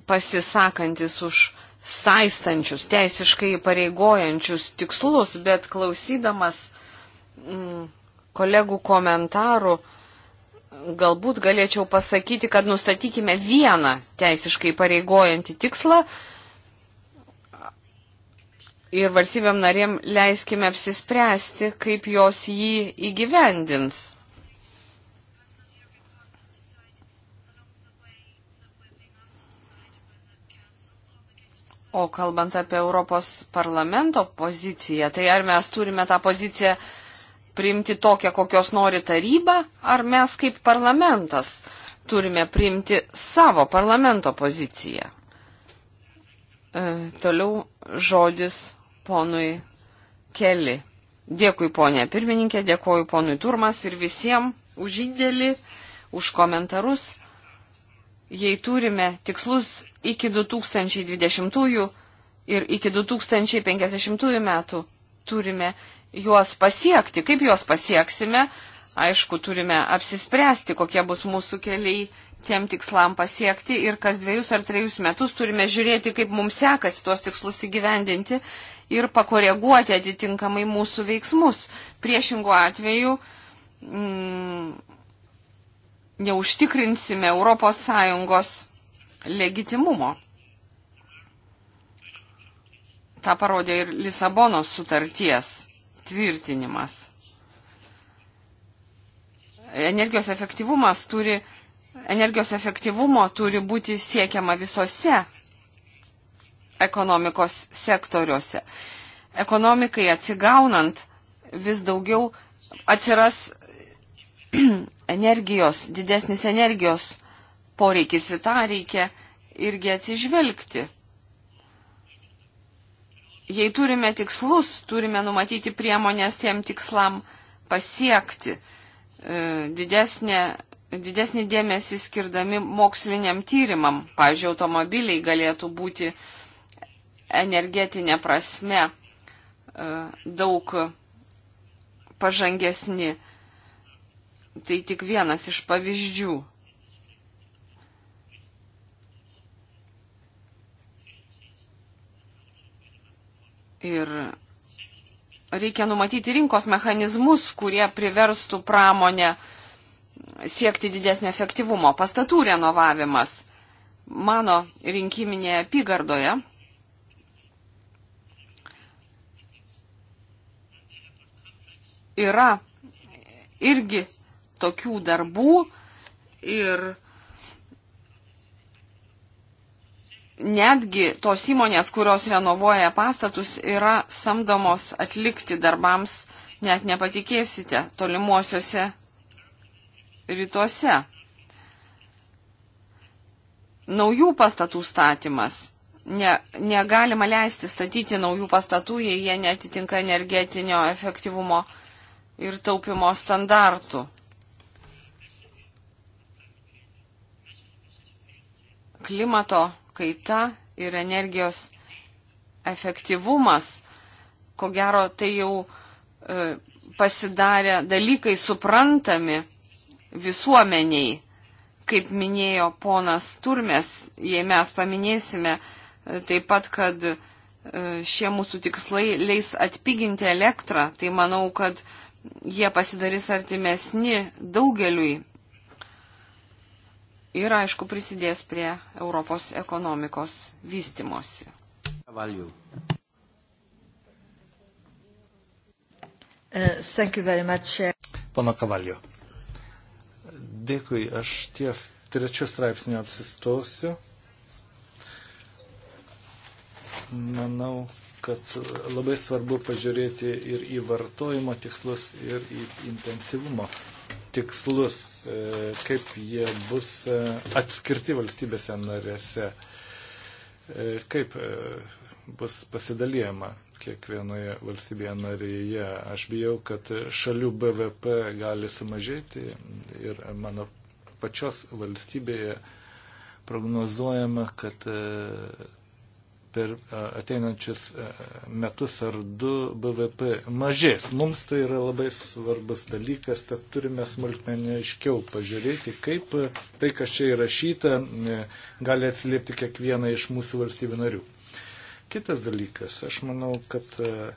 pasisakantis už saistančius, teisiškai pareigojančius tikslus, bet klausydamas mm, kolegų komentarų, galbūt galėčiau pasakyti, kad nustatykime vieną teisiškai pareigojantį tikslą, ir valstybėm narėm leiskime apsispręsti, kaip jos jį įgyvendins. O kalbant apie Europos parlamento poziciją, tai ar mes turime tą poziciją priimti tokią, kokios nori taryba, ar mes kaip parlamentas turime priimti savo parlamento poziciją. E, toliau žodis ponui Keli. Dėkui ponė pirmininkė, dėkoju ponui Turmas ir visiems už indėlį, už komentarus. Jei turime tikslus iki 2020 ir iki 2050 metų, turime juos pasiekti. Kaip juos pasieksime? Aišku, turime apsispręsti, kokie bus mūsų keliai tiem tikslam pasiekti ir kas dviejus ar trejus metus turime žiūrėti, kaip mums sekasi tuos tikslus įgyvendinti ir pakoreguoti atitinkamai mūsų veiksmus. Priešingų atveju mm, neužtikrinsime ES legitimumo. Ta parodė ir Lisabonos sutarties tvirtinimas. Energijos efektyvumas turi energijos efektyvumo turi būti siekiama visose ekonomikos sektoriuose. Ekonomikai atsigaunant vis daugiau atsiras [clears throat] energijos, didesnis energijos poreikis į tą reikia irgi atsižvelgti. Jei turime tikslus, turime numatyti priemonės tiem tikslam pasiekti e, didesnė, didesnį dėmesį skirdami moksliniam tyrimam. Pavyzdžiui, automobiliai galėtų būti uh, energetinė prasme e, daug pažangesni. Tai tik vienas iš pavyzdžių. Ir reikia numatyti rinkos mechanizmus, kurie priverstų pramonę siekti didesnio efektyvumo. Pastatų renovavimas mano rinkiminėje apygardoje yra irgi tokių darbų ir netgi tos įmonės, kurios renovuoja pastatus, yra samdomos atlikti darbams, net nepatikėsite, tolimuosiuose rytuose. Naujų pastatų statymas. Ne, negalima leisti statyti naujų pastatų, jei jie netitinka energetinio efektyvumo ir taupimo standartų. Klimato kaita ir energijos efektyvumas, ko gero, tai jau e, pasidarė dalykai suprantami visuomeniai, kaip minėjo ponas Turmes, jei mes paminėsime e, taip pat, kad e, šie mūsų tikslai leis atpiginti elektrą, tai manau, kad jie pasidarys artimesni daugeliui ir, aišku, prisidės prie Europos ekonomikos vystimosi. Value. Uh, Pono Kavalio. Dėkui, aš ties trečių straipsnių apsistosiu. Manau, kad labai svarbu pažiūrėti ir į vartojimo tikslus, ir į intensyvumo tikslus, e, kaip jie bus e, atskirti valstybėse narėse, e, kaip bus pasidalyjama kiekvienoje valstybėje narėje. Aš bijau, kad šalių BVP gali sumažėti ir mano pačios valstybėje prognozuojama, kad per ateinančius metus ar du BVP mažės. Mums tai yra labai svarbus dalykas, tad turime smulkmeniškiau pažiūrėti, kaip tai, kas čia įrašyta, e, gali atsiliepti kiekvieną iš mūsų valstybių narių. Kitas dalykas, aš manau, kad e,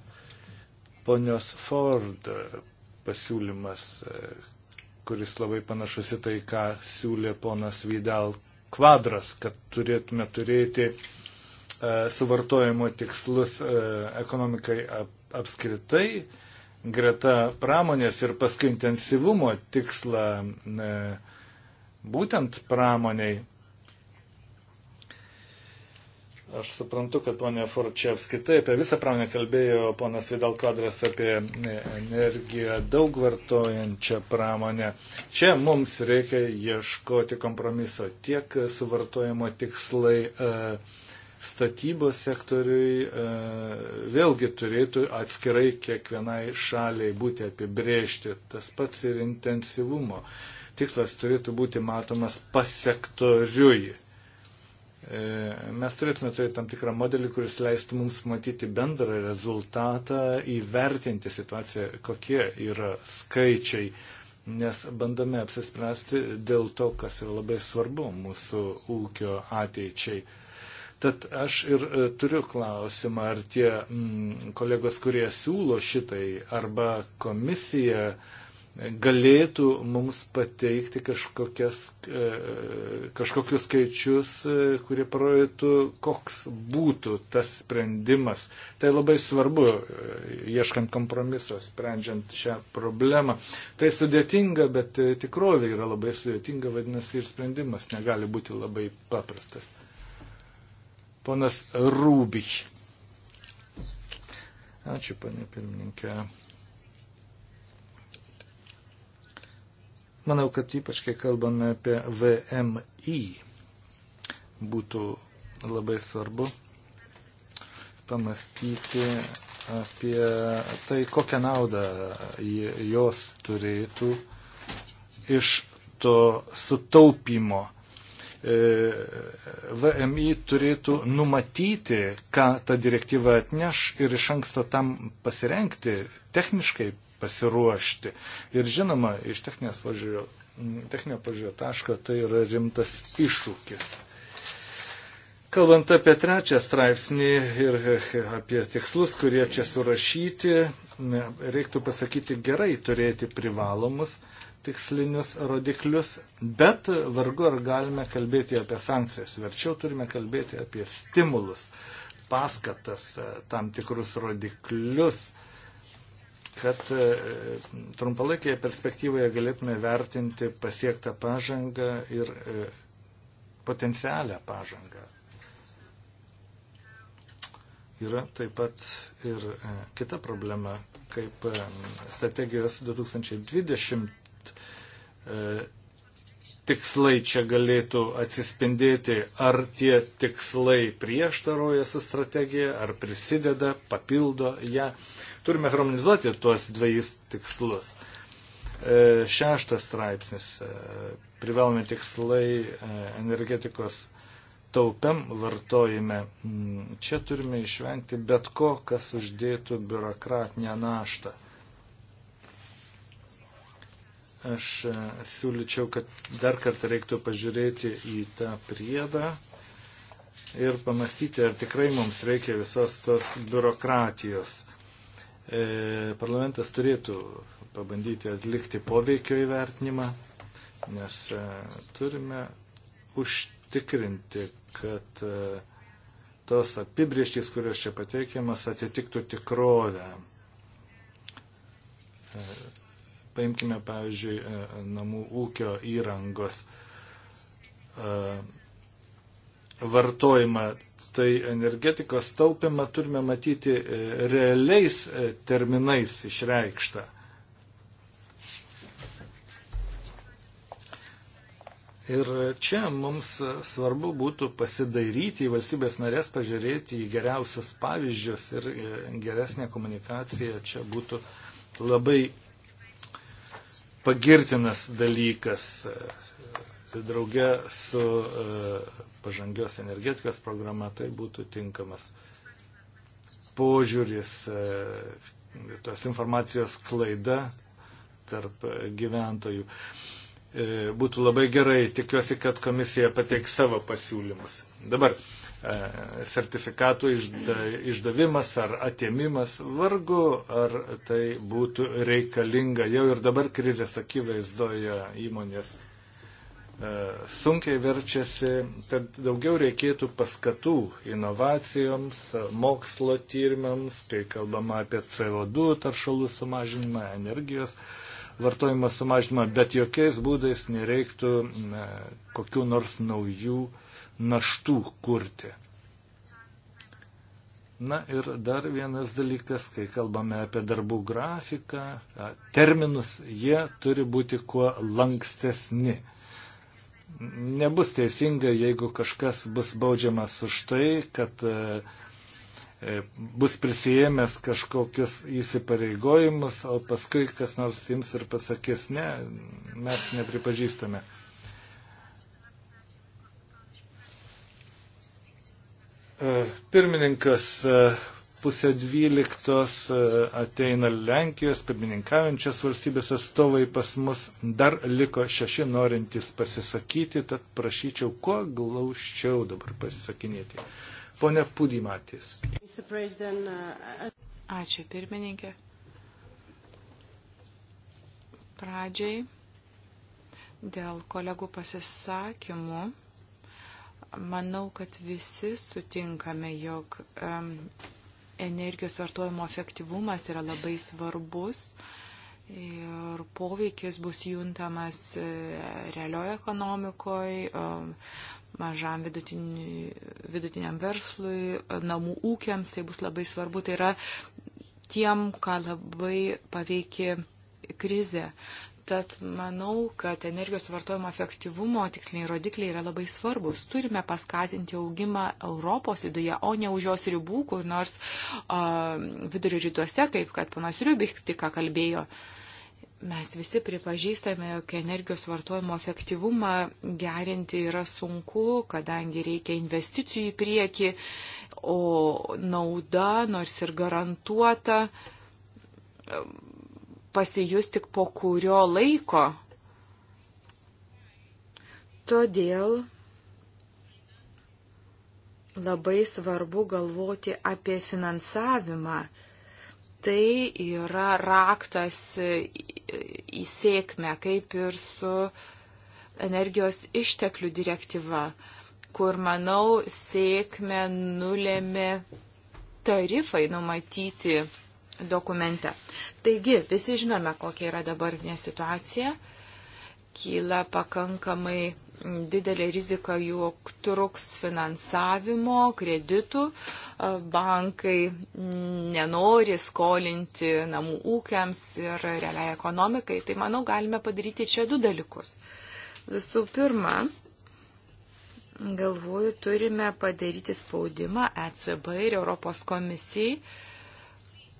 ponios Ford pasiūlymas, e, kuris labai panašus į tai, ką siūlė ponas Vidal Kvadras, kad turėtume turėti uh, E, suvartojimo tikslus e, ekonomikai apskritai, greta pramonės ir paskui intensyvumo tikslą e, būtent pramoniai. Aš suprantu, kad ponė Forčiavski taip apie visą pramonę kalbėjo, ponas Vidal Kvadras apie energiją daug vartojančią pramonę. Čia mums reikia ieškoti kompromiso tiek suvartojimo tikslai. Uh, statybos sektoriui e, vėlgi turėtų atskirai kiekvienai šaliai būti apibrėžti tas pats ir intensyvumo. Tikslas turėtų būti matomas pasektoriui. E, mes turėtume turėti tam tikrą modelį, kuris leistų mums matyti bendrą rezultatą, įvertinti situaciją, kokie yra skaičiai, nes bandome apsispręsti dėl to, kas yra labai svarbu mūsų ūkio ateičiai. Tad aš ir e, turiu klausimą, ar tie mm, kolegos, kurie siūlo šitai, arba komisija galėtų mums pateikti kažkokias, e, kažkokius skaičius, e, kurie parodytų, koks būtų tas sprendimas. Tai labai svarbu, ieškant kompromiso, sprendžiant šią problemą. Tai sudėtinga, bet tikrovė yra labai sudėtinga, vadinasi, ir sprendimas negali būti labai paprastas. Ponas Rūbich. Ačiū, panė pirmininkė. Manau, kad ypač, kai kalbame apie VMI, būtų labai svarbu pamastyti apie tai, kokią naudą jos turėtų iš to sutaupimo E, VMI turėtų numatyti, ką ta direktyva atneš ir iš anksto tam pasirenkti, techniškai pasiruošti. Ir žinoma, iš požiūrio, techninio požiūrio taško tai yra rimtas iššūkis. Kalbant apie trečią straipsnį ir e, apie tikslus, kurie čia surašyti, reiktų pasakyti gerai turėti privalomus tikslinius rodiklius, bet vargu ar galime kalbėti apie sankcijas. Verčiau turime kalbėti apie stimulus, paskatas, e, tam tikrus rodiklius, kad e, trumpalaikėje perspektyvoje galėtume vertinti pasiektą pažangą ir e, potencialią pažangą. Yra taip pat ir kita problema, kaip strategijos 2020 e, tikslai čia galėtų atsispindėti, ar tie tikslai prieštaroja su strategija, ar prisideda, papildo ją. Turime harmonizuoti tuos dviejus tikslus. E, šeštas straipsnis. E, Privalomi tikslai e, energetikos taupiam vartojime. Mm, čia turime išvengti bet ko, kas uždėtų biurokratinę naštą. Aš e, siūlyčiau, kad dar kartą reiktų pažiūrėti į tą priedą ir pamastyti, ar tikrai mums reikia visos tos biurokratijos. E, parlamentas turėtų pabandyti atlikti poveikio įvertinimą, nes e, turime užtikrinti, kad e, tos apibrieštys, kurios čia pateikiamas, atitiktų tikrovę. E, Paimkime, pavyzdžiui, e, e, namų ūkio įrangos e, vartojimą. Tai energetikos taupimą turime matyti realiais terminais išreikštą. Ir čia mums svarbu būtų pasidairyti į valstybės narės, pažiūrėti į geriausius pavyzdžius ir geresnė komunikacija čia būtų labai pagirtinas dalykas. E, drauge su e, pažangios energetikos programa tai būtų tinkamas požiūris, e, tos informacijos klaida tarp gyventojų. Būtų labai gerai, tikiuosi, kad komisija pateiks savo pasiūlymus. Dabar E, sertifikatų išdavimas ar atėmimas, vargu ar tai būtų reikalinga. Jau ir dabar krizės akivaizdoje įmonės e, sunkiai verčiasi, tad daugiau reikėtų paskatų inovacijoms, mokslo tyrimams, kai kalbama apie CO2 taršalų sumažinimą, energijos vartojimo sumažinimą, bet jokiais būdais nereiktų e, kokių nors naujų uh, naštų kurti. Na ir dar vienas dalykas, kai kalbame apie darbų grafiką, terminus, jie turi būti kuo lankstesni. Nebus teisinga, jeigu kažkas bus baudžiamas už tai, kad bus prisijėmęs kažkokius įsipareigojimus, o paskui kas nors jums ir pasakys, ne, mes nepripažįstame E, pirmininkas e, pusė dvyliktos e, ateina Lenkijos pirmininkaujančios valstybės atstovai pas mus. Dar liko šeši norintys pasisakyti, tad prašyčiau kuo glaučiau dabar pasisakinėti. Pone Pudimatis. Uh, uh, Ačiū pirmininkė. Pradžiai dėl kolegų pasisakymų Manau, kad visi sutinkame, jog um, energijos vartojimo efektyvumas yra labai svarbus ir poveikis bus juntamas e, realioje ekonomikoje, um, mažam vidutiniam verslui, e, namų ūkiams, tai bus labai svarbu. Tai yra tiem, ką labai paveikė krizė. Tad manau, kad energijos vartojimo efektyvumo tiksliniai rodikliai yra labai svarbus. Turime paskatinti augimą Europos viduje, o ne už jos ribų, kur nors uh, vidurio rytuose, kaip kad panas Riubik tik ką kalbėjo. Mes visi pripažįstame, jog energijos vartojimo efektyvumą gerinti yra sunku, kadangi reikia investicijų į priekį, o nauda, nors ir garantuota, um, pasijus tik po kurio laiko. Todėl labai svarbu galvoti apie finansavimą. Tai yra raktas į sėkmę, kaip ir su energijos išteklių direktyva, kur, manau, sėkmę nulėmė tarifai numatyti dokumente. Taigi, visi žinome, kokia yra dabartinė situacija. Kyla pakankamai didelė rizika, jog truks finansavimo, kreditų, bankai nenori skolinti namų ūkiams ir realiai ekonomikai. Tai manau, galime padaryti čia du dalykus. Visų pirma, galvoju, turime padaryti spaudimą ECB ir Europos komisijai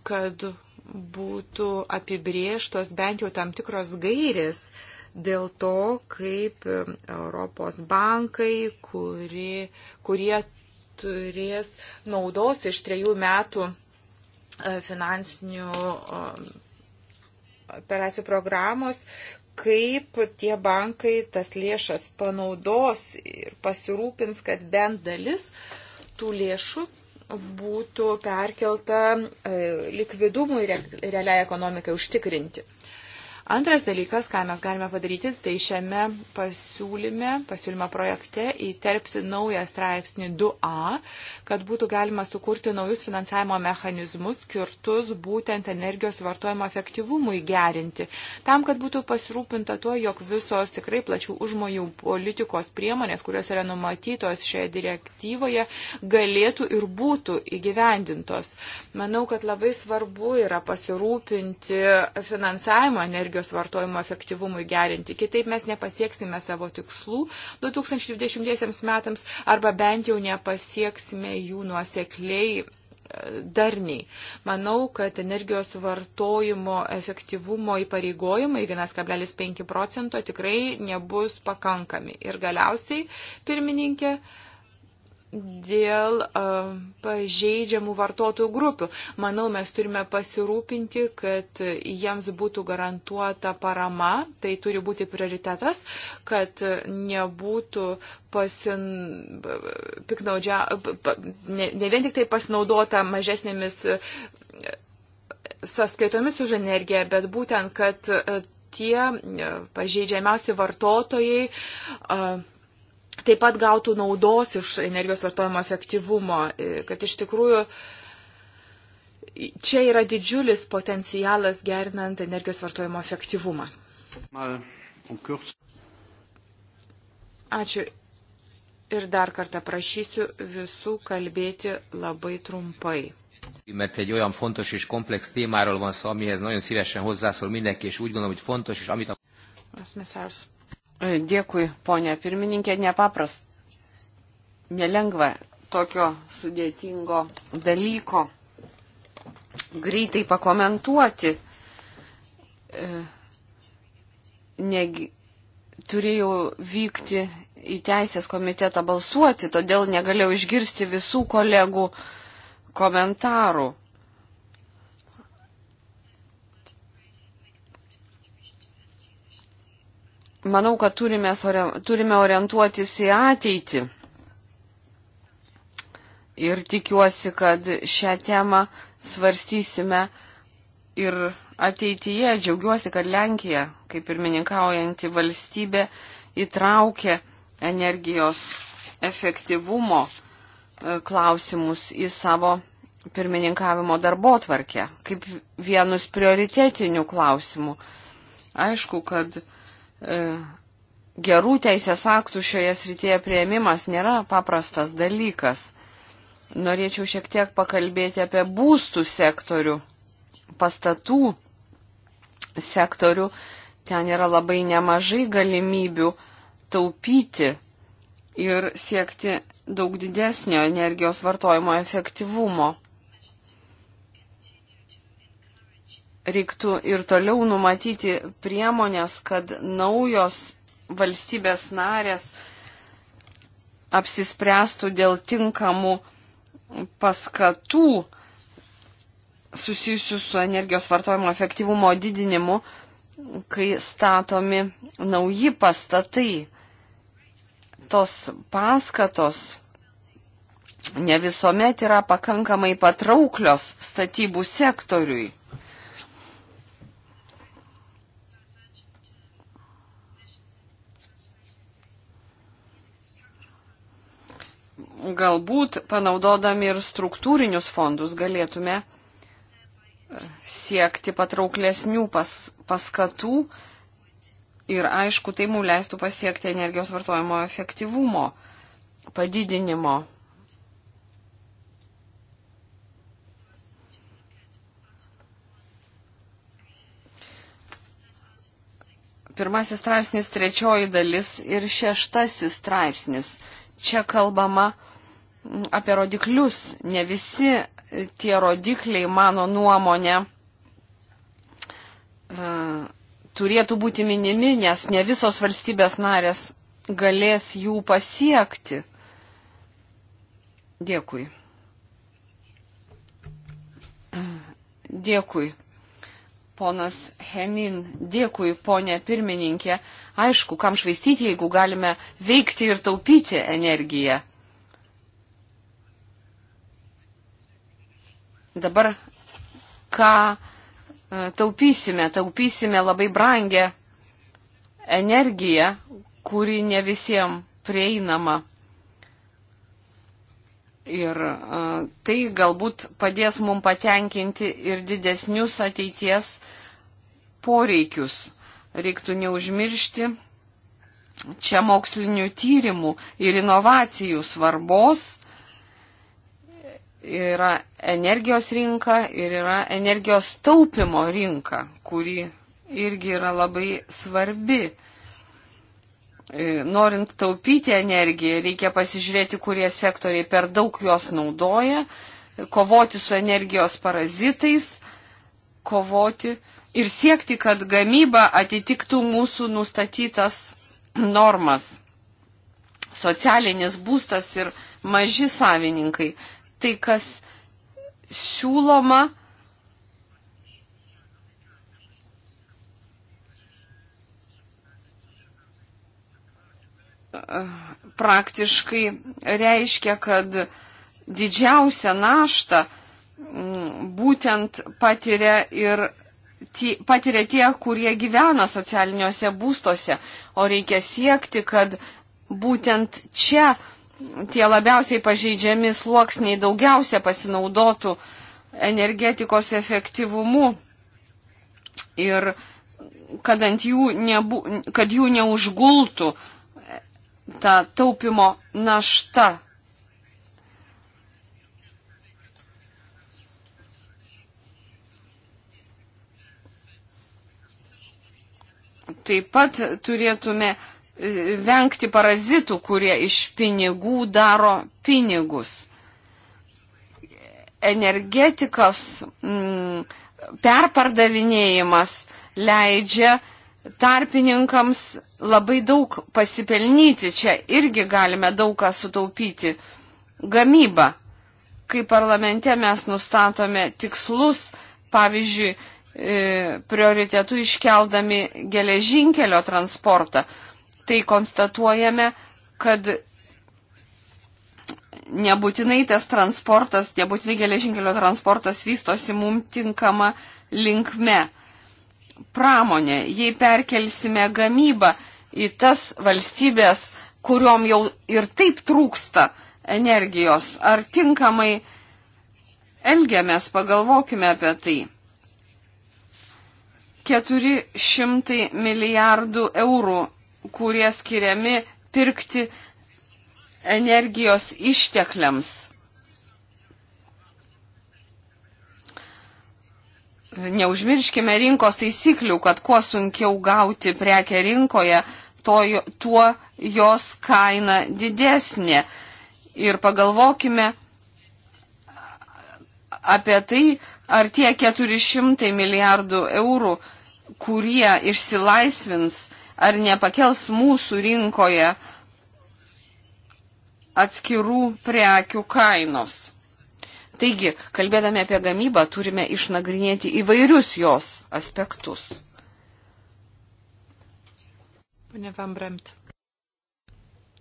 kad būtų apibrieštos bent jau tam tikros gairės dėl to, kaip Europos bankai, kuri, kurie turės naudos iš trejų metų e, finansinių operacijų programos, kaip tie bankai tas lėšas panaudos ir pasirūpins, kad bent dalis tų lėšų būtų perkelta e, likvidumui realiai ekonomikai užtikrinti. Antras dalykas, ką mes galime padaryti, tai šiame pasiūlyme, pasiūlymo projekte įterpti naują straipsnį 2A, kad būtų galima sukurti naujus finansavimo mechanizmus skirtus būtent energijos vartojimo efektyvumui gerinti, tam, kad būtų pasirūpinta tuo, jog visos tikrai plačių užmojų politikos priemonės, kurios yra numatytos šioje direktyvoje, galėtų ir būtų įgyvendintos. Manau, kad labai svarbu yra pasirūpinti finansavimo energijos energijos vartojimo efektyvumui gerinti. Kitaip mes nepasieksime savo tikslų 2020 metams arba bent jau nepasieksime jų nuosekliai e, darniai. Manau, kad energijos vartojimo efektyvumo įpareigojimai 1,5 procento tikrai nebus pakankami. Ir galiausiai, pirmininkė, dėl uh, pažeidžiamų vartotojų grupių. Manau, mes turime pasirūpinti, kad jiems būtų garantuota parama, tai turi būti prioritetas, kad nebūtų pasin... piknaudžia... ne, ne vien tik tai pasinaudota mažesnėmis e, sąskaitomis už energiją, bet būtent, kad e, tie e, pažeidžiamiausi vartotojai uh, taip pat gautų naudos iš energijos vartojimo efektyvumo, e, kad iš tikrųjų čia yra didžiulis potencialas gerinant energijos vartojimo efektyvumą. Um Ačiū. Ir dar kartą prašysiu visų kalbėti labai trumpai. Mert egy olyan fontos és komplex témáról van szó, amihez nagyon szívesen hozzászól mindenki, és úgy gondolom, hogy fontos, és amit a... Azt messzárs. Dėkui, ponia pirmininkė, nepaprast. Nelengva tokio sudėtingo dalyko greitai pakomentuoti. E, negi, turėjau vykti į teisės komitetą balsuoti, todėl negalėjau išgirsti visų kolegų komentarų. manau, kad turime, turime orientuotis į ateitį. Ir tikiuosi, kad šią temą svarstysime ir ateityje. Džiaugiuosi, kad Lenkija, kaip ir mininkaujanti valstybė, įtraukė energijos efektyvumo e, klausimus į savo pirmininkavimo darbo tvarkę, kaip vienus prioritetinių klausimų. Aišku, kad E, gerų teisės aktų šioje srityje prieimimas nėra paprastas dalykas. Norėčiau šiek tiek pakalbėti apie būstų sektorių, pastatų sektorių. Ten yra labai nemažai galimybių taupyti ir siekti daug didesnio energijos vartojimo efektyvumo. reiktų ir toliau numatyti priemonės, kad naujos valstybės narės apsispręstų dėl tinkamų paskatų susijusių su energijos vartojimo efektyvumo didinimu, kai statomi nauji pastatai. Tos paskatos ne visuomet yra pakankamai patrauklios statybų sektoriui. galbūt panaudodami ir struktūrinius fondus galėtume e, siekti patrauklesnių pas, paskatų ir aišku, tai mums leistų pasiekti energijos vartojimo efektyvumo padidinimo. Pirmasis straipsnis, trečioji dalis ir šeštasis straipsnis. Čia kalbama apie rodiklius. Ne visi tie rodikliai, mano nuomonė, e, turėtų būti minimi, nes ne visos valstybės narės galės jų pasiekti. Dėkui. Dėkui. Ponas Hemin, dėkui, ponė pirmininkė. Aišku, kam švaistyti, jeigu galime veikti ir taupyti energiją. Dabar ką e, taupysime? Taupysime labai brangę energiją, kuri ne visiems prieinama. Ir e, tai galbūt padės mums patenkinti ir didesnius ateities poreikius. Reiktų neužmiršti čia mokslinių tyrimų ir inovacijų svarbos yra energijos rinka ir yra energijos taupimo rinka, kuri irgi yra labai svarbi. E, norint taupyti energiją, reikia pasižiūrėti, kurie sektoriai per daug jos naudoja, kovoti su energijos parazitais, kovoti ir siekti, kad gamyba atitiktų mūsų nustatytas normas. Socialinis būstas ir maži savininkai tai, kas siūloma, praktiškai reiškia, kad didžiausią naštą mm, būtent patiria ir tie, patiria tie, kurie gyvena socialiniuose būstuose, o reikia siekti, kad būtent čia uh, tie labiausiai pažeidžiami sluoksniai daugiausia pasinaudotų energetikos efektyvumu ir kad, jų nebu, kad jų neužgultų ta taupimo našta. Taip pat turėtume vengti parazitų, kurie iš pinigų daro pinigus. Energetikos m, mm, perpardavinėjimas leidžia tarpininkams labai daug pasipelnyti. Čia irgi galime daug ką sutaupyti. Gamyba. Kai parlamente mes nustatome tikslus, pavyzdžiui, e, prioritetų iškeldami geležinkelio transportą, tai konstatuojame, kad nebūtinai tas transportas, nebūtinai geležinkelio transportas vystosi mum tinkama linkme. Pramonė, jei perkelsime gamybą į tas valstybės, kuriuom jau ir taip trūksta energijos, ar tinkamai elgiamės, pagalvokime apie tai. 400 milijardų eurų kurie skiriami pirkti energijos ištekliams. Neužmirškime rinkos taisyklių, kad kuo sunkiau gauti prekę rinkoje, to, tuo jos kaina didesnė. Ir pagalvokime apie tai, ar tie 400 milijardų eurų, kurie išsilaisvins ar nepakels mūsų rinkoje atskirų prekių kainos. Taigi, kalbėdami apie gamybą, turime išnagrinėti įvairius jos aspektus. Pane Vambremt,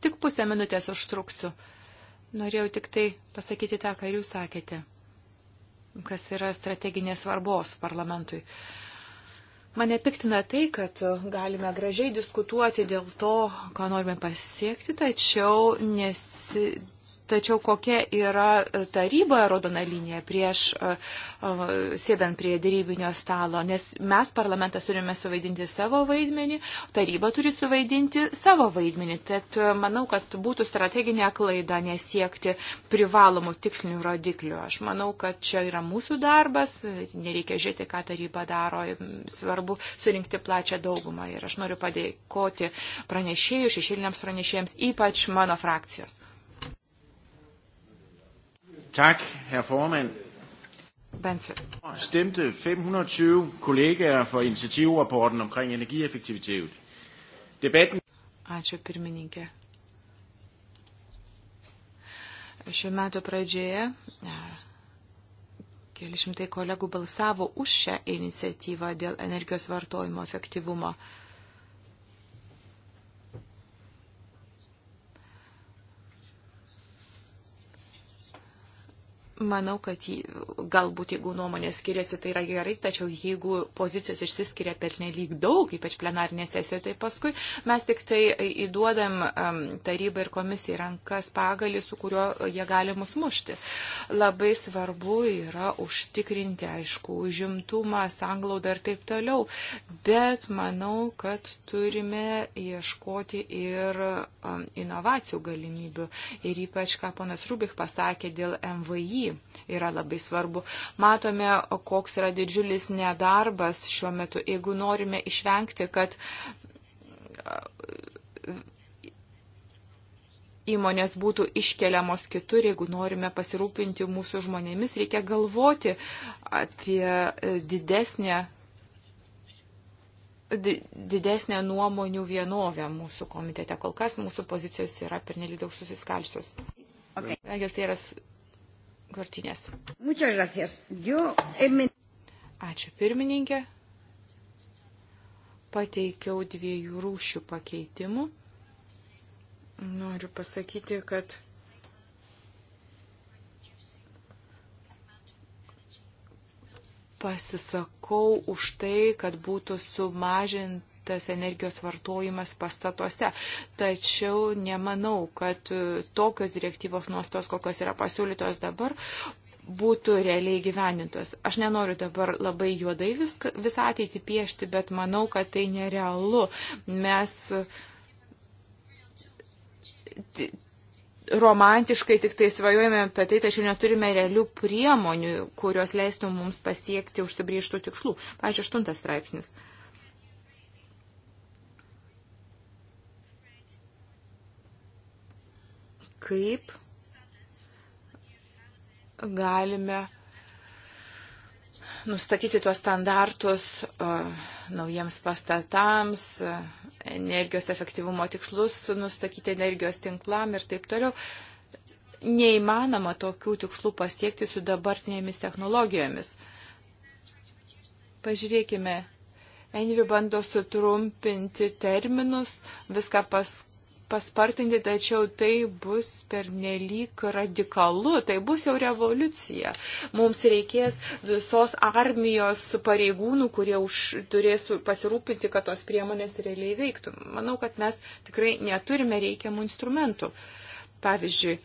tik pusę minutės užtruksiu. Norėjau tik tai pasakyti tą, ką jūs sakėte, kas yra strateginės svarbos parlamentui. Uh, Mane piktina tai, kad galime gražiai diskutuoti dėl to, ką norime pasiekti, tačiau nesi, Tačiau kokia yra e, taryboje rodona linija prieš e, e, sėdant prie dėrybinio stalo, nes mes parlamentas turime suvaidinti savo vaidmenį, taryba turi suvaidinti savo vaidmenį. Tad manau, kad būtų strateginė klaida nesiekti privalomų tikslinių rodiklių. Aš manau, kad čia yra mūsų darbas, nereikia žiūrėti, ką taryba daro, svarbu surinkti plačią daugumą. Ir aš noriu padėkoti pranešėjų, šešėliniams pranešėjams, ypač mano frakcijos. Tak, herr formand. Bansel. Stemte 520 kollegaer for initiativrapporten omkring energieffektivitet. Debatten... Ačiū pirmininkė. Šiuo metu pradžioje e, keli šimtai kolegų balsavo už šią iniciatyvą dėl energijos vartojimo efektyvumo. Manau, kad jį, galbūt jeigu nuomonės skiriasi, tai yra gerai, tačiau jeigu pozicijos išsiskiria per nelik daug, ypač plenarinė sesijoje, tai paskui mes tik tai įduodam um, tarybai ir komisijai rankas pagalį, su kuriuo jie gali mus mušti. Labai svarbu yra užtikrinti, aišku, užimtumą, sanglaudą ir taip toliau, bet manau, kad turime ieškoti ir um, inovacijų galimybių. Ir ypač, ką ponas Rubik pasakė dėl MVI irgi yra labai svarbu. Matome, koks yra didžiulis nedarbas šiuo metu. Jeigu norime išvengti, kad e, įmonės būtų iškeliamos kitur, jeigu norime pasirūpinti mūsų žmonėmis, reikia galvoti apie e, didesnę, didesnę nuomonių vienovę mūsų komitete. Kol kas mūsų pozicijos yra pernelyg daug susiskalsios. Okay. Tai yra Kortinės. Ačiū pirmininkė. Pateikiau dviejų rūšių pakeitimų. Noriu pasakyti, kad pasisakau už tai, kad būtų sumažint tas energijos vartojimas pastatuose. Tačiau nemanau, kad e, tokios direktyvos nuostos, kokios yra pasiūlytos dabar, būtų realiai gyvenintos. Aš nenoriu dabar labai juodai viską, visą ateitį piešti, bet manau, kad tai nerealu. Mes e, romantiškai tik tai svajojame apie tai, tačiau neturime realių priemonių, kurios leistų mums pasiekti užsibriežtų tikslų. Pavyzdžiui, aštuntas straipsnis. Uh, kaip galime nustatyti tuos standartus naujiems pastatams, energijos efektyvumo tikslus, nustatyti energijos tinklam ir taip toliau. Neįmanoma tokių tikslų pasiekti su dabartinėmis technologijomis. Pažiūrėkime Envi bando sutrumpinti terminus, viską pas, paspartinti, tačiau tai bus pernelyg radikalu, tai bus jau revoliucija. Mums reikės visos armijos pareigūnų, kurie už, turės pasirūpinti, kad tos priemonės realiai veiktų. Manau, kad mes tikrai neturime reikiamų instrumentų. Pavyzdžiui,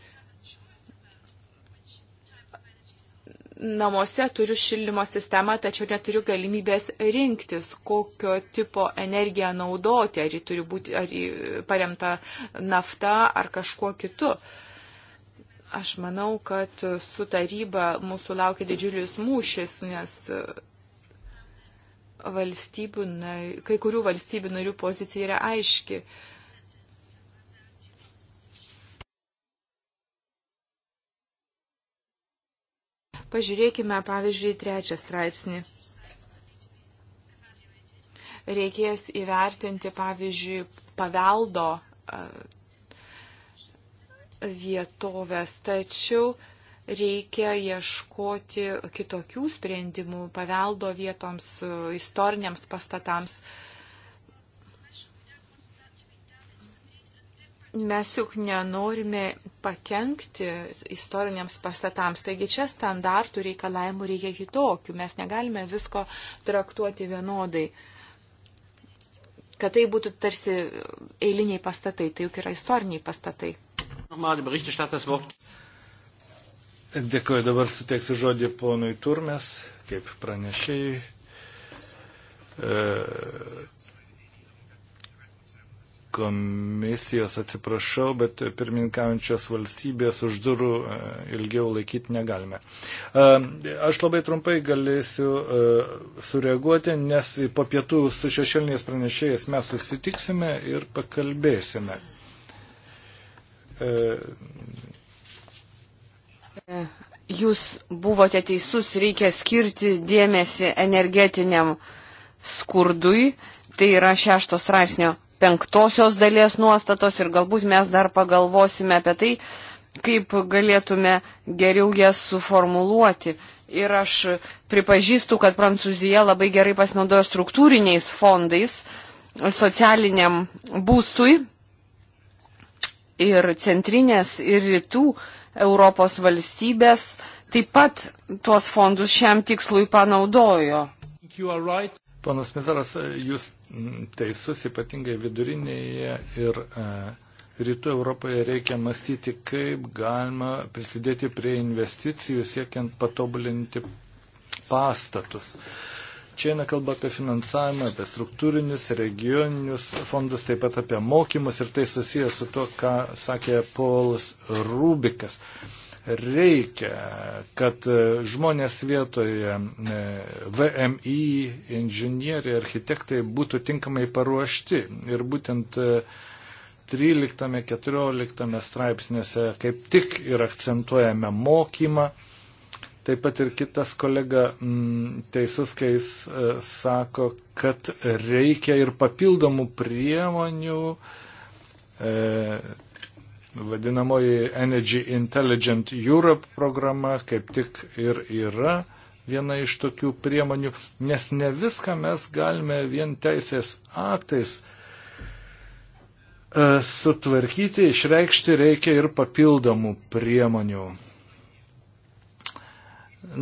namuose turiu šildymo sistemą, tačiau neturiu galimybės rinktis, kokio tipo energiją naudoti, ar ji turi būti ar paremta nafta ar kažkuo kitu. Aš manau, kad su taryba mūsų laukia didžiulis mūšis, nes valstybių, kai kurių valstybių narių pozicija yra aiški. Uh, Pažiūrėkime, pavyzdžiui, trečią straipsnį. Reikės įvertinti, pavyzdžiui, paveldo vietovės, tačiau reikia ieškoti kitokių sprendimų paveldo vietoms, istoriniams pastatams. Uh, mes juk nenorime pakengti istoriniams pastatams, taigi čia standartų reikalavimų reikia kitokių, mes negalime visko traktuoti vienodai, kad tai būtų tarsi eiliniai pastatai, tai juk yra istoriniai pastatai. Dėkuoju, dabar suteiksiu žodį ponui Turmes, kaip pranešėjai. E komisijos atsiprašau, bet pirmininkaujančios valstybės už durų e, ilgiau laikyti negalime. E, aš labai trumpai galėsiu e, sureaguoti, nes po pietų su šešėliniais pranešėjais mes susitiksime ir pakalbėsime. Jūs buvote teisus, reikia skirti dėmesį energetiniam skurdui. Tai yra šešto straipsnio penktosios dalies nuostatos ir galbūt mes dar pagalvosime apie tai, kaip galėtume geriau jas suformuluoti. Ir aš pripažįstu, kad Prancūzija labai gerai pasinaudojo struktūriniais fondais socialiniam būstui ir centrinės ir rytų Europos valstybės taip pat tuos fondus šiam tikslui panaudojo. Right. Ponas Mizaras, jūs teisus, ypatingai vidurinėje ir e, rytų Europoje reikia mąstyti, kaip galima prisidėti prie investicijų siekiant patobulinti pastatus. Čia eina kalba apie finansavimą, apie struktūrinius, regioninius fondus, taip pat apie mokymus ir tai susijęs su to, ką sakė Polas Rubikas. Uh, reikia, kad e, žmonės vietoje e, VMI, inžinieriai, architektai būtų tinkamai paruošti. Ir būtent 13-14 e, straipsniuose kaip tik ir akcentuojame mokymą. Taip pat ir kitas kolega mm, teisus, kai jis sako, kad reikia ir papildomų priemonių vadinamoji Energy Intelligent Europe programa kaip tik ir yra viena iš tokių priemonių, nes ne viską mes galime vien teisės aktais e, sutvarkyti, išreikšti reikia ir papildomų priemonių.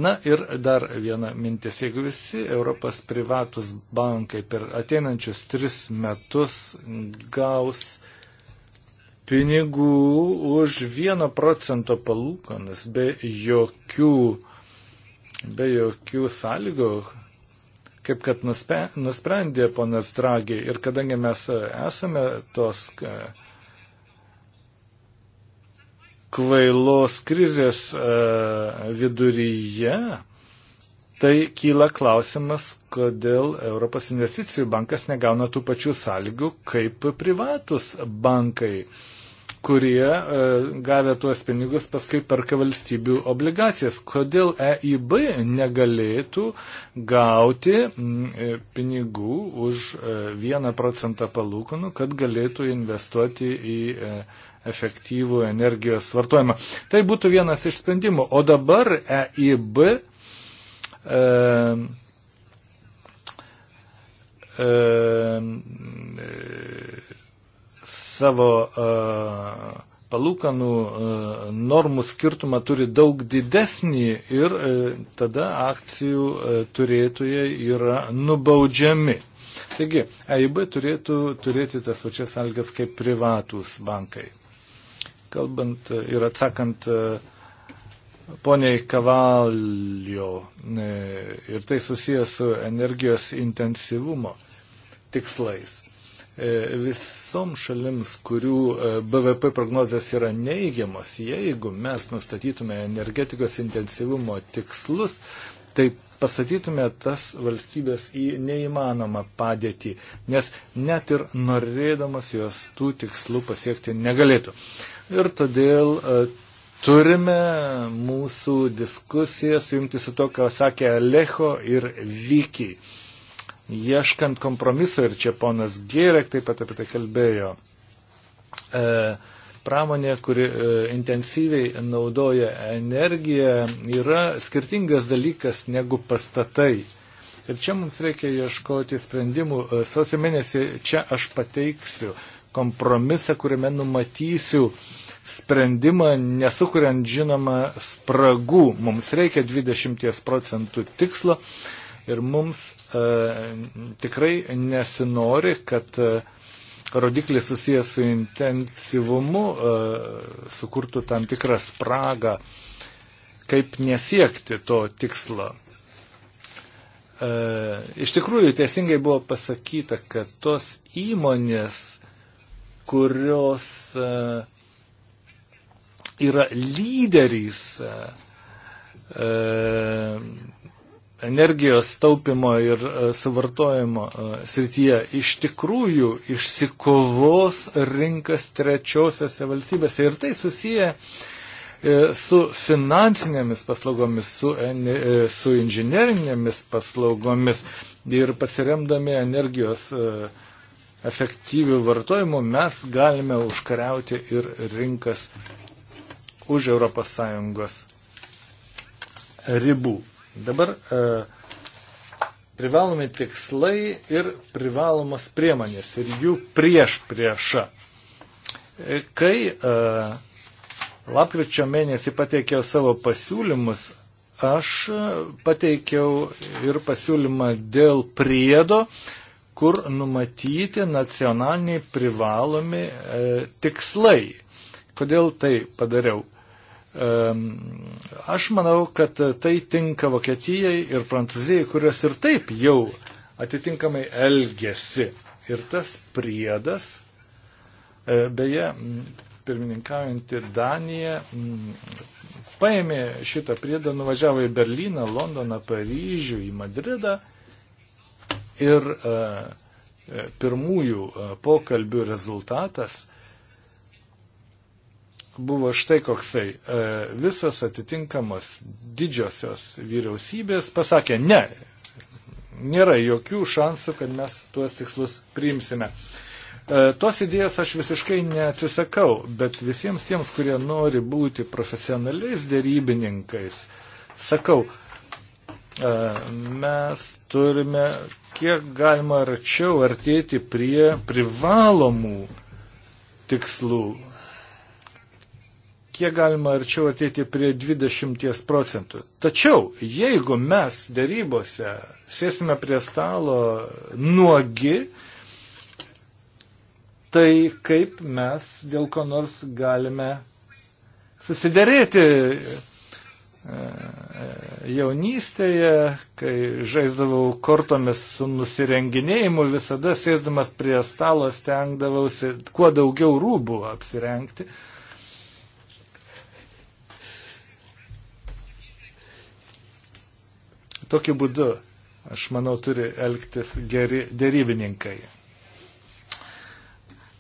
Na ir dar viena mintis, jeigu visi Europos privatus bankai per ateinančius tris metus gaus uh, pinigų už 1 procento palūkanas be jokių, be jokių sąlygų, kaip kad nuspe, nusprendė ponas Dragi. Ir kadangi mes esame tos e, kvailos krizės e, viduryje, tai kyla klausimas, kodėl Europos investicijų bankas negauna tų pačių sąlygų kaip privatus bankai kurie e, gavę tuos pinigus paskui perka valstybių obligacijas. Kodėl EIB negalėtų gauti e, pinigų už 1 e, procentą palūkanų, kad galėtų investuoti į efektyvų energijos vartojimą. Tai būtų vienas iš sprendimų. O dabar EIB e, e, savo e, palūkanų e, normų skirtumą turi daug didesnį ir e, tada akcijų turėtojai yra nubaudžiami. Taigi, EIB turėtų turėti tas pačias algas kaip privatūs bankai. Kalbant ir atsakant poniai Kavalio, ir tai susijęs su energijos intensyvumo tikslais. E, visom šalims, kurių e, BVP prognozijas yra neigiamas, jeigu mes nustatytume energetikos intensyvumo tikslus, tai pastatytume tas valstybės į neįmanomą padėtį, nes net ir norėdamas jos tų tikslų pasiekti negalėtų. Ir todėl e, turime mūsų diskusijas jungti su to, ką sakė Alecho ir Vykiai ieškant kompromiso ir čia ponas Gėrek taip pat apie tai kalbėjo. E, pramonė, kuri e, intensyviai naudoja energiją, yra skirtingas dalykas negu pastatai. Ir čia mums reikia ieškoti sprendimų. E, sausio mėnesį čia aš pateiksiu kompromisą, kuriame numatysiu sprendimą, nesukuriant žinoma spragų. Mums reikia 20 procentų tikslo. E, Ir mums e, tikrai nesinori, kad e, rodiklis susijęs su intensyvumu e, sukurtų tam tikrą spragą, kaip nesiekti to tikslo. E, iš tikrųjų, teisingai buvo pasakyta, kad tos įmonės, kurios e, yra lyderys, e, energijos taupimo ir e, suvartojimo e, srityje iš tikrųjų išsikovos rinkas trečiosiose valstybėse. Ir tai susiję e, su finansinėmis paslaugomis, su, su inžinerinėmis paslaugomis ir pasiremdami energijos efektyvių vartojimų mes galime užkariauti ir rinkas už ES ribų. Dabar e, privalomi tikslai ir privalomas priemonės ir jų prieš priešą. E, kai e, lapkričio mėnesį pateikiau savo pasiūlymus, aš e, pateikiau ir pasiūlymą dėl priedo, kur numatyti nacionaliniai privalomi e, tikslai. Kodėl tai padariau? Aš manau, kad tai tinka Vokietijai ir Prancūzijai, kurios ir taip jau atitinkamai elgesi. Ir tas priedas, e, beje, pirmininkaujantį Daniją paėmė šitą priedą, nuvažiavo į Berliną, Londoną, Paryžių, į Madridą ir e, e, pirmųjų pokalbių rezultatas buvo štai koksai. E, visas atitinkamos didžiosios vyriausybės pasakė ne. Nėra jokių šansų, kad mes tuos tikslus priimsime. E, tos idėjas aš visiškai neatsisakau, bet visiems tiems, kurie nori būti profesionaliais dėrybininkais, sakau, e, mes turime kiek galima arčiau artėti prie privalomų tikslų kiek galima arčiau atėti prie 20 procentų. Tačiau, jeigu mes dėrybose sėsime prie stalo nuogi, tai kaip mes dėl ko nors galime susidėrėti e, jaunystėje, kai žaisdavau kortomis su nusirenginėjimu, visada sėsdamas prie stalo stengdavausi kuo daugiau rūbų apsirengti. Uh, Tokiu būdu, aš manau, turi elgtis geri dėrybininkai.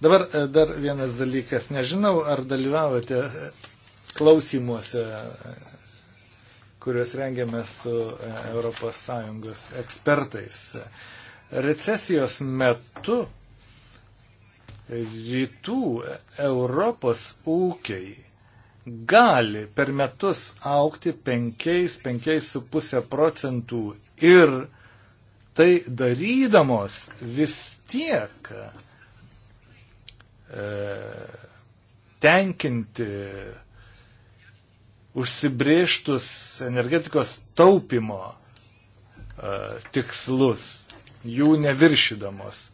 Dabar e, dar vienas dalykas. Nežinau, ar dalyvavote e, klausimuose, e, kuriuos rengėme su ES ekspertais. Recesijos metu rytų Europos ūkiai gali per metus aukti 5-5,5 procentų ir tai darydamos vis tiek e, tenkinti užsibrieštus energetikos taupimo e, tikslus, jų neviršydamos.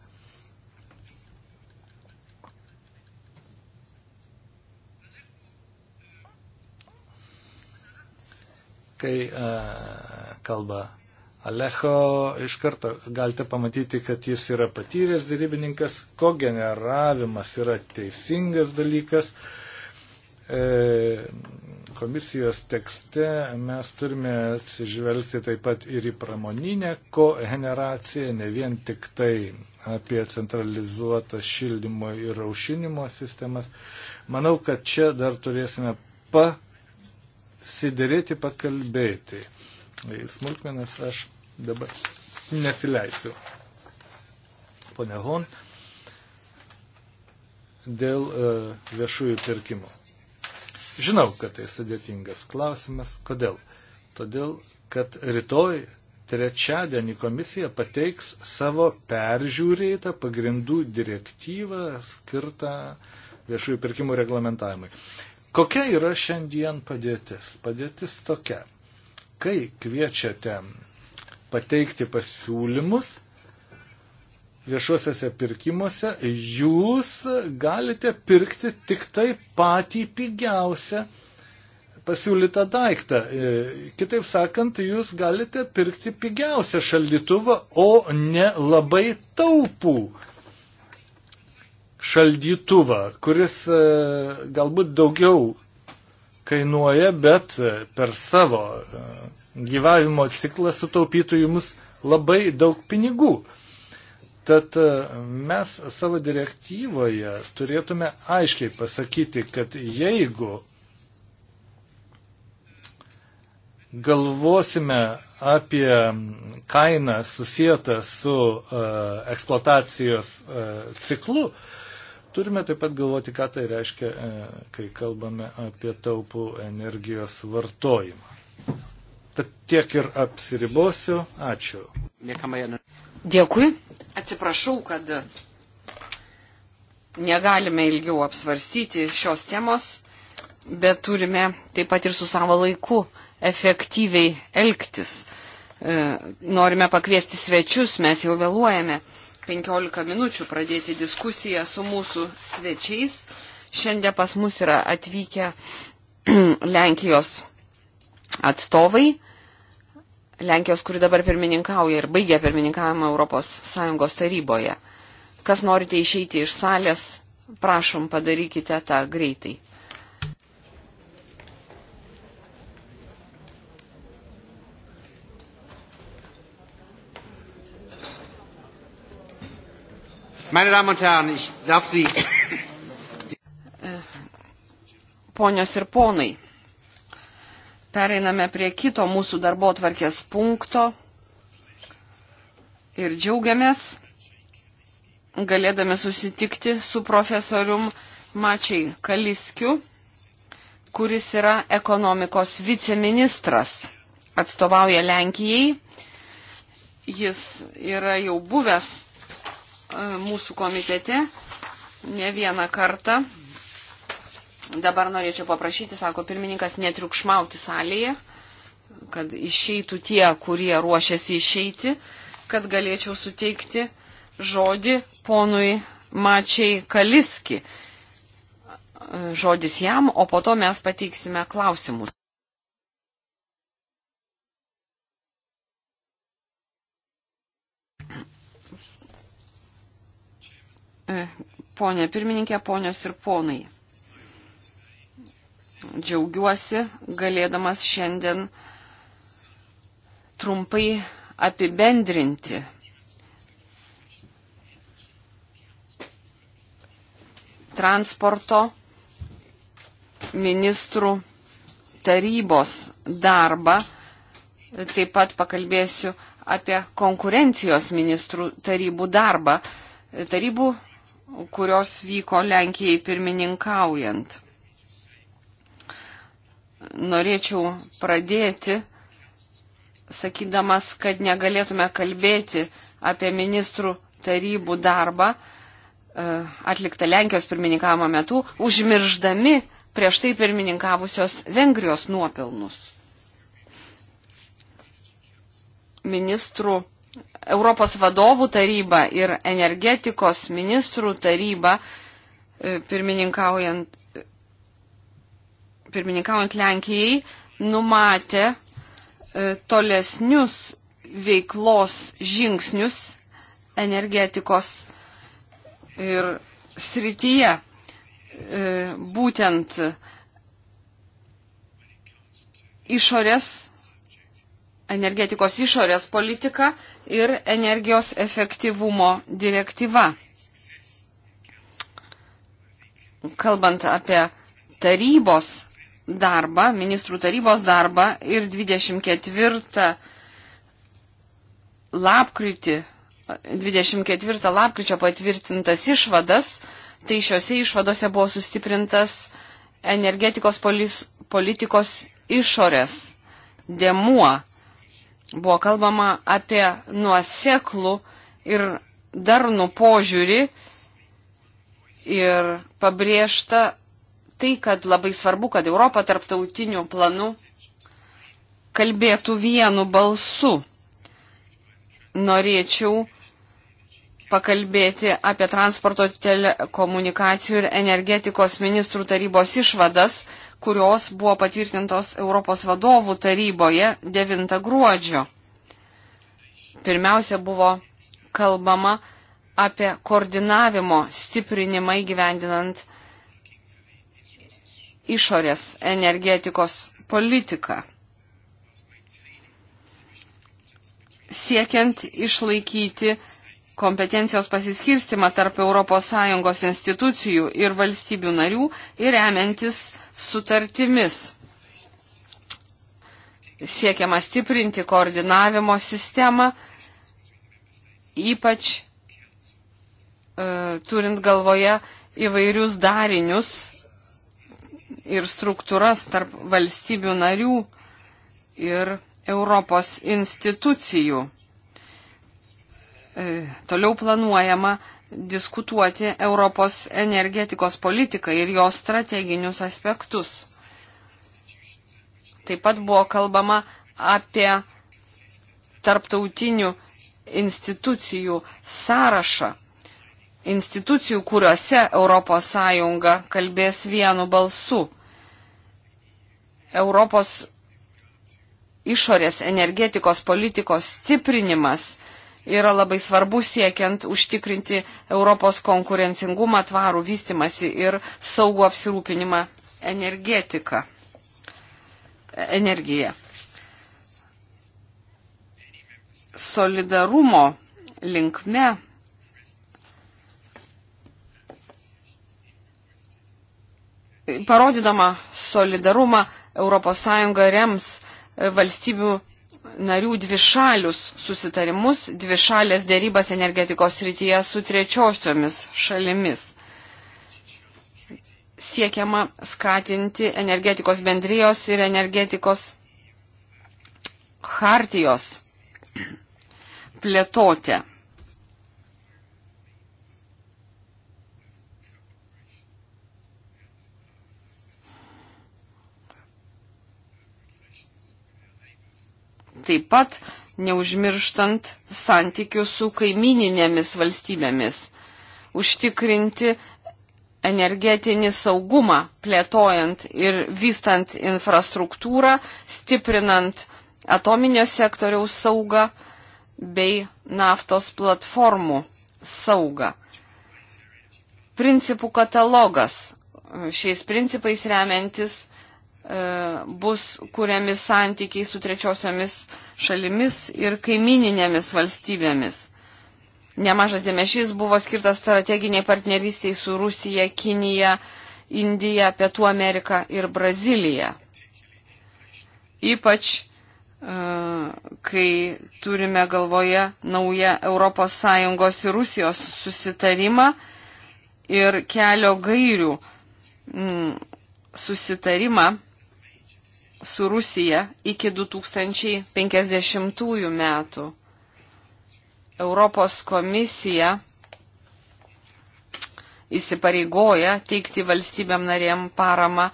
Kai a, e, kalba Alecho, iš karto galite pamatyti, kad jis yra patyręs dėrybininkas, ko generavimas yra teisingas dalykas. E, komisijos tekste mes turime atsižvelgti taip pat ir į pramoninę kogeneraciją, ne vien tik tai apie centralizuotas šildymo ir aušinimo sistemas. Manau, kad čia dar turėsime pa siderėti, pakalbėti. Į smulkmenas aš dabar nesileisiu. Pone Hon, dėl e, viešųjų pirkimų. Žinau, kad tai sudėtingas klausimas. Kodėl? Todėl, kad rytoj trečiadienį komisija pateiks savo peržiūrėtą pagrindų direktyvą skirtą viešųjų pirkimų reglamentavimui. Kokia yra šiandien padėtis? Padėtis tokia. Kai kviečiate pateikti pasiūlymus viešuosiuose pirkimuose, jūs galite pirkti tik tai patį pigiausią pasiūlytą daiktą. E, kitaip sakant, jūs galite pirkti pigiausią šaldytuvą, o ne labai taupų šaldytuvą, kuris e, galbūt daugiau kainuoja, bet e, per savo e, gyvavimo ciklą sutaupytų jums labai daug pinigų. Tad mes savo direktyvoje turėtume aiškiai pasakyti, kad jeigu galvosime apie kainą susijęta su eksploatacijos ciklu, Turime taip pat galvoti, ką tai reiškia, e, kai kalbame apie taupų energijos vartojimą. Tad tiek ir apsiribosiu. Ačiū. Dėkui. Atsiprašau, kad negalime ilgiau apsvarstyti šios temos, bet turime taip pat ir su savo laiku efektyviai elgtis. E, norime pakviesti svečius, mes jau vėluojame. 15 minučių pradėti diskusiją su mūsų svečiais. Šiandien pas mus yra atvykę [clears throat] Lenkijos atstovai. Lenkijos, kuri dabar pirmininkauja ir baigia pirmininkavimą ES taryboje. Kas norite išeiti iš salės, prašom padarykite tą greitai. Meine Damen und Herren, ich darf Sie. Ponios ir ponai, pereiname prie kito mūsų darbo tvarkės punkto ir džiaugiamės galėdami susitikti su profesorium Mačiai Kaliskiu, kuris yra ekonomikos viceministras, atstovauja Lenkijai. Jis yra jau buvęs E, mūsų komitete ne vieną kartą. Dabar norėčiau paprašyti, sako pirmininkas, netriukšmauti salėje, kad išeitų tie, kurie ruošiasi išeiti, kad galėčiau suteikti žodį ponui Mačiai Kaliski. E, žodis jam, o po to mes pateiksime klausimus. E, Pone pirmininkė, ponios ir ponai, džiaugiuosi galėdamas šiandien trumpai apibendrinti transporto ministrų tarybos darbą. Taip pat pakalbėsiu apie konkurencijos ministrų tarybų darbą. Tarybų kurios vyko Lenkijai pirmininkaujant. Norėčiau pradėti, sakydamas, kad negalėtume kalbėti apie ministrų tarybų darbą e, atliktą Lenkijos pirmininkavimo metu, užmirždami prieš tai pirmininkavusios Vengrijos nuopelnus. Ministrų Europos vadovų taryba ir energetikos ministrų taryba e, pirmininkaujant, pirmininkaujant Lenkijai numatė e, tolesnius veiklos žingsnius energetikos e, ir srityje. Būtent išorės, energetikos išorės politika ir energijos efektyvumo direktyva. Kalbant apie tarybos darbą, ministrų tarybos darbą ir 24 lapkritį, 24 lapkričio patvirtintas išvadas, tai šiuose išvadose buvo sustiprintas energetikos polis, politikos išorės dėmuo Buvo kalbama apie nuoseklų ir darnų požiūrį ir pabrėžta tai, kad labai svarbu, kad Europa tarptautiniu planu kalbėtų vienu balsu. Norėčiau pakalbėti apie transporto telekomunikacijų ir energetikos ministrų tarybos išvadas kurios buvo patvirtintos Europos vadovų taryboje 9 gruodžio. Pirmiausia buvo kalbama apie koordinavimo stiprinimą įgyvendinant išorės energetikos politiką. Siekiant išlaikyti kompetencijos pasiskirstimą tarp ES institucijų ir valstybių narių ir remiantis sutartimis. Siekiama stiprinti koordinavimo sistemą, ypač e, turint galvoje įvairius darinius ir struktūras tarp valstybių narių ir Europos institucijų. E, toliau planuojama diskutuoti Europos energetikos politiką ir jos strateginius aspektus. Taip pat buvo kalbama apie tarptautinių institucijų sąrašą, institucijų, kuriuose ES kalbės vienu balsu. Europos išorės energetikos politikos stiprinimas yra labai svarbu siekiant užtikrinti Europos konkurencingumą, tvarų vystimasi ir saugų apsirūpinimą energetiką, energiją. Solidarumo linkme parodydama solidarumą ES rems valstybių narių dvišalius susitarimus, dvišalės dėrybas energetikos rytyje su trečiosiomis šalimis. Siekiama skatinti energetikos bendrijos ir energetikos hartijos plėtotę. taip pat neužmirštant santykių su kaimininėmis valstybėmis, užtikrinti energetinį saugumą, plėtojant ir vystant infrastruktūrą, stiprinant atominio sektoriaus saugą bei naftos platformų saugą. Principų katalogas. Šiais principais remiantis E, bus kuriami santykiai su trečiosiomis šalimis ir kaimininėmis valstybėmis. Nemažas dėmesys buvo skirtas strateginiai partnerystiai su Rusija, Kinija, Indija, Pietų Amerika ir Brazilija. Ypač e, kai turime galvoje naują ES ir Rusijos susitarimą ir kelio gairių mm, susitarimą su Rusija iki 2050 metų. Europos komisija įsipareigoja teikti valstybėm narėm paramą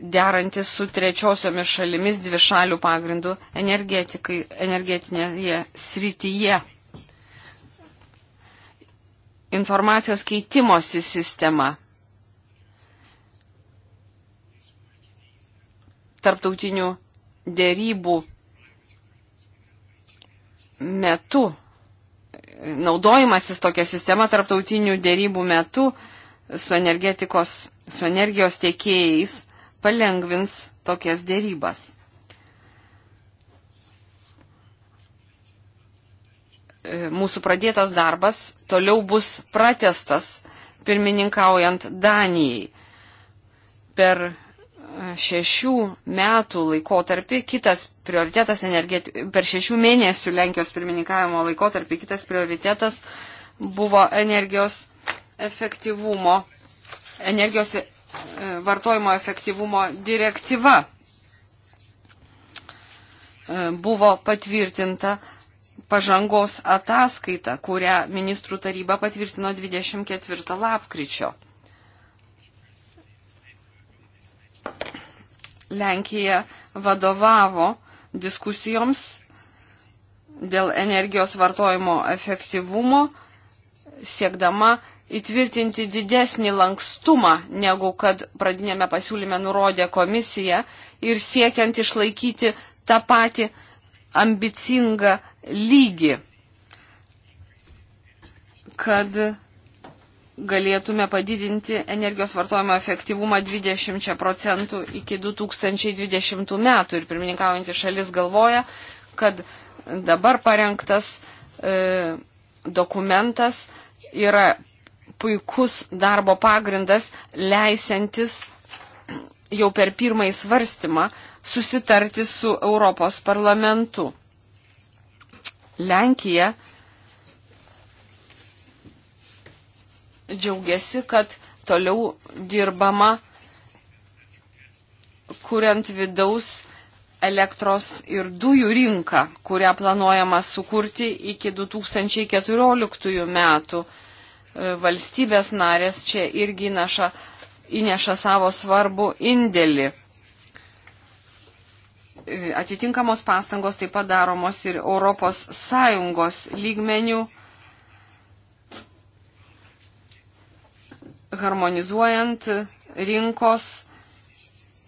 derantis su trečiosiomis šalimis dvišalių pagrindų energetinėje srityje. Informacijos keitimosi sistema tarptautinių dėrybų metu, naudojimasis tokia sistema tarptautinių dėrybų metu su energetikos, su energijos tiekėjais palengvins tokias dėrybas. Mūsų pradėtas darbas toliau bus pratestas pirmininkaujant Danijai. Per šešių metų laikotarpį, kitas prioritetas energeti... per šešių mėnesių Lenkijos pirmininkavimo laikotarpį, kitas prioritetas buvo energijos efektyvumo, energijos e, vartojimo efektyvumo direktyva. E, buvo patvirtinta pažangos ataskaita, kurią ministrų taryba patvirtino 24 lapkričio. Lenkija vadovavo diskusijoms dėl energijos vartojimo efektyvumo, siekdama įtvirtinti didesnį lankstumą, negu kad pradinėme pasiūlyme nurodė komisija ir siekiant išlaikyti tą patį ambicingą lygį, kad galėtume padidinti energijos vartojimo efektyvumą 20 procentų iki 2020 metų. Ir pirmininkaujantis šalis galvoja, kad dabar parengtas e, dokumentas yra puikus darbo pagrindas, leisiantis jau per pirmąjį svarstymą susitarti su Europos parlamentu. Lenkija džiaugiasi, kad toliau dirbama kuriant vidaus elektros ir dujų rinką, kurią planuojama sukurti iki 2014 metų. E, valstybės narės čia irgi įneša, įneša savo svarbų indėlį. E, atitinkamos pastangos taip pat daromos ir Europos Sąjungos lygmenių harmonizuojant rinkos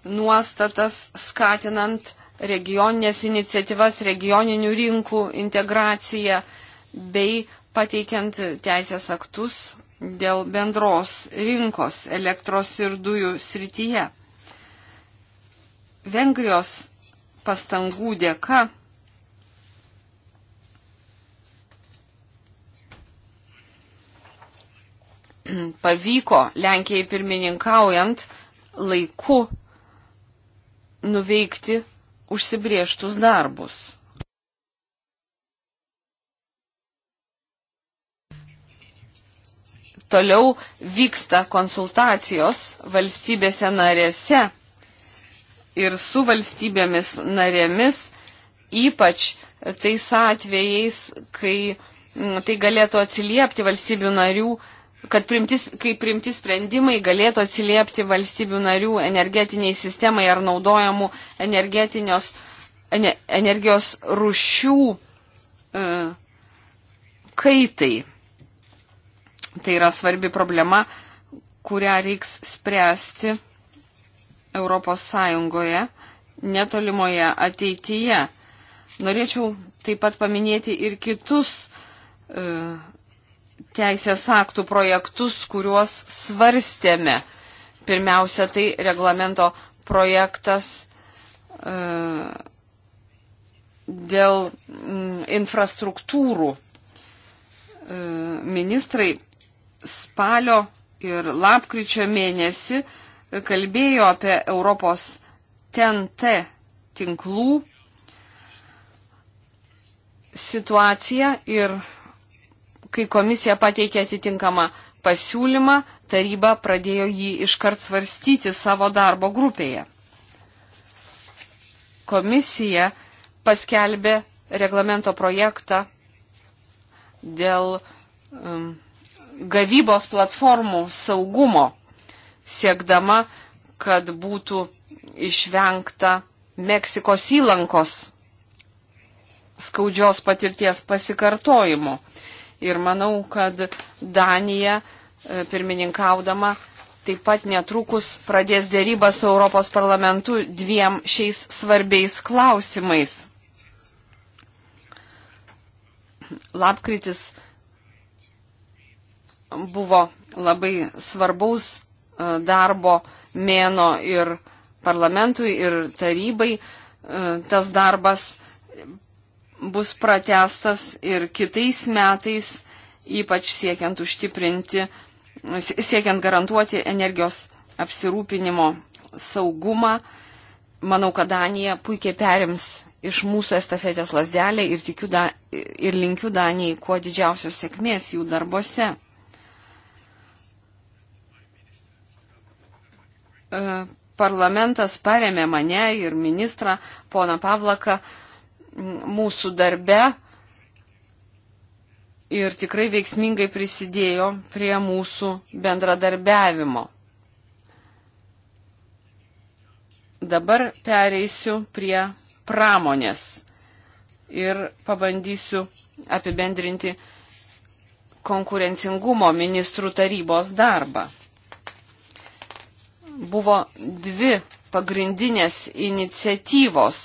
nuostatas, skatinant regioninės iniciatyvas, regioninių rinkų integraciją bei pateikiant teisės aktus dėl bendros rinkos elektros ir dujų srityje. Vengrijos pastangų dėka [clears throat] pavyko Lenkijai pirmininkaujant laiku nuveikti užsibrieštus darbus. Toliau vyksta konsultacijos valstybėse narėse ir su valstybėmis narėmis, ypač tais atvejais, kai mm, tai galėtų atsiliepti valstybių narių kad primtis, kai primti sprendimai galėtų atsiliepti valstybių narių energetiniai sistemai ar naudojamų ener, energijos rušių e, kaitai. Tai yra svarbi problema, kurią reiks spręsti Europos Sąjungoje netolimoje ateityje. Norėčiau taip pat paminėti ir kitus e, teisės aktų projektus, kuriuos svarstėme. Pirmiausia, tai reglamento projektas e, dėl m, infrastruktūrų. E, ministrai spalio ir lapkričio mėnesį kalbėjo apie Europos TNT tinklų situaciją ir kai komisija pateikė atitinkamą pasiūlymą, taryba pradėjo jį iškart svarstyti savo darbo grupėje. Komisija paskelbė reglamento projektą dėl um, gavybos platformų saugumo, siekdama, kad būtų išvengta Meksikos įlankos skaudžios patirties pasikartojimo. Ir manau, kad Danija e, pirmininkaudama taip pat netrukus pradės dėrybą su Europos parlamentu dviem šiais svarbiais klausimais. Lapkritis buvo labai svarbaus e, darbo mėno ir parlamentui, ir tarybai. E, tas darbas bus pratestas ir kitais metais, ypač siekiant užtiprinti, siekiant garantuoti energijos apsirūpinimo saugumą. Manau, kad Danija puikiai perims iš mūsų estafetės lasdelę ir, tikiu, da, ir linkiu Danijai kuo didžiausios sėkmės jų darbose. E, parlamentas paremė mane ir ministrą poną Pavlaką mūsų darbe ir tikrai veiksmingai prisidėjo prie mūsų bendradarbiavimo. Dabar pereisiu prie pramonės ir pabandysiu apibendrinti konkurencingumo ministrų tarybos darbą. Buvo dvi pagrindinės iniciatyvos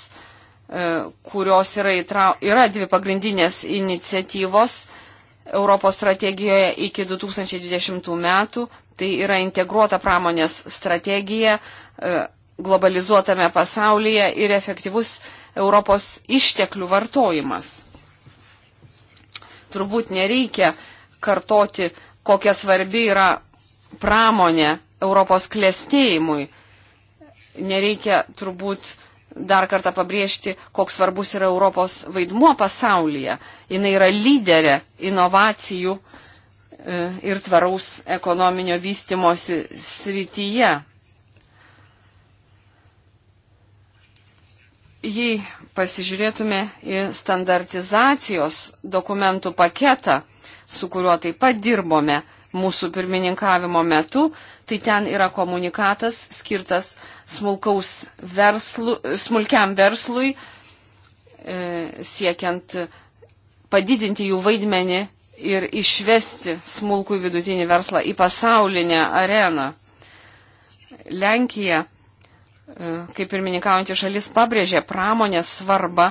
E, kurios yra, įtrau, yra dvi pagrindinės iniciatyvos Europos strategijoje iki 2020 metų. Tai yra integruota pramonės strategija e, globalizuotame pasaulyje ir efektyvus Europos išteklių vartojimas. Turbūt nereikia kartoti, kokia svarbi yra pramonė Europos klėstėjimui. Nereikia turbūt uh, dar kartą pabrėžti, koks svarbus yra Europos vaidmuo pasaulyje. Jis yra lyderė inovacijų e, ir tvaraus ekonominio vystimosi srityje. Jei pasižiūrėtume į standartizacijos dokumentų paketą, su kuriuo taip pat dirbome mūsų pirmininkavimo metu, tai ten yra komunikatas skirtas uh, verslu, smulkiam verslui, e, siekiant padidinti jų vaidmenį ir išvesti smulkų vidutinį verslą į pasaulinę areną. Lenkija, e, kaip ir mininkaujantį šalis, pabrėžė pramonės svarbą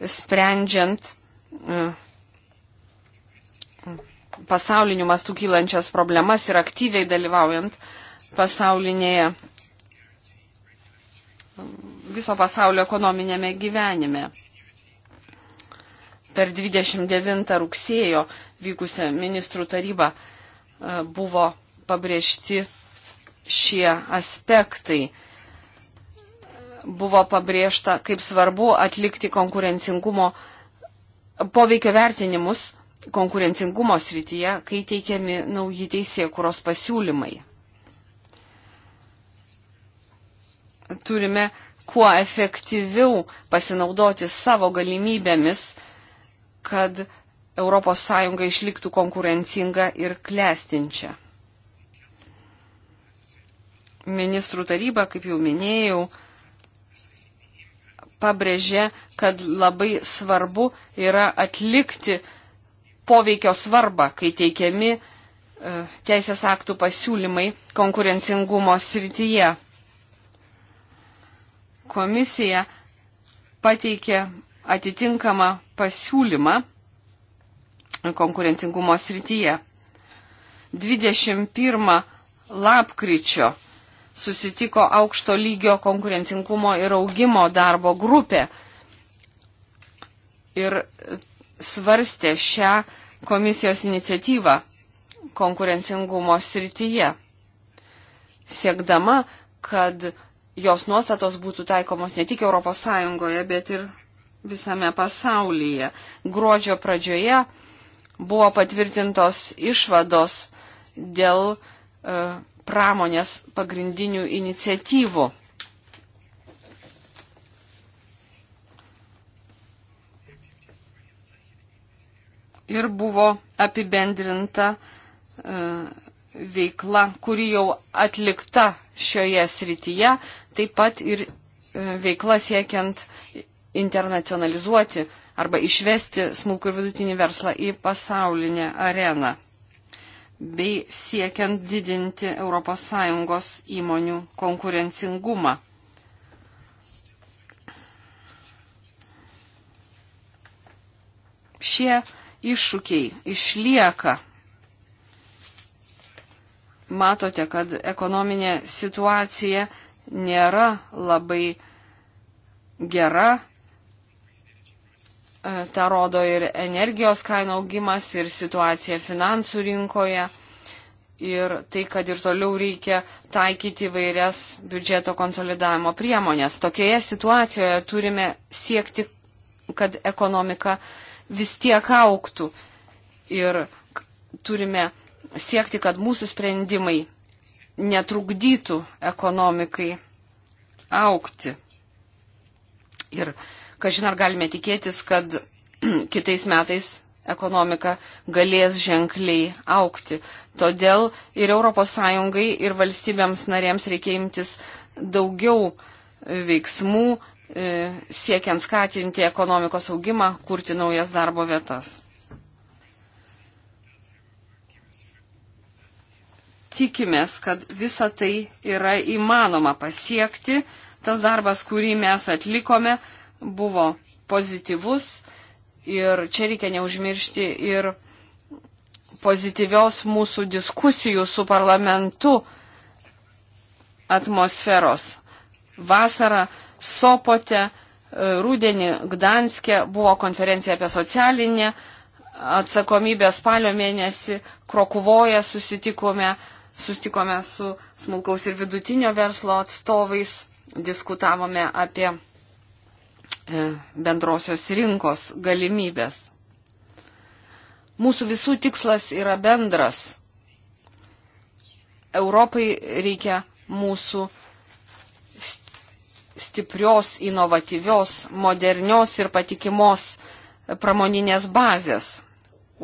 sprendžiant e, pasaulinių mastų kylančias problemas ir aktyviai dalyvaujant pasaulinėje viso pasaulio ekonominėme gyvenime. Per 29 rugsėjo vykusią ministrų tarybą e, buvo pabrėžti šie aspektai. Buvo pabrėžta, kaip svarbu atlikti konkurencingumo poveikio vertinimus konkurencingumo srityje, kai teikiami nauji teisėkuros pasiūlymai. turime kuo efektyviau pasinaudoti savo galimybėmis, kad ES išliktų konkurencinga ir klestinčia. Ministrų taryba, kaip jau minėjau, pabrėžė, kad labai svarbu yra atlikti poveikio svarbą, kai teikiami e, teisės aktų pasiūlymai konkurencingumo srityje komisija pateikė atitinkamą pasiūlymą konkurencingumo srityje. 21 lapkričio susitiko aukšto lygio konkurencingumo ir augimo darbo grupė ir svarstė šią komisijos iniciatyvą konkurencingumo srityje, siekdama, kad jos nuostatos būtų taikomos ne tik ES, bet ir visame pasaulyje. Gruodžio pradžioje buvo patvirtintos išvados dėl e, pramonės pagrindinių iniciatyvų. Ir buvo apibendrinta e, veikla, kuri jau atlikta šioje srityje, taip pat ir e, veikla siekiant internacionalizuoti arba išvesti smulkų ir vidutinį verslą į pasaulinę areną bei siekiant didinti ES įmonių konkurencingumą. Šie iššūkiai išlieka matote, kad ekonominė situacija nėra labai gera. E, Ta rodo ir energijos kainų augimas, ir situacija finansų rinkoje, ir tai, kad ir toliau reikia taikyti vairias biudžeto konsolidavimo priemonės. Tokioje situacijoje turime siekti, kad ekonomika vis tiek auktų. Ir turime siekti, kad mūsų sprendimai netrukdytų ekonomikai aukti. Ir kažin ar galime tikėtis, kad [clears throat] kitais metais ekonomika galės ženkliai aukti. Todėl ir ES, ir valstybėms narėms reikia imtis daugiau veiksmų, e, siekiant skatinti ekonomikos augimą, kurti naujas darbo vietas. tikimės, kad visa tai yra įmanoma pasiekti. Tas darbas, kurį mes atlikome, buvo pozityvus ir čia reikia neužmiršti ir pozityvios mūsų diskusijų su parlamentu atmosferos. Vasarą Sopote, rūdienį Gdanskė buvo konferencija apie socialinę atsakomybę spalio mėnesį, Krokuvoje susitikome sustikome su smulkaus ir vidutinio verslo atstovais, diskutavome apie e, bendrosios rinkos galimybės. Mūsų visų tikslas yra bendras. Europai reikia mūsų stiprios, inovatyvios, modernios ir patikimos pramoninės bazės.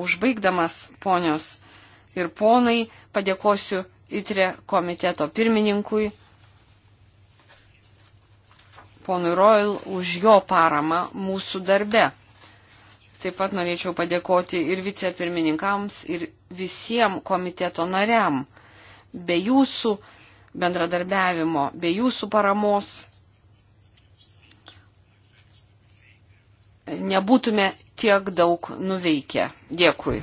Užbaigdamas, ponios ir ponai, padėkosiu ITRE komiteto pirmininkui, ponui Royal, už jo paramą mūsų darbe. Taip pat norėčiau padėkoti ir vicepirmininkams, ir visiems komiteto nariam. Be jūsų bendradarbiavimo, be jūsų paramos nebūtume tiek daug nuveikę. Dėkui.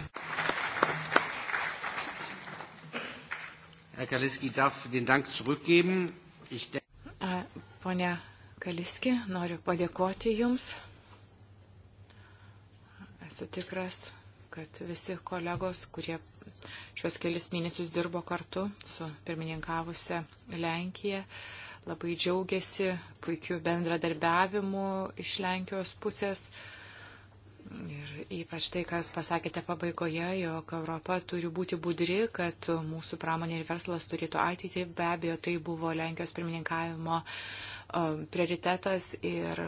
Herr Kaliski darf den Dank zurückgeben. Ich Pone Kaliski, noriu padėkoti Jums. Esu tikras, kad visi kolegos, kurie šios kelius mėnesius dirbo kartu su pirmininkavusią Lenkiją, labai džiaugiasi puikiu bendradarbiavimu iš Lenkijos pusės. Uh, Ir ypač tai, ką Jūs pasakėte pabaigoje, jog Europa turi būti budri, kad mūsų pramonė ir verslas turėtų ateitį. Be abejo, tai buvo Lenkijos pirmininkavimo prioritetas ir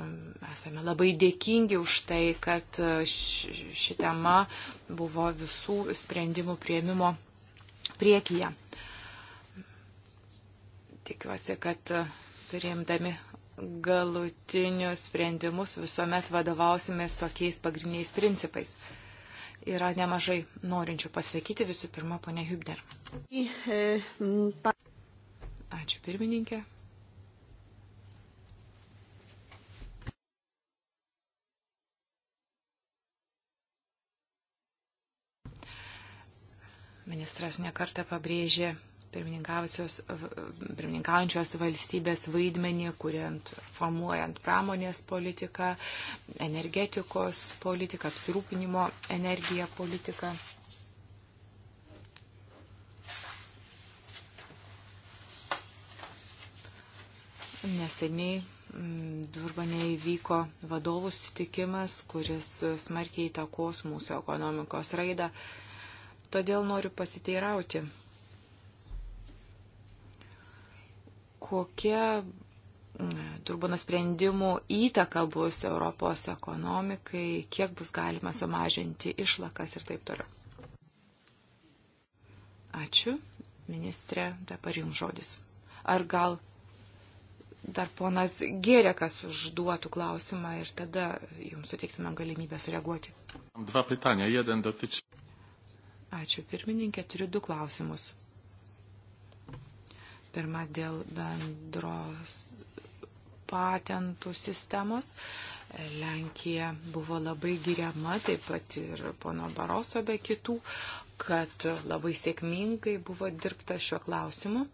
esame labai dėkingi už tai, kad e, ši tema buvo visų sprendimų prieimimo priekyje. Tikiuosi, kad e, priimdami galutinius sprendimus visuomet vadovausimės tokiais pagrindiniais principais. Yra nemažai norinčių pasakyti visų pirma, ponia Hübner. Ačiū pirmininkė. Ministras nekartą pabrėžė pirmininkaujančios valstybės vaidmenį, kuriant, formuojant pramonės politiką, energetikos politiką, apsirūpinimo energiją politiką. Neseniai mm, Durbane įvyko vadovų sutikimas, kuris smarkiai įtakos mūsų ekonomikos raidą. Todėl noriu pasiteirauti, kokia mm, turbūt sprendimų įtaka bus Europos ekonomikai, kiek bus galima sumažinti išlakas ir taip toliau. Ačiū, ministrė, dabar jums žodis. Ar gal dar ponas Gerekas užduotų klausimą ir tada jums suteiktume galimybę sureaguoti? Dva pytania, jeden dotyči. Ačiū, pirmininkė, turiu du klausimus. Pirma, dėl bendros patentų sistemos. Lenkija buvo labai giriama, taip pat ir pono Baroso be kitų, kad labai sėkmingai buvo dirbta šiuo klausimu.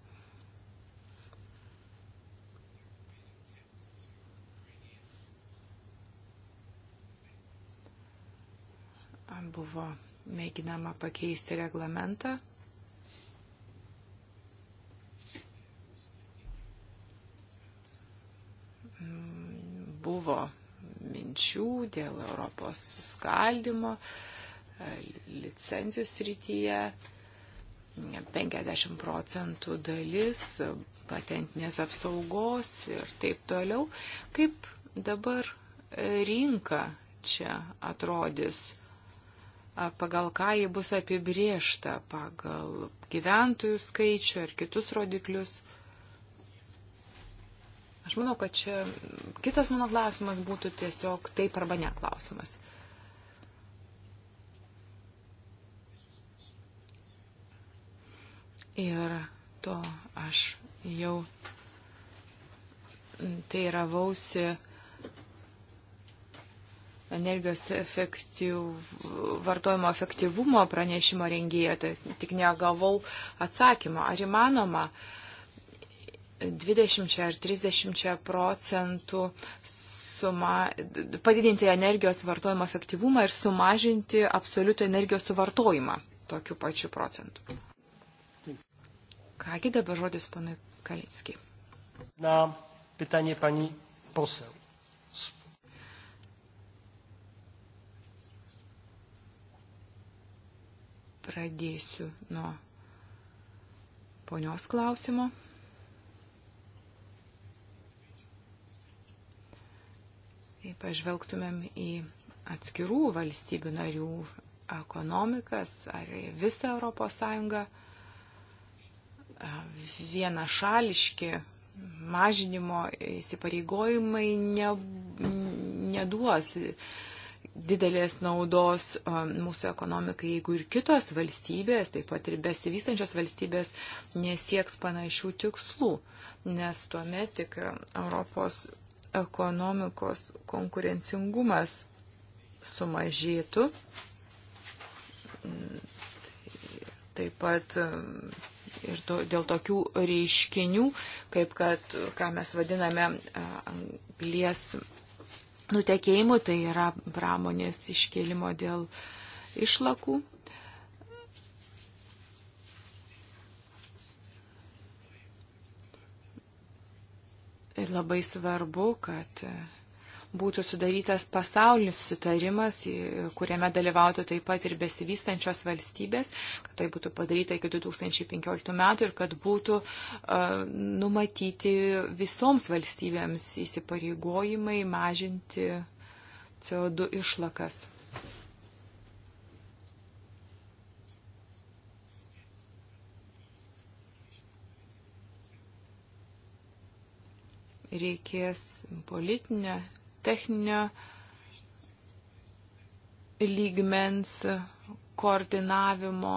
Buvo mėginama pakeisti reglamentą buvo minčių dėl Europos suskaldimo, e, licencijų srityje. 50 procentų dalis patentinės apsaugos ir taip toliau. Kaip dabar rinka čia atrodys? pagal ką ji bus apibriešta, pagal gyventojų skaičių ar kitus rodiklius. Aš manau, kad čia kitas mano klausimas būtų tiesiog taip arba ne klausimas. Ir to aš jau teiravausi energijos efektyv, vartojimo efektyvumo pranešimo rengėjo, tai tik negavau atsakymą, ar įmanoma uh, 20 ar 30 procentų suma, padidinti energijos vartojimo efektyvumą ir sumažinti absoliutų energijos suvartojimą tokiu pačiu procentu. Kągi dabar žodis ponui Kalinskiai. Na, pytanie pani poseł. Pradėsiu nuo ponios klausimo. Jei pažvelgtumėm į atskirų valstybių narių ekonomikas ar visą Europos Sąjungą, vienašališki mažinimo įsipareigojimai ne, neduos didelės naudos mūsų ekonomikai, jeigu ir kitos valstybės, taip pat ir besivystančios valstybės, nesieks panašių tikslų, nes tuomet tik Europos ekonomikos konkurencingumas sumažėtų. Taip pat e, ir to, dėl tokių reiškinių, kaip kad, ką mes vadiname e, anglies nutekėjimu, tai yra pramonės iškėlimo dėl išlakų Ir labai svarbu, kad būtų sudarytas pasaulinis sutarimas, kuriame dalyvautų taip pat ir besivystančios valstybės, kad tai būtų padaryta iki 2015 metų ir kad būtų uh, numatyti visoms valstybėms įsipareigojimai mažinti CO2 išlakas. reikės politinio, techninio lygmens koordinavimo,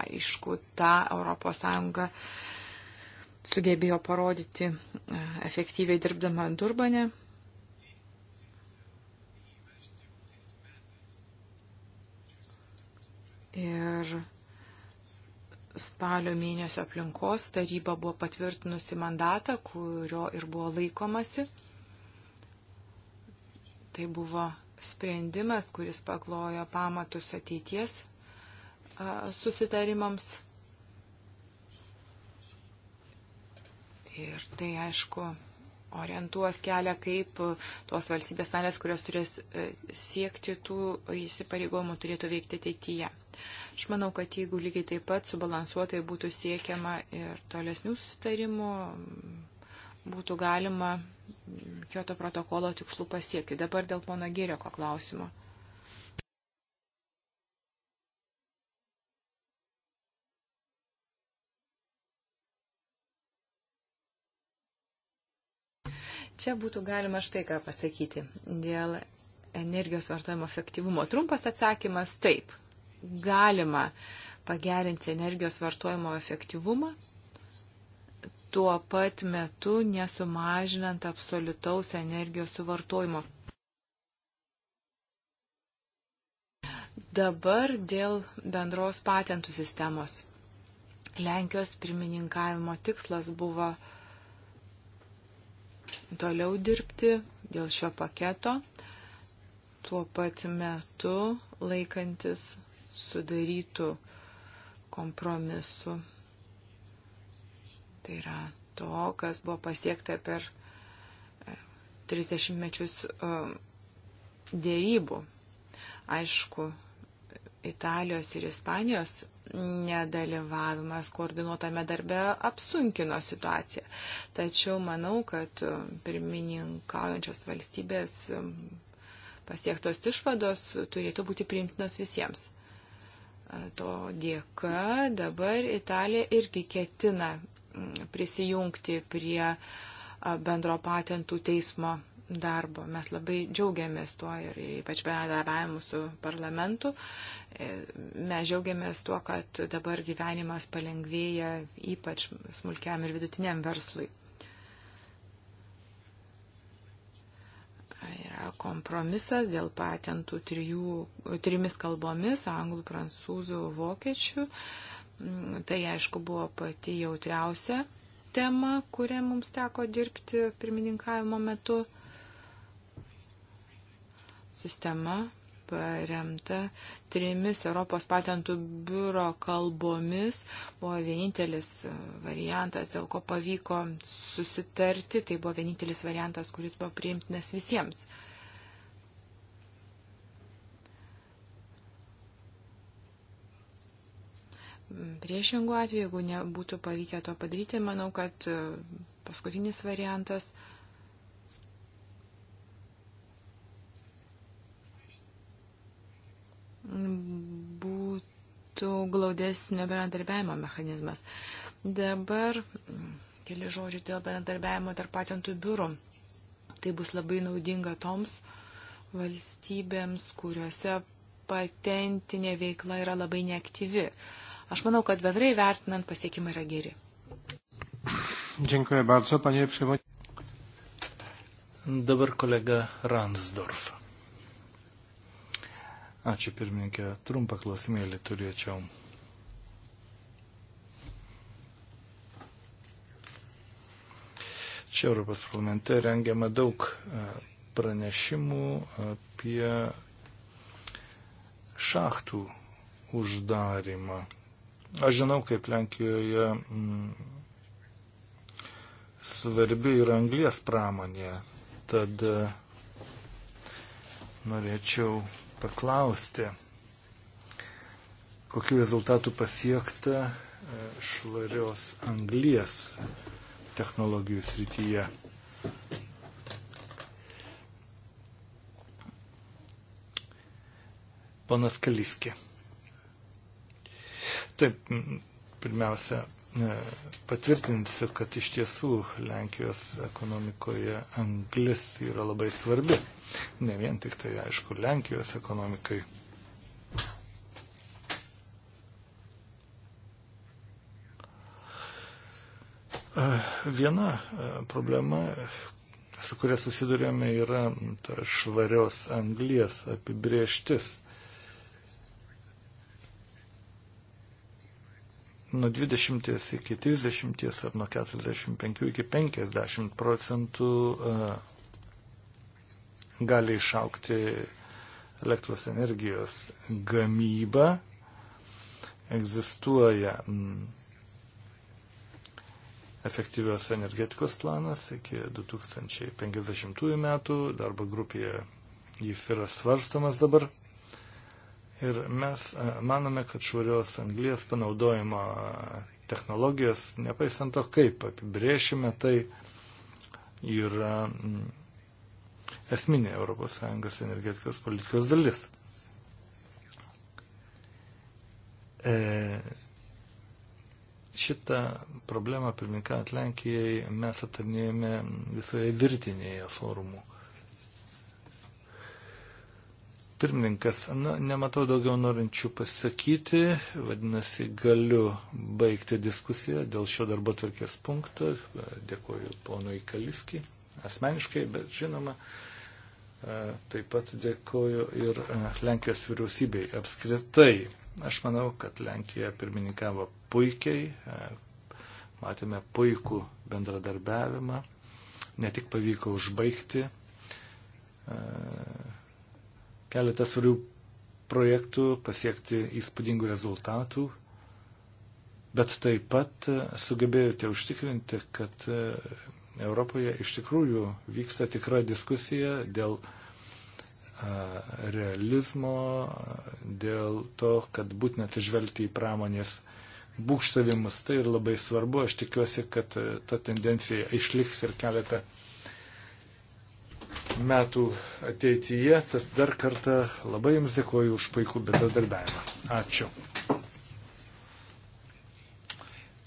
aišku, tą ES sugebėjo parodyti efektyviai dirbdama Durbane. spalio mėnesio aplinkos taryba buvo patvirtinusi mandatą, kurio ir buvo laikomasi. Tai buvo sprendimas, kuris paklojo pamatus ateities susitarimams. Ir tai, aišku, orientuos kelią, kaip tos valstybės narės, kurios turės e, siekti tų įsipareigojimų, turėtų veikti ateityje. Aš manau, kad jeigu lygiai taip pat subalansuotai būtų siekiama ir tolesnių sustarimų, būtų galima Kyoto protokolo tikslų pasiekti. Dabar dėl pono Gerėko klausimo. Čia būtų galima štai ką pasakyti dėl energijos vartojimo efektyvumo. Trumpas atsakymas - taip galima pagerinti energijos vartojimo efektyvumą, tuo pat metu nesumažinant absoliutaus energijos suvartojimo. Dabar dėl bendros patentų sistemos. Lenkijos pirmininkavimo tikslas buvo toliau dirbti dėl šio paketo, tuo pat metu laikantis sudarytų kompromisu. Tai yra to, kas buvo pasiekta per 30 e, mečius e, dėrybų. Aišku, Italijos ir Ispanijos nedalyvavimas koordinuotame darbe apsunkino situaciją. Tačiau manau, kad e, pirmininkaujančios valstybės pasiektos išvados turėtų būti priimtinos visiems. To dėka dabar Italija irgi ketina mm, prisijungti prie bendro patentų teismo darbo. Mes labai džiaugiamės tuo ir ypač bendradarbiavimu su parlamentu. E, mes džiaugiamės tuo, kad dabar gyvenimas palengvėja ypač smulkiam ir vidutiniam verslui. kompromisas dėl patentų trijų, trimis kalbomis - anglų, prancūzų, vokiečių. Mm, tai aišku buvo pati jautriausia tema, kurią mums teko dirbti pirmininkavimo metu. Sistema paremta trimis Europos patentų biuro kalbomis. Buvo vienintelis variantas, dėl ko pavyko susitarti. Tai buvo vienintelis variantas, kuris buvo priimtinas visiems. Priešingų atveju, jeigu nebūtų pavykę to padaryti, manau, kad e, paskutinis variantas būtų glaudesnio bendradarbiavimo mechanizmas. Dabar keli žodžiai dėl bendradarbiavimo tarp patentų biurų. Tai bus labai naudinga toms valstybėms, kuriuose patentinė veikla yra labai neaktyvi. Uh, Aš manau, kad bendrai vertinant pasiekimai yra geri. Dziękuję bardzo, panie przewodniczący. Dabar kolega Ransdorf. Ačiū pirmininkė, trumpą klausimėlį turėčiau. Čia Europos parlamente rengiama daug e, pranešimų apie šachtų uždarimą. Aš žinau, kaip Lenkijoje mm, svarbi yra anglės pramonė, tad e, norėčiau paklausti, kokiu rezultatu pasiekta e, švarios anglės technologijų srityje. Panas Kaliskė. Taip, pirmiausia, e, patvirtinsiu, kad iš tiesų Lenkijos ekonomikoje anglis yra labai svarbi. Ne vien tik tai, aišku, Lenkijos ekonomikai. E, viena e, problema, su kuria susidurėme, yra švarios anglies apibrieštis. nuo 20 iki 30 ar nuo 45 iki 50 procentų e, gali išaukti elektros energijos gamyba. Egzistuoja mm, efektyvios energetikos planas iki 2050 metų. Darbo grupėje jis yra svarstomas dabar. Ir mes e, manome, kad švarios anglės panaudojimo e, technologijos, nepaisant to, kaip apibrėšime, tai yra esminė ES energetikos politikos dalis. E, šitą problemą, pirmininkant Lenkijai, mes aptarnėjome visoje virtinėje forumų. Pirmininkas, na, nematau daugiau norinčių pasakyti, vadinasi, galiu baigti diskusiją dėl šio darbo tvarkės punkto. Dėkuoju ponui Kaliskiai asmeniškai, bet žinoma, e, taip pat dėkuoju ir e, Lenkijos vyriausybei apskritai. Aš manau, kad Lenkija pirmininkavo puikiai, e, matėme puikų bendradarbiavimą, ne tik pavyko užbaigti keletą svarių projektų, pasiekti įspūdingų rezultatų, bet taip pat sugebėjote užtikrinti, kad e, Europoje iš tikrųjų vyksta tikra diskusija dėl realizmo, dėl to, kad būtina atsižvelgti į pramonės būkštavimus. Tai ir labai svarbu. Aš tikiuosi, kad e, ta tendencija išliks ir keletą metų ateityje. Tad dar kartą labai Jums dėkoju už puikų bendradarbiavimą. Ačiū.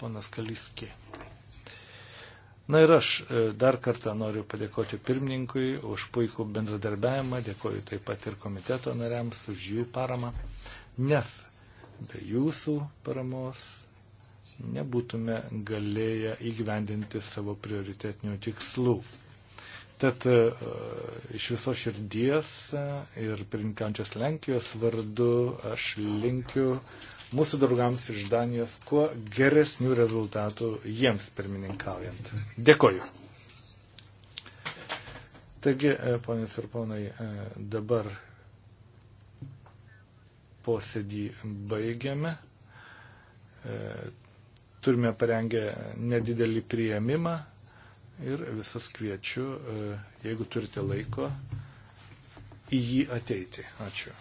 Ponas Kaliskė. Na ir aš e, dar kartą noriu padėkoti pirmininkui už puikų bendradarbiavimą, dėkoju taip pat ir komiteto nariams už jų paramą, nes be jūsų paramos nebūtume galėję įgyvendinti savo prioritetinių tikslų. Tad e, iš viso širdies e, ir pirinkančios Lenkijos vardu aš linkiu mūsų draugams iš Danijos kuo geresnių rezultatų jiems pirmininkaujant. Dėkoju. Taigi, e, ponės ir ponai, dabar posėdį baigiame. Turime parengę nedidelį prieimimą ir visus kviečiu, e, jeigu turite laiko, į jį ateiti. Ačiū.